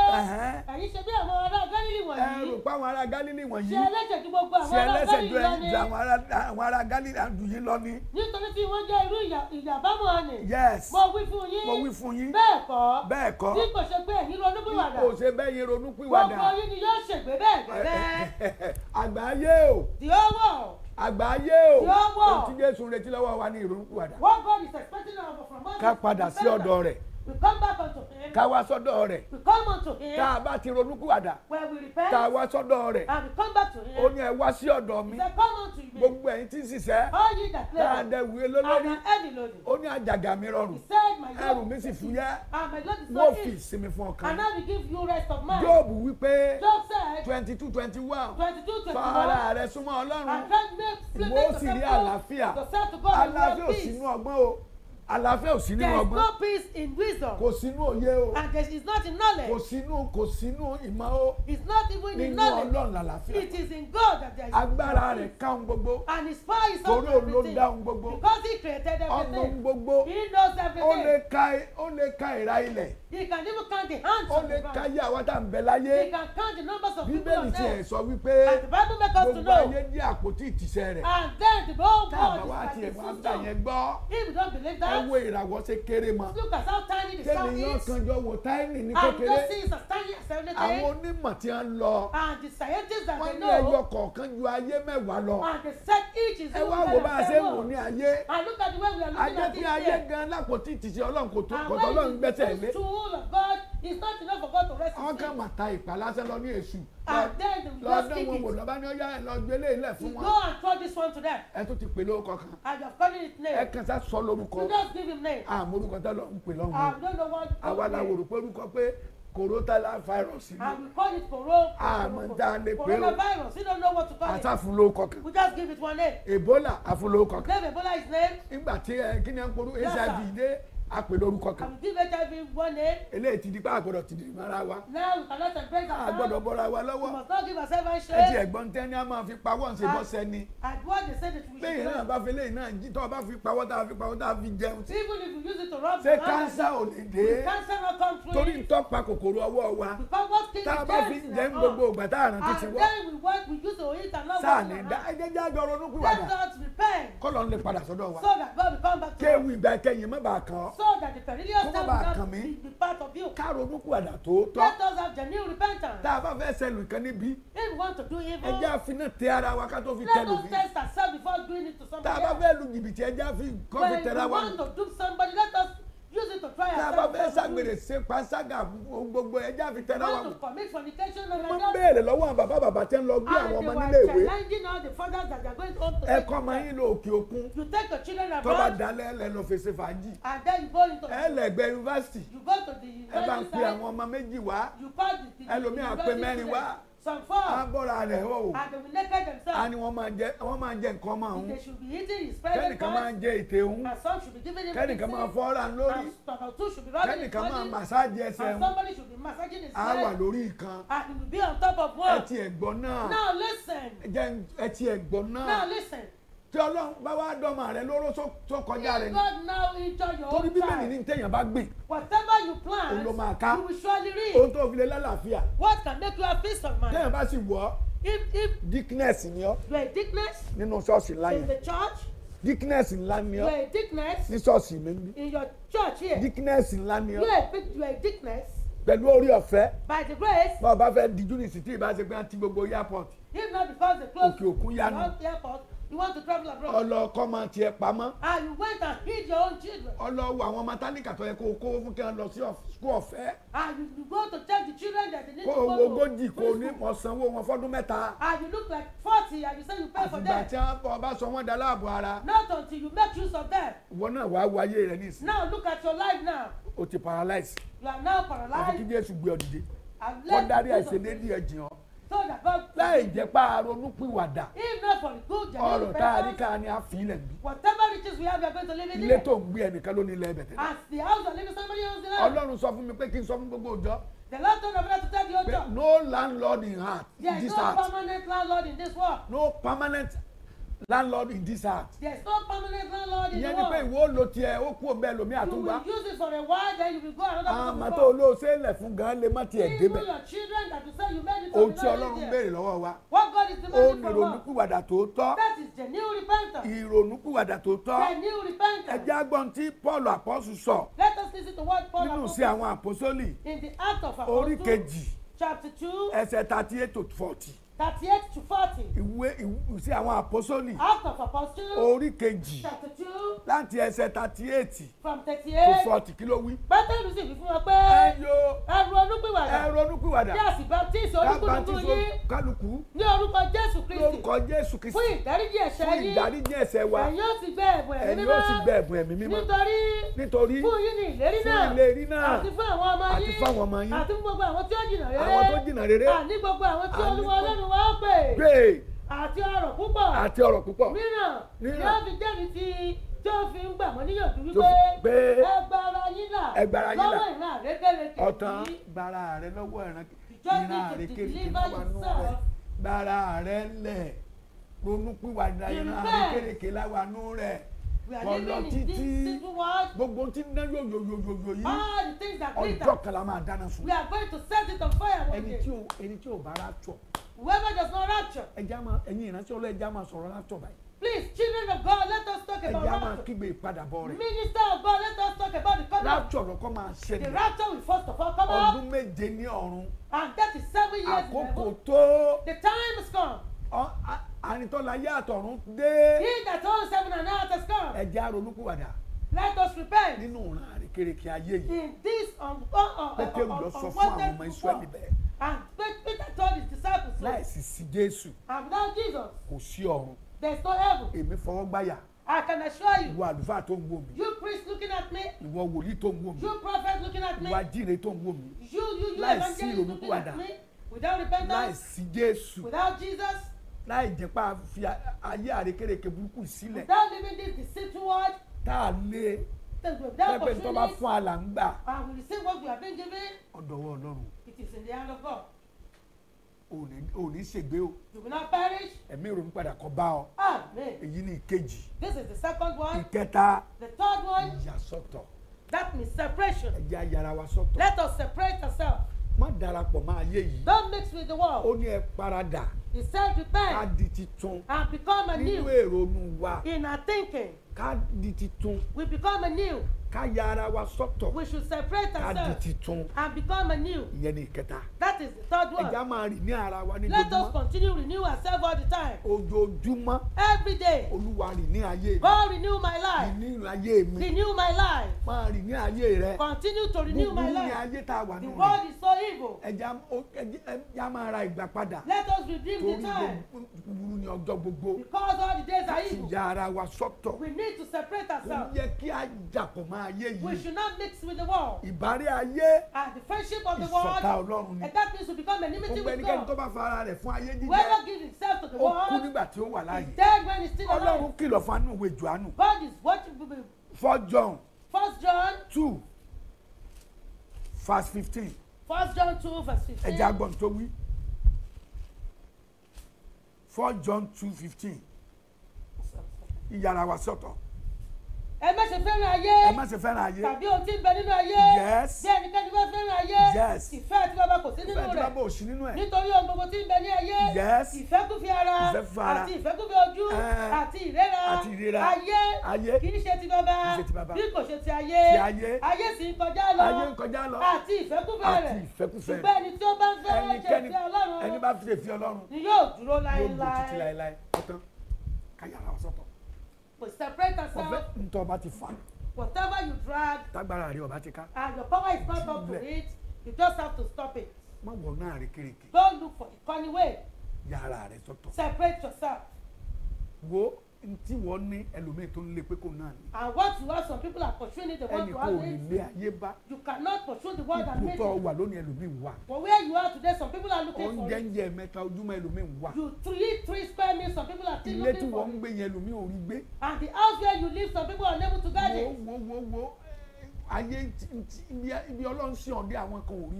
ẹ̀yin ṣe bí àwọn fáwọn ará Gálílì wọ̀nyí. ṣe ẹlẹ́ṣẹ̀ ju gbogbo àwọn ará Gálílì ju yín lọ ni. nítorí tí wọ́n jẹ́ irú ìyàbámọ̀ ni. yes mo wí fún yín. mo wí fún yín. bẹ́ẹ̀ kọ́. bẹ́ẹ̀ kọ́. bí kò ṣe pé ẹ̀yin ronúpìwàdà. bí kò ṣe bẹ́ẹ̀ yín ronúpìwàdà. gbogbo yín ni yóò ṣègbè bẹ́ẹ̀ gẹ́gẹ́. àgbáyé o. tí ó wọ̀ àgbáyé o ohun tí Jésù retí lọ́wọ́ wa ní ìrònúpìwàdà. what God is expecting from us. ká padà sí ọ̀dọ̀ rẹ̀ ká wá sọ́dọ̀ rẹ̀ tá a bá ti ronúkúwàdà tá a wá sọ́dọ̀ rẹ̀ ó ní ẹ wá sí ọ̀dọ̀ mi gbogbo ẹ̀yin tí ń ṣiṣẹ́ tá a dẹ̀ wúye lólórí ó ní àjàgà mi rọrùn ẹrù mi sì fúyẹ́ wọ́n fi ìsinmi fún ọkàn Job wípé twenty two twenty one fara rẹ̀ súnmọ́ Ọlọ́run wọ́n sì rí àlàáfíà àlàáfíà ò sínú ọgbọ́n o àlàáfíà ò sí nínú ọgbọ́n. there is no peace in wisdom. kò sínú òye o. and there is not in knowledge. kò sínú kò sínú ìmọ̀ o. it's not even in knowledge. nínú ọlọ́run làlàáfíà. it is in God that there is. agbára rẹ̀ ká ohun gbogbo. and his power is over everything. torí òun ohun gbogbo. because he created everything. ọmọ ohun gbogbo. he knows everything. ó lè ka ó lè ka ìra ilẹ̀. He can even count the hands of the Ó lè káyé àwọn tá à ń bẹ láyé. He can count the numbers of people on earth. Bíbélì ti sọ wípé. And the Bible make us to know. Gbogbo ayé ní àpótí ìtìsẹ̀ rẹ̀. And then the whole world is like a system. Táàbà wá tiẹ̀ wá gbà gbọ́. If you don't believe that. Ẹ ìràwọ̀ ṣe kéré mọ́. Look at how tiny the sun is. Kẹ́mi yóò kanjọ wo tiny ní kékeré. And you don't see it's as tiny as everything. Àwọn onímọ̀ tí wọ́n lọ. And the scientists that they know. Wọ́n ní ẹyọ kọ̀ọ̀kan ju ayé mẹ́wàá lọ. And they said each is even better than the world. Ẹ wá wo bá a ṣe wò ní ayé. And look at the way we are looking at this day. Ayé fi ayé gan lápótí full of God is not enough for God to rest his head. ọkàn màtá ìpàlásẹ lọ ní èṣù. and then the rest of it. lọ́dún wọn wò lọ́ba ní ọjà lọ gbélé ilẹ̀ fún wọn. you go and throw this one to them. ẹ tún ti pè lórúkọ kan. and you are calling his name. ẹ kàn sá sọ lórúkọ. you just give him name. àmórúkọ tẹ lọ ń pè lọ́hùn. I don't know what. àwa la wòrò pé orúkọ pé corona virus ni. and we call it corona. àmọ́ dáa lè pé o. corona virus you don't know what to call it. àtàfúnlò kọkàn. we just give it one name. ebola àfúnlò kọkàn. name ebola is name. nígbà tí ẹ eh, kí ni ẹ ń polú hiv dé a pè lórúkọ kan. àbùdí bẹ́ẹ̀ tẹ́ fi wọlé. eléyìí ti di pa àgbọ̀dọ̀ ti di mara wa. náà àlọ́tẹ̀ bẹ́ẹ̀ kà àgbọ̀dọ̀ bọ́ra wa lọ́wọ́. ìmọ̀tọ́ kí bá ń ṣe. ẹtì ẹ̀gbọ́n tẹ́ ni a máa fi pawọ́ ń ṣe bọ́ sẹ́ni. àdúrà dè sẹ́ni tún ṣe. lẹ́yìn náà bá fi lẹ́yìn náà jí tọ́ bá fi pawọ́ tá a fi pawọ́ tá a fi jẹun. even if you use it to rub. ṣé kánsá ò lè dé. kánsá no come through. torí ń tọ́pa fi jẹ ń gbogbo ìgbà we work we to eat and not work. sáà ní so that God will come back to so that the perilous time will not be part of you. ká ronú kúwàdà tó tọ́. let us have genuine repentance. tá a bá fẹ́ sẹ́lu nǹkan níbí. if we want to do evil. ẹ àfinà tẹ ara wa ká tó fi tẹ lómi. let us test ourselves before doing it to somebody else. tá a bá fẹ́ lu jìbìtì ẹ àfin kọ́ fi tẹ ara wa. when we want to do somebody let us use it to try and. tábà bẹ́ẹ̀ ṣàgbèrè ṣe panṣágà gbogbo ẹja fi tẹ́lá wa. want to commit fornication no matter. wọ́n lọ́wọ́ àwọn bàbá bàbá tẹ́ ń lọ gbé àwọn ọmọ nílé ìwé. and they were yín lọ òkè òkun. you take your children abroad. tọ́ba dalẹ̀ ẹ lẹ́nu fèsì fàájì. and then you go into. ẹ lẹ́gbẹ́ yunifásitì. you go to the university. ẹ bá ń pe àwọn ọmọ méjì wá. you pass the. ẹlòmíà pé mẹ́rin wá. Some fall. Agbọ́ra rẹ̀ wò And we will naked themselves. A ní wọ́n máa jẹ wọ́n máa jẹ nǹkan máa ń. They should be eating his private parts. Kẹ́nìkan máa ń jẹ ètè ń. And some should be giving him Kẹ́nìkan máa fọ́ra ń lórí. And some two should be rubbing his body. Kẹ́nìkan máa massage ẹsẹ̀ ń. And somebody should be massaging his leg. A wà lórí ìkan. And he will be on top of one. Ẹ tiẹ̀ gbọ́ náà. Now listen. Ẹ tiẹ̀ gbọ́ náà. Now listen tí ọlọ́run bá wá dọ́mọ rẹ lóró tó kọjá rẹ ni torí bíbélì ní tẹ̀yàn bá gbìn òun ló máa ká òun tó fi lè lálàáfíà tẹ̀yàn bá sì wọ̀ ọ́ dickness ni ọ́ nínú ṣọ́ọ̀ṣì ńlá yẹn dickness ńlá ni ọ́ ní ṣọ́ọ̀ṣì mi bí dickness ńlá ni ọ́ pẹ̀lú orí ọ̀fẹ́ bá ọba fẹ́ dijú ní sítì ìbá ṣe pé wọ́n ti gbogbo airport òkè òkun yanu you want to travel abroad. ọlọ kọ́ máa tiẹ̀ pamọ́. Ah, and you went and hid your own children. ọlọ wo àwọn ọmọ tálíkà tó yẹ kó o kó fún kí wọn lọ sí school ọ̀fẹ́. and ah, you go to check the children that they need to go to. school. kó o wogójì kó o ní mọ̀ sanwó wọn fọ́dún mẹ́ta. and ah, you look like forty and you say you pay for them. àtìgbà tí wọn bá sọ wọn dala àbọ̀ ara. not until you make use of them. ìwọ náà wàá wo ayé rẹ nísìnyí. now look at your life now. o ti paralyze. you are now paralyzed. àfi kí Jésù gbé ọ dìde. and let me go to. kọ́ dárí àìṣedéédé ẹ̀ jìn ọ́ láì jẹ́ pa aronú pìwàdà ọ̀rọ̀ tá a rí ká ní àfilẹ̀ bí ilé tó ń gbé ẹnìkan ló ní ilẹ̀ ẹ̀bẹ̀ tẹ́lẹ̀ ọlọ́run sọ fún mi pé kí n sọ fún gbogbo ọjọ́ The Lord told Abraham to tell the old dog. No landlord in heart. Yes, no permanent landlord in this world. No permanent landlord in this house. there is no permanent landlord in the world. ìyẹn ni pé ìwọ lo tiẹ̀ ó kú òbẹ́ lomi àtúgbà. you will use it for a while then you will go another ah, place. àmọ́ tó olóòṣè lẹ̀ fún gan lè má tiẹ̀ débẹ̀. even your children that you say you made it to be not there. o ti ọlọ́run béèrè lọ́wọ́ wa. what God is demanding from us. o ní ìrònúpìwàdà tó tọ́. that is genuine repentance. ìrònúpìwàdà tó tọ́. genuine repentance. ẹ já tí Paul apọ́sù sọ. let us listen to what Paul apọ́sù. nínú sí àwọn àpòsólì. in the act of apostles. orí kejì. chapter two. ẹsẹ̀ thirty eight to forty thirty eight to forty. ìwé ìwúsí àwọn àpọ́sọ́lì. act of apostles. orí kejì. thirty two. láti ẹsẹ̀ thirty eight. from thirty eight. to forty kí ló wí. pétérù sì fi fún wọn pé. ẹ yo. ẹ ronúpìwàdà. ẹ ronúpìwàdà. bí a sì baptise olúkúlùkù yín. kálukú. ní orúkọ jésù kristi. lórúkọ jésù kristi. fún ìdáríjì ẹ̀ṣẹ̀ yín. fún ìdáríjì ẹ̀ṣẹ̀ wa. ẹ̀yin ó ti gbẹ ẹ̀bùn ẹ̀mí mímọ́. ẹ̀yin ó ti gbẹ ẹ̀bùn ẹ̀mí mímọ́. nítorí. nítorí. fún yín ní ìlérí náà. fún ìlérí náà. àti fún àwọn ọmọ yín. àti fún àwọn ọmọ yín. àti fún gbogbo àwọn tí ó jìnnà rere. àní gbogbo àwọn tí olúwa ọlọ́run wọ́n pè. pè. àti ọ̀rọ̀ púpọ̀. àti ọ̀rọ̀ púpọ̀. mìíràn yóò fi jẹ́rìí ti tó fi ń gbà mọ́ níyànjú wípé ẹgbàrá yín là lọ́wọ́ ìran àrékèrèké yìí. ọ̀tán gbàrà rẹ lọ́wọ́ ìran àrékèrèké lọ́wọ́ nù rẹ gbàrà rẹ lẹ̀ ronú pìwàdà ìran àrékèrèké láwa nù rẹ̀ kọlọ títí gbogbo tí ná yóò yóò yóò yóò yìí ọjọ́ kan la máa dáná fún ẹni tí o ẹni tí o bá rapture. whoever does not rapture. ẹja máa ẹyin ìrántí ọlọ́ ẹja máa sọ̀rọ̀ rapture báyìí. Please, children of God, let us talk about rapture. Ẹ̀yà máa kígbe ìpadàbọ̀ rẹ̀. Minister of God, let us talk about the coming. Rapture lọ́kọ́ máa ṣẹlẹ̀. The rapture will first of all come out. Ọdún méje ní ọ̀run. And that is seven years. Àkókò tó. The time is come àrìntọ́lá yé àtọ̀run dé. he that owns heaven and earth has come. ẹ jẹ́ àrònúkúwàdà. let us repent. nínú ìran àrékèrèké ayé yìí. in this on uh, uh, on on Pétérù lọ sọ fún àwọn ọmọ Ísírẹ́lì bẹ́ẹ̀. and Peter told his disciples. láìsí sí Jésù. and without Jesus. kò sí ọ̀run. there is no heaven. èmi fọwọ́ gbáyà. I can assure you. Ìwọ àlùfáà tó ń wò mí. You priest looking at me. Ìwọ wòlíì tó ń wò mí. You prophet looking at me. Ìwọ ajíire tó ń wò mí. You you you evangelist looking at me. Without repentance. Láìsí Jésù. Without Jesus láì jẹ́ pé a fi ayé àrékérekè burúkú sílẹ̀. without living this deceitful world. tá a lé pẹ́pẹ́ tó bá fún àlà ń gbà. àwọn ìṣe wọ́n gbà bẹ́ẹ̀ jẹ́ ọ̀dọ̀wọ́ ọlọ́run. it is in the hand of God. ò ní ṣègbé o. you will not perish. ẹ̀mí ìrònú padà kọ bá ọ. amen. èyí ni ìkejì. this is the second one. ìkẹta. the third one. ìyàsọ́tọ̀. that means separation. ẹ jẹ́ a yà ara wa sọ́tọ̀. let us separate ourselves. má darapọ̀ mọ́ ayé yìí. don't mix with the world. ó ní ẹ paradà he said repent. ká di titun. and become anew. nínú èrò nu wa. in our thinking. ká titun. we become anew ká ya ara wa sọ́tọ̀. we should separate ourselves. ká di titun. and become anew. ìyẹn ni ìkẹta. that is the third one. ẹja máa rìn ní ara wa ní ojoojúmọ́. let us continue renew ourselves all the time. ojoojúmọ́. every day. olúwa rìn ní ayé mi. God renew my life. renew ayé mi. renew my life. máa rìn ní ayé rẹ. continue to renew my life. gbogbo ní ayé tá a wà nù. the world is so evil. ẹja ẹja máa ra ìgbà padà. let us redeem the time. torí gbogbo ní ọjọ́ gbogbo. because all the days are evil. ìyá ara wa sọ́tọ̀. we need to separate ourselves. ó yẹ kí a jà pọ̀ mọ́ ayé yìí. we should not mix with the world. ìbárí ayé. ah the friendship of the world. ìṣọ̀tá ọlọ́run ni. and that means to become an enmity with God. gbogbo ẹnikẹ́ni tó bá fara rẹ̀ fún ayé jíjẹ. whoever gives himself to the world. ó nígbà tí ó wà láàyè. he died when he still alive. ọlọ́run kìlọ̀ fún ìwé jòhánù. God is watching people. First John. First John. two verse fifteen. First John two verse fifteen. ẹja gbọ́n tó wí. First John two fifteen. ìyára wa sọ́tọ̀ ẹ má ṣe fẹ́ràn ayé ẹ má ṣe fẹ́ràn ayé tàbí ohun tí ń bẹ nínú ayé yes bí ẹnikẹ́ni bá fẹ́ràn ayé yes ìfẹ́ àti bàbá kò sí nínú rẹ̀ ìfẹ́ àti bàbá ò sí nínú ẹ̀ nítorí ohun gbogbo tí ń bẹ ní ayé yes ìfẹ́ kún fi ara ìfẹ́ fún ara àti ìfẹ́ kún fi ojú eh. àti ìrera àti ìrera ayé ayé kì í ṣe ti bàbá bí kò ṣe ti ayé ti ayé ayé sì ń kọjá lọ ayé ń kọjá lọ àti ìfẹ́ kún fẹ́ rẹ̀ àti ìfẹ́ kún fẹ́ rẹ̀ ṣùgbọ́n ẹni tí ó bá ń fẹ́ ẹni ẹni bá fi ṣe fi Ọlọ́run ni yóò dúró láéláé separate yourself. ọ̀fẹ́ ntọ́ ọba ti fa. whatever you drag. tágbára rẹ ọba ti ká. and ah, your power is not up to it you just have to stop it. má wọ náà rẹ kéréké. go look for a funny way. yàrá rẹ sọ́tọ̀. separate yourself. wo ntí wọ́n ní ẹlòmíì tó ń lé pé náà ni. and what you are some people are pursuing the world you are living. kò lè ayé bá. you cannot pursue the world that made you. ìkùtọ̀ wà lónìí ẹlòmíì wà. but where you are today some people are looking for. oúnjẹ ń jẹ mẹ́ta ojúmọ́ ẹlòmíì wà. you three three square meters. some people are still looking for. ilé tí wọ́n ń gbé yẹn ẹlòmíì ò rí gbé. and the house where you live some people are unable to get it. wo wo wo wo ayé ibi ọlọ́run sí ọ̀dẹ́ àwọn kan ò rí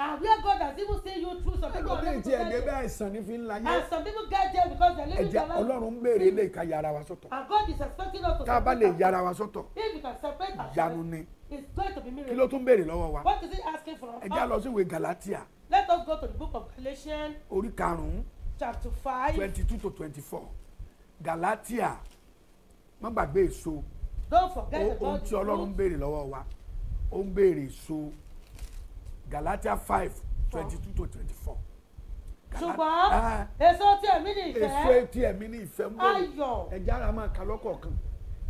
And where God has even seen you through some people. Ẹgbẹ́ ìtì ẹ̀gẹ́ bẹ́ẹ̀ sàn ní fi ń láyé. And some people get there because they live in their life. Ẹ̀jẹ̀ Ọlọ́run ń béèrè ilé ìka yàrá wa sọ́tọ̀. And God is expecting us to. Tá a bá lè yàrá wa sọ́tọ̀. If you can separate ourselves. Ìyanu ni. It's going to be miracle. Kí ló tún béèrè lọ́wọ́ wa? What is he asking for? us? lọ sí ìwé Galatia. Let us go to the book of Galatians. Orí karùn-ún. Chapter five. twenty-two to twenty-four. Galatia. Má gbàgbé èso. Don't forget about the fruit. Ohun tí Ọlọ́run ń béèrè lọ́wọ́ wa. Ó ń béèrè èso. Galatia five twenty two to twenty four. ṣùgbọ́n èso tí ẹ̀mí ní ìfẹ́. èso tí ẹ̀mí ní ìfẹ́ ń bọ̀ ayọ̀ ẹ̀já ara máa ka lọ́kọ̀ọ̀kan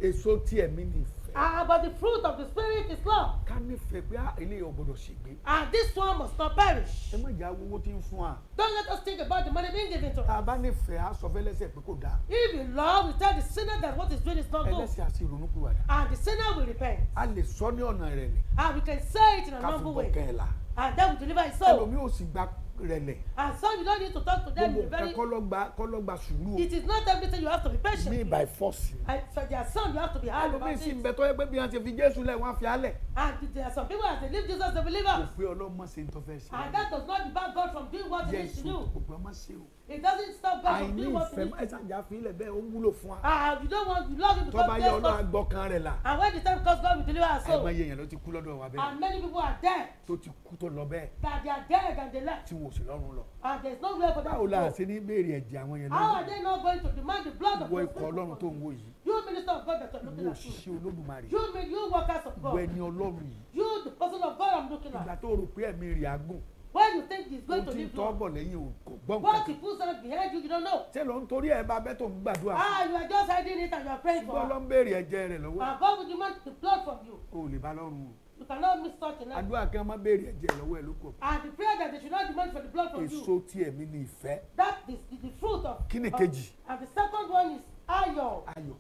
èso tí ẹ̀mí ní ìfẹ́. Ah, ah but the fruit of the spirit is love. ká nífẹ̀ẹ́ pé ah, eléyìí ò gbọdọ̀ ṣègbé. and ah, this one must not perish. ẹ má jẹ́ awowó tí ń fún wa. don't let us think about the money being given to us. tá a bá nífẹ̀ẹ́ a sọ fẹ́ lẹ́sẹ̀ pé kò dáa. if you love you tell the sinner that what he's doing is not good. ẹlẹ́sẹ̀ àti ìrònúpìwàdà. and the sinner will repent. a lè sọ ní ọ̀nà rẹ̀ ni. and we can say it in a number way. ká fi kẹ́ ẹ̀ la and they will deliver his soul. ò sì gba rẹlẹ. and so you don't need to talk to them in very. gbogbo kọlọgba kọlọgba sùúrù. it is not everything you have to be patient. me by force. and so there are some you have to be hard about it. ẹlòmíì sì ń bẹ tó yẹ bí wọn ti fi jésù lẹ wọn fi á and there are some people as they leave jesus they believe am. òfin ọlọ́mọ ṣe ń tọ́ fẹ́ ṣe. and that does not debar God from doing what he needs to do. jésù ògbọ́n má ṣe o it doesn't stop God from doing what he needs. àìní ìfẹ́ ẹ̀sán ìjà fílẹ̀ bẹ́ẹ̀ ó wúlò fún wa. ah you don't want to love him because God bless yẹ ọlọ́run gbọ́ kan la. and when the time comes God will deliver us soul. àìmọye èèyàn ló ti kú lọ́dọ̀ wa bẹ́ẹ̀. and many people are dead. tó ti kú tó lọ bẹ́ẹ̀. that they are dead and they left. tí wò sí lọ́run lọ. and there is no way for them to go. báwo la ṣe ní béèrè ẹ̀jẹ̀ àwọn yẹn lọ́wọ́. how are they not going to demand the blood of those people. wọ ikọ̀ ọlọ́run you minister of God that you are looking at you. wo ṣe olódùmarè. you mean you workers of God. wẹ́ni ọlọ́run yìí. you the person of God I'm looking at. ìgbà tó rò pé ẹ̀mí rẹ̀ when you think he's going to be blood. o ti tọ́ lẹ́yìn o kò gbọ́n kankan. what he puts on behind you you don't know. ṣé ló ń torí ẹ bá bẹ́ tó ń gbàdúrà. ah you are just hiding it and you are praying for. bọ́lá ń béèrè ẹ̀jẹ̀ rẹ̀ lọ́wọ́. My ah, God will demand the blood from you. o ò lè bá lọ́rùn o. you cannot miss such a night. àdúrà kí wọ́n má béèrè ẹ̀jẹ̀ lọ́wọ́ ẹ̀ ló kọ̀. and the prayer that they should not demand for the blood from you. èso tí ẹ̀mí ni ìfẹ́. that is the, fruit of. kí ni kejì. and the second one is ayọ̀. ayọ̀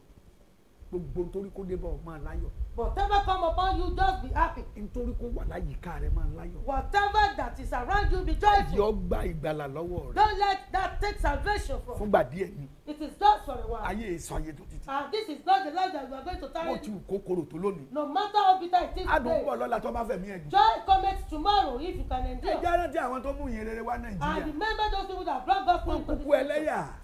gbogbo nítorí kó dé bá ọ máa láyọ̀. Whatever come upon you, just be happy. Nítorí kó wà láyìíká rẹ máa ń Whatever that is around you, be joyful. Yọ gba ìgbàlà lọ́wọ́ rẹ. Don't let that take salvation from you. Fúngbà díẹ̀ ni. It is just for a while. Ayé èso ayé tó títí. And this is not the life that you are going to carry. Wọ́n ti wù kókòrò tó lónìí. No matter how bitter it is Adùn pọ̀ lọ́la tó bá fẹ̀ mí ẹ̀dùn. Joy comes tomorrow if you can endure. Ẹ jẹ́ rántí àwọn tó mú ìyẹn rere wá Nàìjíríà. And remember those people that brought God from. Wọ́n kúkú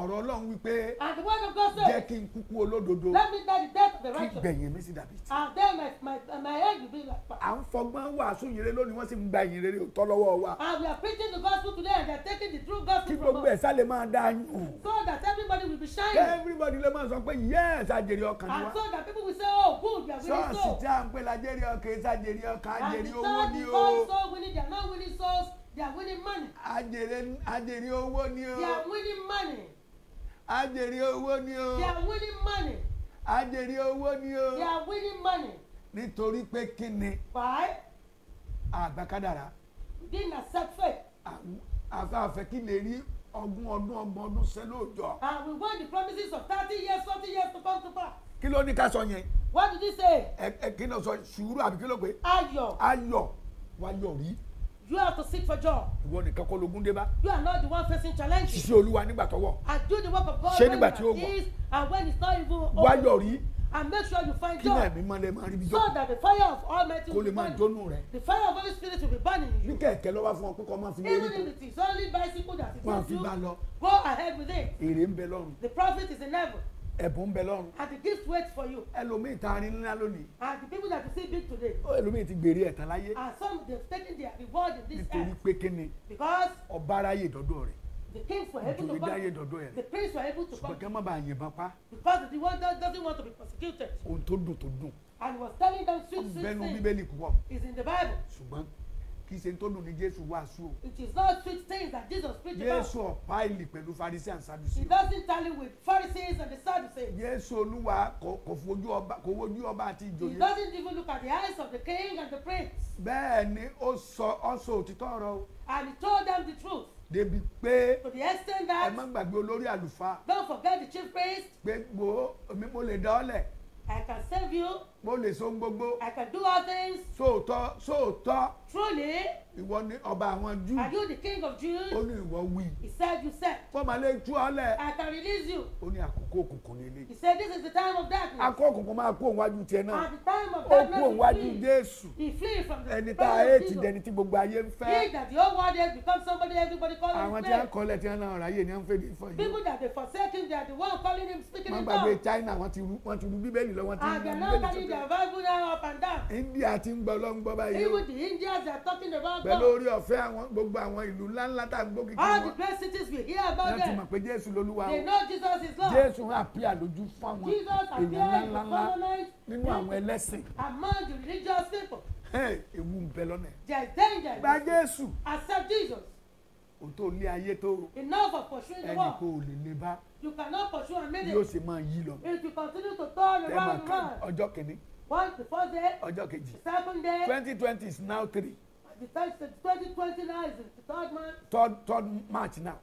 ọ̀rọ̀ ọlọ́run wípé jẹ́ kí n kúkú olódodo kí gbẹ̀yìn mi sì dàbí tí. à ń fọgbọ́n wàásù ìyìnrere lónìí wọ́n sì ń gba ìyìnrere òótọ́ lọ́wọ́ wa. and we are preaching the gospel today and they are taking the true gospel from us. kí gbogbo ẹ̀ sálẹ̀ máa dá yùn. so that everybody will be shining. everybody lè máa sọ pé yes àjèrè ọkàn ni wa. and so that people will say oh good we are winning souls. sọ́ọ̀sì tí a ń pè lájèrè ọkàn ìsàjèrè ọkàn àjèrè owó ni o. and the third is also winning they are winning souls they are winning money. àjèrè àjèrè owó ni o. they are winning money ajèrè owó ni o. they are winning money. ajèrè owó ni o. they are winning money. nítorí pé kí ni. why. àgbàkádàrà. didn't accept faith. àfẹ́ kí lè rí ọgbọ̀n ọdún ọgbọ̀n ọdún ṣe lóòjọ́. and we want the promises of thirty years forty years to come to pass. kí ló ní ká sọ yẹn. what did he say. ẹ ẹ kí ló sọ sùúrù àbí kí ló pé. ayọ̀. ayọ̀ wáyọ̀ rí you have to seek for job. ìwọ nìkan kọ́ lógún dé bá. you are not the one facing challenge. ṣiṣẹ́ olúwa nígbà tọwọ́. and do the work of God when you are and when it's not even open. wáyọ̀ rí and make sure you find job. kí náà mi máa lè máa rí bí jọ. so that the fire of Almighty will be burning. the fire of Holy Spirit will be burning ní kẹ̀kẹ́ lọ́wọ́ fún ọ pé kọ́ máa fi lórí. even if it is only bicycle that you go through. go ahead with it. èrè ń bẹ lọ́run. the profit is in heaven ẹ̀bùn bẹ lọ́run. and the gifts wait for you. ẹlòmíì tá a rí ńlá lónìí. and the people that you see big today. ẹlòmíì ti gbèrè ẹ̀tàn láyé. and some dey taking their reward in this Because earth. nítorí pé kíni. because ọba aráyè dọ́dọ̀ rẹ̀. the king for heaven to come. nítorí dáyé dọ́dọ̀ rẹ̀. the prince for heaven to come. ṣùgbọ́n má bàa yìnbọn pa. because the one doesn't want to be persecuted. ohun tó dùn tó dùn. and he was telling them sweet sweet things. bẹ́ẹ̀ ni bíbélì púpọ̀. is in the bible. ṣùgbọ́n kì í ṣe tó dùn ní Jésù wàásù o. it is not sweet things that Jesus preach about. Jésù ọ̀pá ìlì pẹ̀lú Pharisee and Sadducee. he doesn't tally with Pharisees and the Sadducees. Jésù Olúwa kò kò fojú ọba kò wojú ọba àti ìjòyè. he doesn't even look at the eyes of the king and the prince. bẹ́ẹ̀ ni ó sọ ó sọ òtítọ́ ọ̀rọ̀ o. and he told them the truth débi pé ẹ má gbàgbé olórí àlùfáà. don't forget the chief priest. pé gbòó mi mo lè dá ọ lẹ̀. I can save you mo lè so gbogbo. I can do all things. sóòtọ́ sóòtọ́. truly. ìwọ ni ọba àwọn Júù. are you the king of Jews. ó ní ìwọ wí. he said you said. kọ́mọ lè tú ọ lẹ̀. I can release you. ó ní àkókò òkùnkùn nílé. he said this is the time of darkness. àkókò òkùnkùn máa kó òun wájú tiẹ̀ náà. at the time of darkness he flee. ó kó òun Jésù. he flee from the presence ẹni tá a yé ti dẹni tí gbogbo ayé ń fẹ́. he that the whole world has become somebody everybody calling him. àwọn tí a ń kọ́lẹ̀ tí wọ́n náà ráyè ni wọ́n fẹ́ di fọ́ yìí. people that they forsake him they are the one calling him speaking in tongues. wọ́n gbàgbé China wọ́n ti rú bíbélì lọ wọ́n ti ah, India vaguing up and down. India ti ń gbọ́ lọ́ngbọ́ báyìí. Even the Indians are talking about God. Pẹ̀lú orí ọ̀fẹ́ àwọn gbogbo àwọn ìlú ńláńlá tá a gbọ́ kíkì wọn. All the great cities we hear about them. Láti mọ̀ pé Jésù lolúwa o. They know Jesus is Lord. Jésù ń àpíà lójú fún àwọn èèyàn ńláńlá nínú àwọn ẹlẹ́sìn. Among the religious people. Ewu ń bẹ lọ́nà. There is danger. Gba Jésù. Accept Jesus. Òtó ilé ayé tó. Enough of pursuing the world. Ẹnì kò lè le bá you cannot pursue and make yóò ṣe máa yí lọ. if you continue to turn around and ọjọ́ kìíní. one to four day. ọjọ́ kejì. twenty twenty is now three. the third now is the third month. third march now.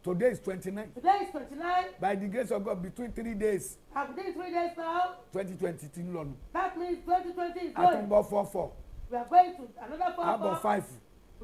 Today is twenty-nine. Today is twenty-nine. By the grace of God, between three days. And between three days now. twenty twenty ti ń lọ nù. That means twenty twenty is going. Àtúnbọ̀ four four. We are going to another four four. Àbọ̀ five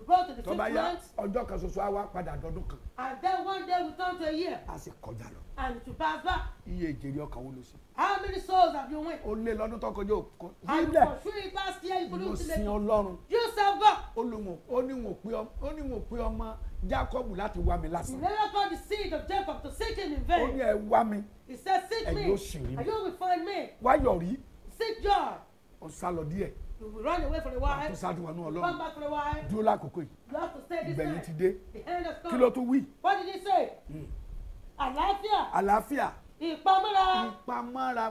go to the six months. ọjọ́ kan ṣoṣo á wá padà dọdún kan. and then one day we turn to a year. a sì kọjá lọ. and to pass back. iye ìjèrè ọkàn wo ló sọ. how many souls have you won. o lé lọ́dún tó kọjá òkú. and you pursue it last year you couldn't still make it. mo sin ọlọ́run. you serve God. olùwọ̀n ó ní wọn pé ọmọ jacob láti wá mi lásán. he never called the seed of jacob to seek him in vain. ó ní ẹ wá mi. he said seek me and you will find me. wáyọ̀ rí. seek joy. ó sá lọ díẹ̀ run away from the wife. àtúnṣe àdúrà náà lọ́rùn come back from the wife. dúró lákòókò yìí. you have to stay this way. ìgbẹ̀yìn ti dé. the end has come. kí ló tún wí. what did he say. Hmm. àlàáfíà. àlàáfíà. ìpamọ́ra. ìpamọ́ra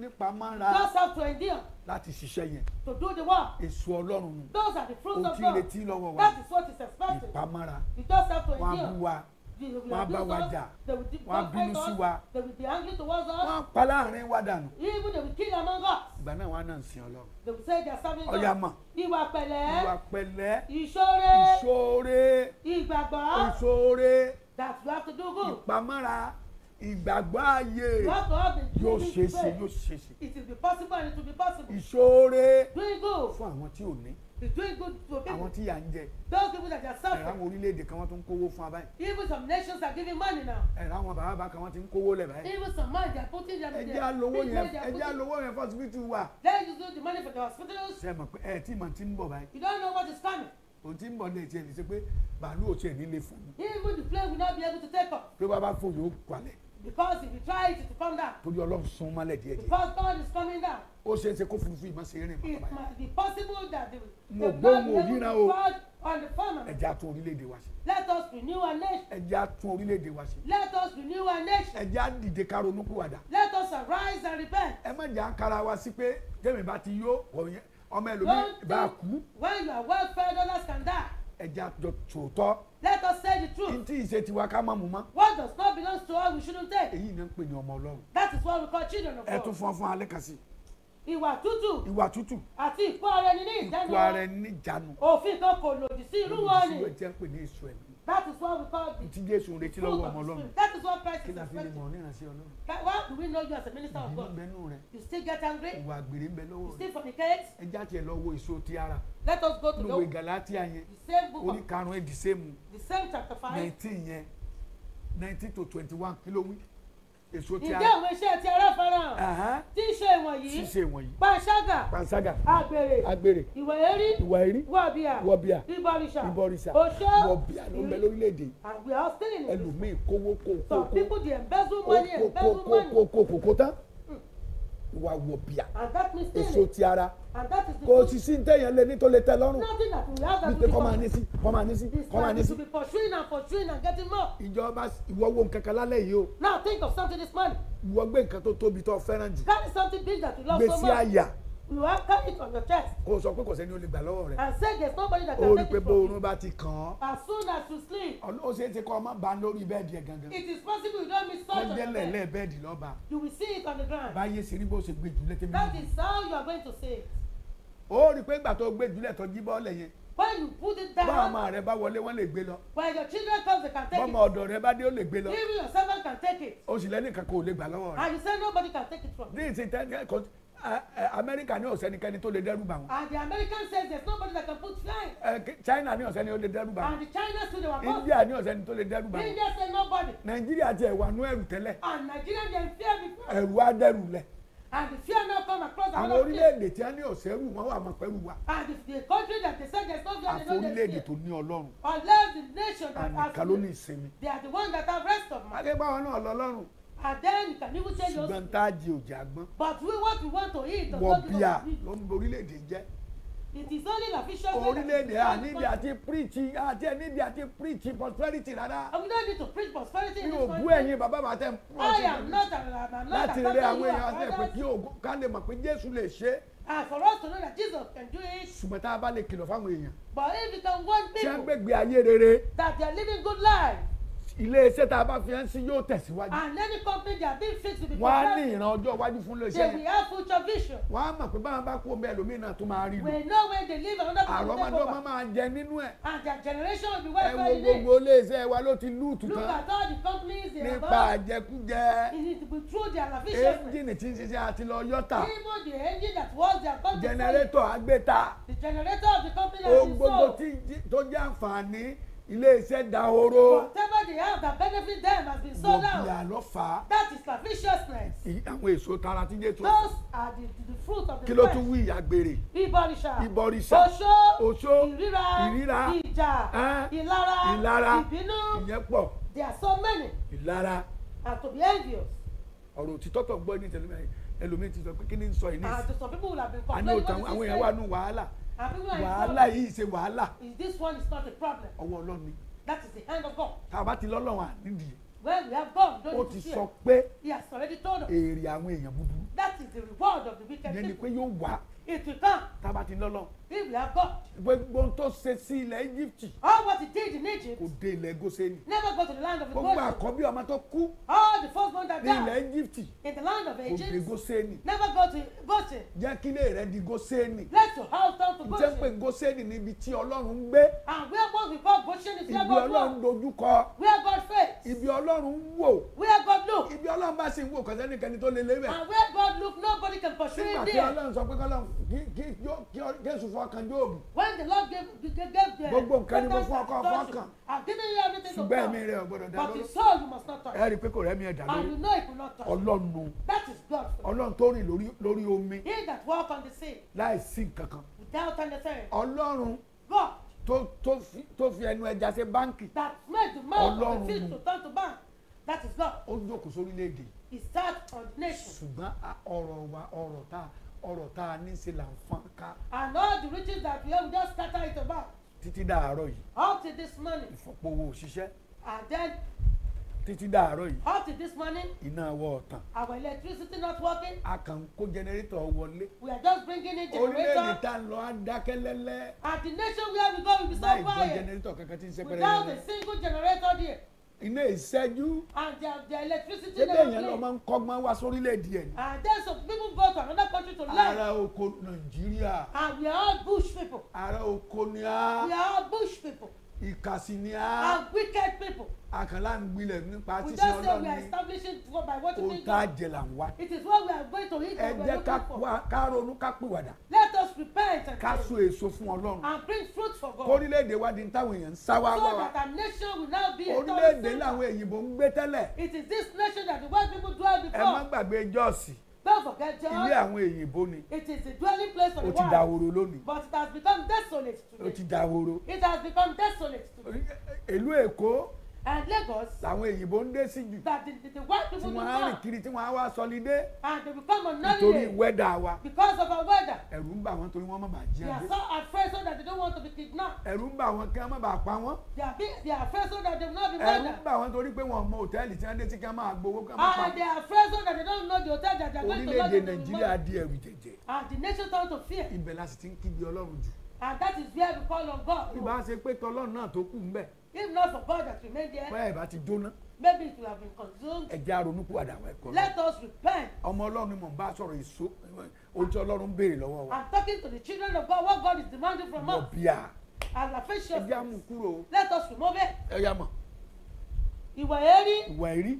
nípamọ́ra. just have to endure. láti ṣiṣẹ́ yẹn. to do the work. èso ọlọ́run those are the fruits of God. o ti retí lọ́wọ́ wa. that is what is expected. ìpamọ́ra. you just have to endure. wàá mú wa wọ́n á bá wa jà wọ́n á bínú sí wa wọ́n á pa láàrin wa dànù. ìgbà náà wọn á nà ń sin ọlọ́run ọ̀yà mọ̀ ìwà pẹ̀lẹ́ ìwà pẹ̀lẹ́ ìgbàgbọ́ ìṣoore ìpamọ́ra ìgbàgbọ́ ayé yóò ṣeéṣe yóò ṣeéṣe ìṣoore fún àwọn tí ò ní àwọn tí yà ń jẹ ẹ̀rọ àwọn orílẹ̀-èdè kan wọ́n tún kówó fún wa even some nations are giving money now. ẹ̀rọ àwọn bàbá kan wọ́n ti kówó lẹ̀ báyìí. even some man they are putting their money there. ẹjẹ́ alówó yẹn ẹjẹ́ alówó yẹn fún hospital wa. then the money for the hospitals. ṣe mọ̀ pé ẹ tí mà ti ń bọ̀ báyìí. you don't know what is coming. òun ti ń bọ̀ lẹ́yìn tí ẹni ṣe pé bàálù ò tiẹ̀ nílé fún mi. even the plane will not be able to take off. because if you try it, it will down. torí ọlọ́run sún mọ́lẹ̀ díẹ̀díẹ̀. because God is coming down ó ṣe é ṣe kó funfun yìí má ṣe rìn mọ́ bàbá mo gbọ́ mo yíra o ẹja tún orílẹ̀-èdè wa ṣe. let us renew our nation. ẹja tún orílẹ̀-èdè wa ṣe. let us renew our nation. ẹja dìde ká ronúpìwàdà. let us arise and repent. ẹ má jà ń wa sí pé tèmi bá ti yó ọmọ ẹlòmíì bá kú. when you are well can die. ẹja jọ tòótọ́. let us say the truth. ntí ìṣe tiwa ká má mú mọ́. what does not belong to us we shouldn't take. èyí ni ń pè ní ọmọ Ọlọ́run. that is what we call children of God. ẹ tún fún fún alẹ́ kan sí i ìwà tútù ìwà tútù àti ìkó ara ẹni ní ìjánu ìkó ara ẹni ní ìjánu òfin kan kò lòdì sí irú wọn ni ìṣúwẹ̀ jẹ́ pé ní ìṣú ẹ̀mí. that is what we call the. ti Jésù ń retí lọ́wọ́ ọmọ Ọlọ́run. that is what Christ is expecting. kí la fi lè mọ̀ onírànṣẹ́ Ọlọ́run. why do we know you as a minister of God. ìbínú bẹnu rẹ. you still get angry. ìwà àgbèrè ń bẹ lọ́wọ́ rẹ. you still fornicate. ẹ já tiẹ̀ lọ wo èso ti ara. let us go to the. lùwẹ̀ the same book of. orí karùn the same. the same chapter five. nineteen yẹn nineteen to twenty-one kí ló wí èso tí a. ǹjẹ́ àwọn iṣẹ́ ti ara farahàn. tí ṣe ìwọ̀nyí. tí ṣe ìwọ̀nyí. panṣágà. panṣágà. àgbèrè. àgbèrè. ìwà èrí. ìwà èrí. wọ̀bìà. wọ̀bìà. ìbọ̀rìṣà. ìbọ̀rìṣà. oṣó. wọ̀bìà ló ń bẹ lórílẹ̀‐èdè. àgbẹ̀ austin. ẹlòmíì kówó kó kó kó. some people dey embezzle money embezzle money. kó kó kó kó kó kó tán ìwà wọ̀bìà èso ti ara kò sì sí téèyàn lé ní tó lè tẹ́ lọ́rùn wípé kọ́ máa ní sí kọ́ máa ní sí kọ́ máa ní sí. ìjọba ìwọ wo nǹkan kan lálẹ́ yìí o. now think of something this morning. ìwọ gbé nǹkan tó tóbi tó fẹ́ràn jù. that is something big that you love so much. gbèsè àyà you have carry it on your chest. kò sọ pé kò sẹ́ni ó lè gbà lọ́wọ́ rẹ̀. and say there is nobody that can take it from you. o rí pé bó bá ti kàn án. as soon as you sleep. ó ṣeé ṣe kó o má ba lórí bẹ́ẹ̀dì ẹ̀ gangan. it is possible you don't miss such a thing. lọ́jẹ́lẹ̀ bẹ́ẹ̀dì lọ́ba. you will see it on the ground. báyé ṣe rí bó ṣe gbé jùlẹ̀ tẹ́lẹ̀. that is how you are going to say it. rí pé ìgbà gbé jùlẹ̀ tó jí bọ́ọ̀lẹ̀ yẹn when you put it down. bá ọmọ rẹ bá wọlé wọn lè gbé lọ. when your children come they can take it. bọ́mọ ọ̀dọ̀ rẹ bá dé ó lè gbé lọ. even your servant can take it. and you say nobody can take it from. Eh, eh, America ní ọ̀sẹ̀ nìkẹ́ni tó lè dẹ́rù bà wọ́n. and the American says there is nobody that can put fly. Uh, eh, China ní ọ̀sẹ̀ ni ó lè dẹ́rù bà wọ́n. and the China too they were India ní ọ̀sẹ̀ ni tó lè dẹ́rù bà wọ́n. India say nobody. Nigeria tiẹ̀ wà nú ẹrù tẹ́lẹ̀. and Nigeria dem fear before. ẹrù á dẹrù lẹ̀. and the fear now come across another place. àwọn orílẹ̀-èdè tí a ní ọ̀sẹ̀ rù wọ́n wà mọ̀ pẹ̀lú wa. and the country that they say there is no fear they no dey fear. àforílẹ̀-èdè tó ní Ọlọ́run. unless the nation that has. àníkàló ní ìsinmi. they are the ones that have rest of mind ṣùgbọ́n tá a jẹ òjà gbọ́n. but we what we want to eat. wọ bíà ló ń bo èdè jẹ́. it is only official way. orílẹ̀-èdè a níbi àti preach àti níbi àti preach prosperity rárá. we don't need to preach prosperity in this country. mi ò bú ẹ̀yin bàbá màá tẹ̀ ń i. am not an an not láti rí àwọn èèyàn àti ẹ̀pẹ́ kí ògùn ká lè mọ̀ pé Jésù lè ṣe é. and ah, for us to know that Jesus can do it. ṣùgbọ́n tá a bá lè kìlọ̀ fáwọn èèyàn. but if you can warn people. tí wọ́n gbẹ̀gbẹ̀ ayé rere. that they are living good life iléeṣẹ́ tá a bá fi ẹ́ yóò tẹ̀síwájú. and any company that been fixed before. wọ́n á ní ìran ọjọ́ iwájú fún iléeṣẹ́. they will have future vision. wọ́n á mọ̀ pé báwọn bá kú omi ẹlòmíì náà tó máa rí lò. we know where they live and another people take over. àrọ́mọdọ́ máa máa jẹ nínú ẹ̀. and their generation will be well fed. ẹ wo gbogbo iléeṣẹ́ wa ló ti lúùtù tán. look at all the companies they have bought. nípa àjẹkújẹ. it is through their efficiency. engine ti ń ṣiṣẹ́ àti lọ yọ́ta. even the engine that was their company. generator agbẹ́ta. the generator of the company iléeṣẹ́ dahoro. whatever they have that benefit them has been sold out. wọ̀bìà lọ fà á. that is perniciousness. àwọn èso tara tí Jésù. those are the the fruit of the tree. kí ló tún wí ìyàgbèrè. ìbọrìṣà ìbọrìṣà oṣó oṣó ìríra ìríra ìjà ìlara ìlara ìbínú ìyẹn there are so many. ìlara. and to be envious. ọ̀rọ̀ òtítọ́ tó gbọ́ ní ìtẹ̀lẹ́mẹ̀ ẹlòmíì ti sọ pé kí ni sọ yìí ní. Ah, to some people will have been complaining what is he saying. àwọn èèyàn wà nù wàhálà wàhálà yìí ṣe wàhálà. this one is not a problem. ọwọ́ ọlọ́run ni. that is the hand of God. tàbá ti lọ́lọ́run ànídìí. well we have gone don't you see. ó ti sọ pé. he has already told us. èrè àwọn èèyàn búburú. that is the reward of the wicked people. yẹn ni pé yóò wá ètò Tabati tába ti lọ́lọ́. bíbélì àgọ́. gbogbo ohun tó ṣe sí ilẹ̀ Egypt. all what he did in Egypt. kò dé ilẹ̀ Gósẹ́nì. never go to the land of the Goshen. gbogbo àkọ́bí ọmọ tó kú. all the first born that died. ní ilẹ̀ Egypt. in the land of Egypt. kò dé Gósẹ́nì. never go to Goshen. jẹ́ kí ilé rẹ di Gósẹ́nì. let your house turn to Goshen. jẹ́ pé Gósẹ́nì níbi tí Ọlọ́run ń gbé. and where God will call Goshen is where God will. ibi Ọlọ́run dojú where God face. ibi Ọlọ́run wò. where God look. ibi Ọlọ́run bá sì wò kọ́sẹ́nìkẹ́ni tó lé lé bẹ̀. and where God look nobody can pursue him there. nígbà tí Ọlọ́run sọ pé kọ́lọ́run Jésù fọkàn Jóòbù. when the Lord gave gave them. gbogbo nǹkan ni mo fún ọkọ fọkàn. and giving you everything to come. ṣùgbọ́n ẹ̀mí rẹ̀ ò dá lọ́rọ̀. but the soul you must not touch. ẹ i pé kò rẹ́ mi lórí. and you know it will not touch. Ọlọ́run that is God. Ọlọ́run tó rìn lórí omi. he that walk on the sea. láì sí nǹkan without anything. Ọlọ́run. God tó tó fi tó fi ẹnu ẹja ṣe báńkì. that made the man Ọlọ́run refuse to turn to bank that is God. ó jókòó sórílẹ̀-èdè. he sat on nation. ṣùgbọ́n ọ̀rọ̀ wa ọ̀rọ̀ tá ọ̀rọ̀ tá a ní ṣe là ń fọ́n ká. and all the riches that we have just scatter it about. títí dàárọ̀ yìí. up to this morning. ìfọ̀pọ̀wò òṣìṣẹ́. and then. títí dàárọ̀ yìí. up to this morning. iná wọ ọ̀tàn. our electricity not working. a kàn ń kó generator wọlé. we are just bringing in generator. orílẹ̀-èdè tá ń lọ á dákẹ́ lẹ́lẹ́. at the nation where we go we be so quiet. láì gbọ́ generator kankan tí ń ṣe pẹ́rẹ́ lẹ́lẹ́. without a single generator there iná ìṣẹ́jú. and their their electricity level. ebe yẹn lọ máa ń kọ́gbọ́n wá sórílẹ̀-èdè ẹ̀. and then some people go to another country to learn. ara oko nàìjíríà. and ah, we are bush people. ara oko ni a. we are bush people ìkàsí ni a. and wicked people. àkànlá ń gbilẹ̀ nípa títí ọlọ́run ní. we just say we are establishing by what we do. òǹkà jẹ̀là ń wá. it is what we are going to eat and we are looking for. ẹ jẹ́ ká ronú ká pìwàdà. let us repent and pray. ká so èso fún ọlọ́run. and bring fruit for God. orílẹ̀-èdè wa di táwọn èèyàn ń sá wá wá. so that our nation will now be a tourist orílẹ̀-èdè làwọn èyìnbó ń gbé tẹ́lẹ̀. it is this nation that the world people dwell before. ẹ má gbàgbé jọ́ọ̀sì ilé àwọn èyìnbó ni. it is the dwelling place of the ti dahoro lónìí. but it has become desolate today. ó ti dahoro. it has become desolate today. ìlú Èkó and Lagos. làwọn èyìnbó ń dé sí jù. that the the, white people do not. tí á rìn kiri tí á wá sọlidé. and they become unnervy. nítorí wẹ́dà wa. because of our weather. ẹ̀rù ń bà wọ́n torí wọ́n má bàa jí they are so afraid so that they don't want to be kidnapped. ẹ̀rù ń bà wọ́n kí wọ́n má bàa pa wọ́n. they are being they are afraid so that they will not be murdered. ẹ̀rù ń bà wọ́n torí pé wọn mọ hòtẹ́ẹ̀lì tí wọ́n dé tí kí wọ́n máa gbowó kí wọ́n máa pa. and they are afraid so that they don't know the hotel that they are going to lodge in the morning. orílẹ̀-èdè Nàìjíríà di ẹ̀rù jẹ̀jẹ̀. and the nation turn to fear. and that is where we call on God if not for God that remain there. bẹ́ẹ̀ bá ti jóná. maybe it will have been consumed. ẹ aronúkú àdàwọ̀ ẹ̀kọ́. let us repent. ọmọ ọlọ́run mò ń bá sọ̀rọ̀ èso ohun ọlọ́run ń béèrè lọ́wọ́ wa. I'm talking to the children of God what God is demanding from us. As a ẹ jẹ́ àmú kúrò. let us remove it. ẹ mọ̀. ìwà èrí. ìwà èrí.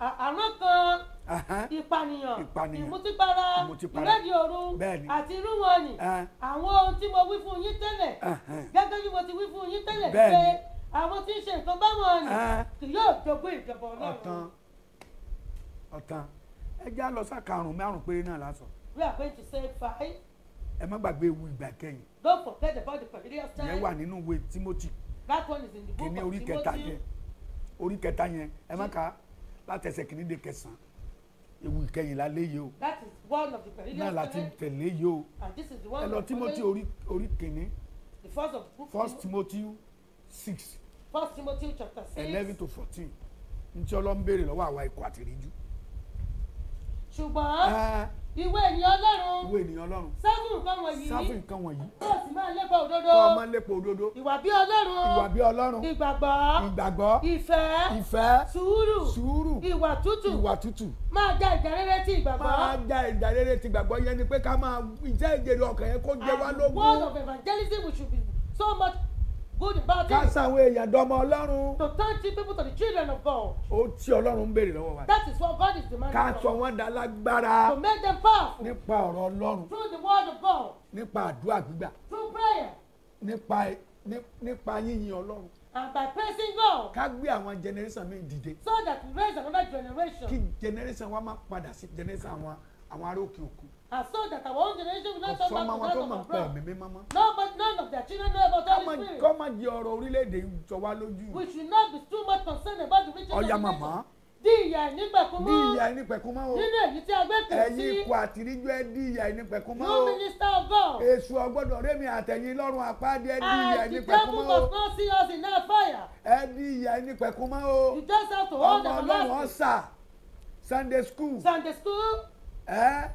àrùn kan ìpànìyàn ìmùtípara ìrẹ́dì òru àti irú wọn ni àwọn ohun tí mo wí fún yín tẹ́lẹ̀ gẹ́gẹ́ bí mo ti wí fún yín tẹ́lẹ̀ pé àwọn tí ń ṣe nǹkan báwọn ni ah. yóò jogún ìjọba ọlọ́run. ọ̀tán ọ̀tán ẹ já lọ sàkàrùn márùn péré náà lásán. we are going to say five. ẹ má gbàgbé ewu ìgbà kẹyìn. don't forget about the perilous time. yẹn wà nínú ìwé Timothy. that one is in the book Kini of Timothy. kìíní orí kẹta yẹn orí kẹta yẹn ẹ má ka láti kìíní de kẹsàn ewu ìkẹyìn la lé o. that is one of the perilous time. náà láti tẹ̀lé yìí o. and this is the one the ẹ lọ Timothy orí orí kìíní. the first of the book. first Timothy six first timothy chapter six. eleven to fourteen ní tí ọlọ́run béèrè lọ́wọ́ àwa ikọ̀ àtìríjú. ṣùgbọ́n ah. ìwé ènìyàn ọlọ́run ìwé ènìyàn ọlọ́run sáfù nǹkan wọ̀nyí sáfù nǹkan wọ̀nyí kó o sì máa lépa òdodo kó o máa lépa òdodo ìwà bí ọlọ́run ìwà bí ọlọ́run ìgbàgbọ́ ìgbàgbọ́ ìfẹ́ ìfẹ́ sùúrù sùúrù ìwà tútù ìwà tútù máa ja ìjà rere ti ìgbàgbọ́ máa ja ìjà ti ìgbàgbọ́ yẹn ni pé ká máa should be so much good and bad things. ká èèyàn dọmọ ọlọ́run. to turn cheap people to the children of God. ó tí ọlọ́run béèrè lọ́wọ́ wa. that is what God is demanding. ká sọ wọn dá lágbára. to make them fast. nípa ọ̀rọ̀ ọlọ́run. through the word of God. nípa àdúrà gbígbà. through prayer. nípa nípa yínyìn ọlọ́run. and by praising God. ká gbé àwọn generation mi dìde. so that we raise another generation. kí generation wa máa padà sí generation wa àwọn ará òkè òkun. and so that our own generation will not come back to the land of our ọ̀sán máa wọn tó máa ń pọ̀ mímí mọ́mọ́. nobody none of their children know about holy spirit. kọ́ máa jẹ ọ̀rọ̀ orílẹ̀-èdè jọ wá lójú. we should not be too much concerned about the riches of the nation. ọ̀ya màmá di ìyà ìnípẹ̀kúnmọ́. di ìyà ìnípẹ̀kúnmọ́ o. nínú èyí tí a gbé kù sí. ẹ̀yin ikọ̀ àtìríjọ ẹ di ìyà ìnípẹ̀kúnmọ́ o. you minister of God. èṣù ọgbọ́dọ̀ rémi àtẹ̀yìn lọ́rùn apáde ẹ di ìyà ìnípẹ̀kúnmọ́ o. and the devil must not see us in that fire. ẹ di ìyà ìnípẹ̀kúnmọ́ o. you just have to hold on to last. ọmọ ọlọ́run ọ̀sà Sunday school. Sunday school ẹ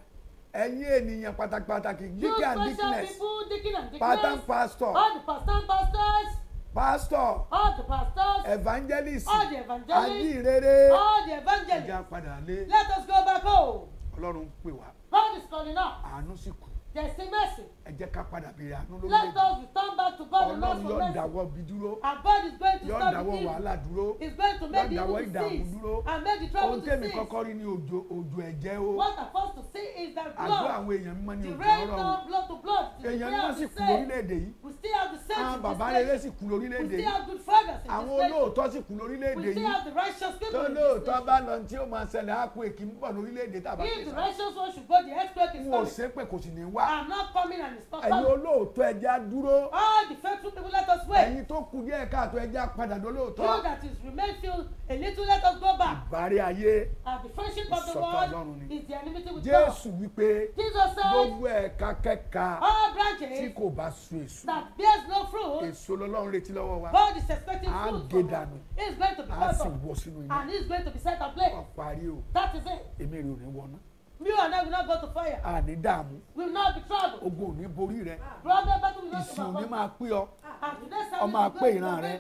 ẹ̀yin ènìyàn pàtàkì pàtàkì deacon and deaconess pattern pastor all the pastors all the pastors evangelist all the evangelists all the evangelists ẹja padà lé let us go back home ọlọ́run pè wá God àánú sì kù ẹ jẹ́ ká padà béèrè àánú lórí èdè. let us return back to God in love for mercy. ọlọ́run yóò dáwọ́ bí dúró. and God is going to stop the thief. yóò dáwọ́ wàhálà dúró. is going to make the evil cease. yóò dáwọ́ ìdààmú dúró. and make the trouble to cease. ohun tèmi kọ́kọ́ rí ni òjò òjò ẹ̀jẹ̀ o. what I first to see is that blood. àgọ́ àwọn èèyàn mímọ́ ni òjò ọ̀rọ̀ blood to blood. we still have the same. àwọn bàbá rere we still have good fathers in this country. àwọn olóòótọ́ sì kú lórílẹ̀‐èdè yìí. we still have the righteous people in this country. tólóòótọ́ bá lọ tí ó máa ṣẹlẹ̀ á kú èkì ń bọ̀ lórílẹ̀‐èdè tàbá kẹsàn-án. the righteous one ẹ̀yin olóòótọ́ ẹja dúró. all the faithful people let us wait. ẹ̀yin tó kù díẹ̀ káàtó ẹja padà lólóòótọ́. you that is remain still a little let us go back. ìbárí ayé ìsọ̀kan is the enmity with God. Jésù wípé gbogbo ẹ̀ka kẹ́ka tí kò bá so èso. that bears no fruit. èso lọ́lọ́run retí lọ́wọ́ wa. God is expecting fruit. a gé dànù. he is going to be cut off. a sì wọ sínú iná. and he is going to be set on play. wọ́n that is it. èmi rè ní wọnú. We are not go to fire. Àní dààmú. We will not be troubled. Ogun ò ní borí rẹ. Ah. Brother battle will not be troubled. Ìsìn ò ní máa pé ọ. Ọmọ ah, ah, àpé ìran rẹ.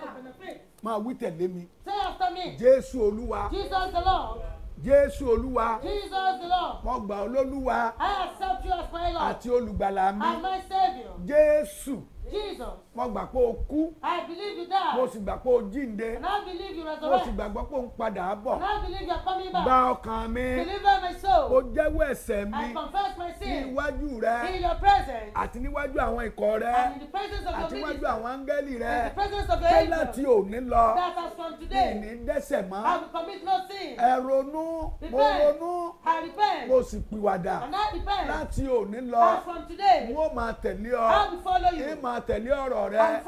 Máa wí tẹ̀lé mi. Say after me. Jésù Olúwa. Jesus the Lord. Jésù Olúwa. Jesus the Lord. Mo gbà ọ́ lólúwa. I accept you as my Lord. Àti olùgbàlà mi. And my saviour. Jésù. Jesus mo gbà pé o kú. I believe you die. mo sì gbà pé o jíǹde. and I believe you resurrect. mo sì gbàgbọ́ pé o ń padà bọ̀. and I believe you are coming back. gba ọkàn mi. deliver my soul. mo jẹ́wọ́ ẹ̀ṣẹ̀ mi. I confess my sin. ní iwájú rẹ. in your presence. àti níwájú àwọn ikọ̀ rẹ. and in the presence of your ministry. àti níwájú àwọn áńgẹ́lì rẹ. in the presence of your angel. tẹ́lá tí ò ní lọ. that has from today. mi ní dẹ́ṣẹ̀ mọ́. I will commit no sin. ẹ ronú. repent. mo ronú. I repent. mo sì pìwàdà. and I repent. láti òní lọ. as from today. n ó máa tẹ̀lé ọ. I will follow you rẹ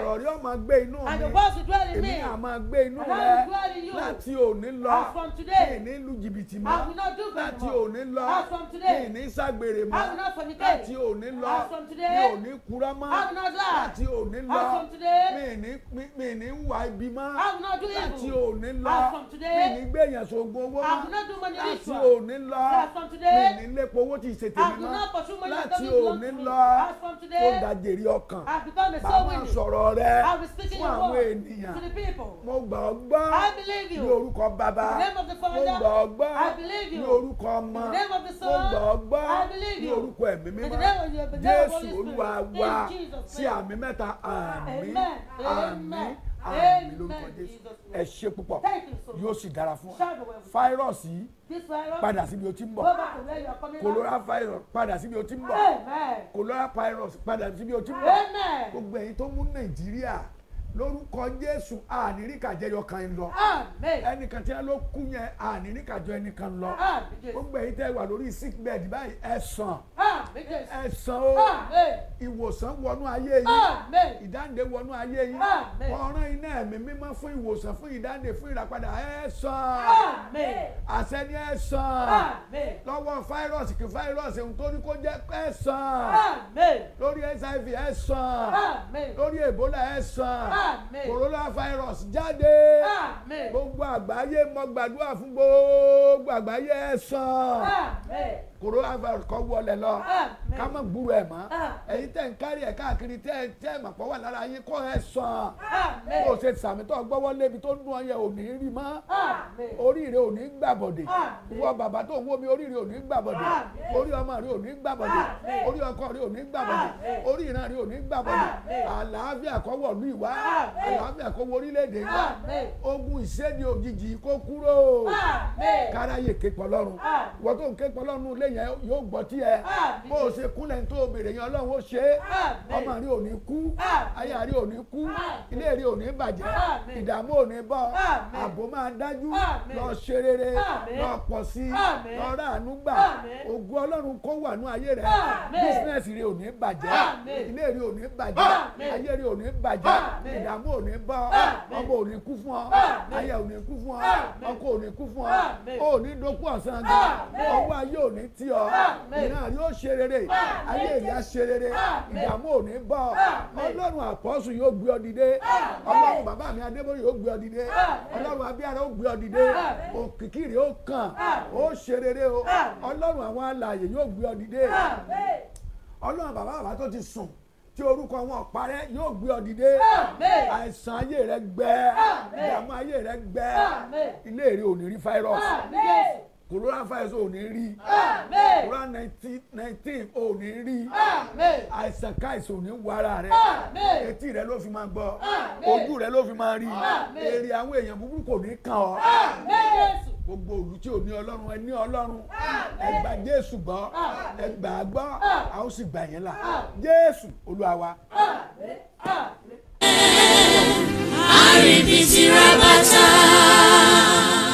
ọ̀rọ̀ rí ọmọ gbé inú mi èmi àmọ́ gbé inú rẹ láti òní lọ mi ní lu jìbìtì mọ́ láti òní lọ mi ní ṣàgbèrè mọ́ láti òní lọ mi ò ní kúrá mọ́ láti òní lọ mi ní wà ibi mọ́ láti òní lọ mi ní gbẹ̀yàn sógun owó mọ́ láti òní lọ mi ní lépo owó tí ì ṣètè mi mọ́ láti òní lọ kó dàjèrè ọkàn bàbá sọ̀rọ̀ rẹ fún àwọn ènìyàn mo gbà ọ́ gbọ́ ní orúkọ bàbá mo gbà ọ́ gbọ́ ní orúkọ ọmọ mo gbà ọ́ gbọ́ ní orúkọ ẹ̀mí mímọ́ Jésù Olúwa wa sí àmì mẹ́ta àmín àmín àmì lórúkọ jésù ẹ ṣe púpọ̀ yóò sì dára fún fáírọ̀sì padà síbi o ti ń bọ̀ kòlóra fáírọ̀sì padà síbi o ti ń bọ̀ kòlóra fáírọ̀sì padà síbi o ti ń bọ̀ gbogbo ẹ̀yin tó mú nàìjíríà lórúkọ jésù àníríkàjẹyọ kan ń lọ ẹnìkan tí wọn ló kú yẹn àníríkàjọ ẹnìkan lọ gbogbo èyí tẹ wà lórí sick bed báyìí ẹ sàn ẹ sàn o ìwòsàn wọnú ayé yìí ìdáǹdè wọnú ayé yìí ọ̀ràn iná ẹ̀mí mímọ́ fún ìwòsàn fún ìdáǹdè fún ìràpadà ẹ sàn àṣẹ ni ẹ sàn lọ́wọ́ fáírọ́ọ̀sì kí fáírọ́ọ̀sì ohun tó ní kó jẹ́ ẹ sàn lórí hiv ẹ sàn lórí ebola ẹ sàn coronavirus jáde gbogbo àgbáyé mo gbàdúrà fún gbogbo àgbáyé ẹ̀sán coronavirus kọ́ wọlé lọ ká má gbúrò ẹ̀ mọ́ ẹ̀yin tẹ̀ ń kárí ẹ̀ káàkiri tẹ́ ẹ tẹ́ ẹ mà pọ̀ wà lára yín kọ́ ẹ sàn kó o ṣe sàmì tó gbọ́wọ́ lébi tó dùn ọyẹ ò ní rí mọ́ oríire ò ní gbàbọ̀dè ìwọ bàbá tó ń wó mi oríire ò ní gbàbọ̀dè orí ọmọ rẹ ò ní gbàbọ̀dè orí ọkọ rẹ ò ní gbàbọ̀dè orí ìran rẹ ò ní gbàbọ̀dè àlàáfíà kó wọ̀ ní ìwá àlàáfíà kó wọ orílẹ̀-èdè wa ogun ìṣèdè òjijì kó kúrò káráyè képọ̀ lọ́run ìwọ tó ń képọ̀ lọ́run lé yẹn yóò gbọ́ tí ẹ bó o ṣe kúnlẹ̀ tó o béèrè yẹn ọlọ́run ó ṣe é ọmọ rí ò ní kú aya rí ò ní kú ilé rí ò ní bàjẹ́ ìdààmú ò ní bọ́ ààbò máa dájú lọ ṣe rere lọ pọ̀ sí i lọ rà àánú gbà ògo ọlọ́run kó wà ní ayé rẹ bísínẹ́sì rí ò bàjẹ́ ilé rí ò bàjẹ́ ayé rí ò bàjẹ́ ìdààmú ò bọ́ ọmọ ò kú fún ọ aya ò kú fún ọ ọkọ ò kú fún ọ ò dokú ọ̀sán gan ọwọ́ ayé ò tì ọ́ ìran yóò ṣe rere ayé ìyá ṣe rere ìdààmú ò ní bọ́ ọlọ́run àpọ́sù yóò gbé ọ dìde ọlọ́run bàbá mi adébóyè yóò gbé ọ dìde ọlọ́run abíyára yóò gbé ọ dìde òkìkìrì ó kàn ó ṣe rere o ọlọ́run àwọn alààyè yóò gbé ọ dìde ọlọ́run bàbá bàbá tó ti sùn tí orúkọ wọn parẹ́ yóò gbé ọ dìde àìsàn ayé rẹ gbẹ ìdààmú ayé rẹ gbẹ ilé rẹ ò ní rí fáírọ́ọ̀sì corona virus ò ní rí corona nineteen ò ní rí àìsàn káìsàn ò ní wọ ara rẹ etí rẹ ló fi máa gbọ́ ojú rẹ ló fi máa rí èrè àwọn èèyàn búburú kò ní kàn ọ́ gbogbo òlù tí ò ní ọlọ́run ẹ ní ọlọ́run ẹ gba jésù gbọ́ ẹ gbà á gbọ́ a ó sì gbà yẹn là jésù olúwa wa. ti rẹ bàtà.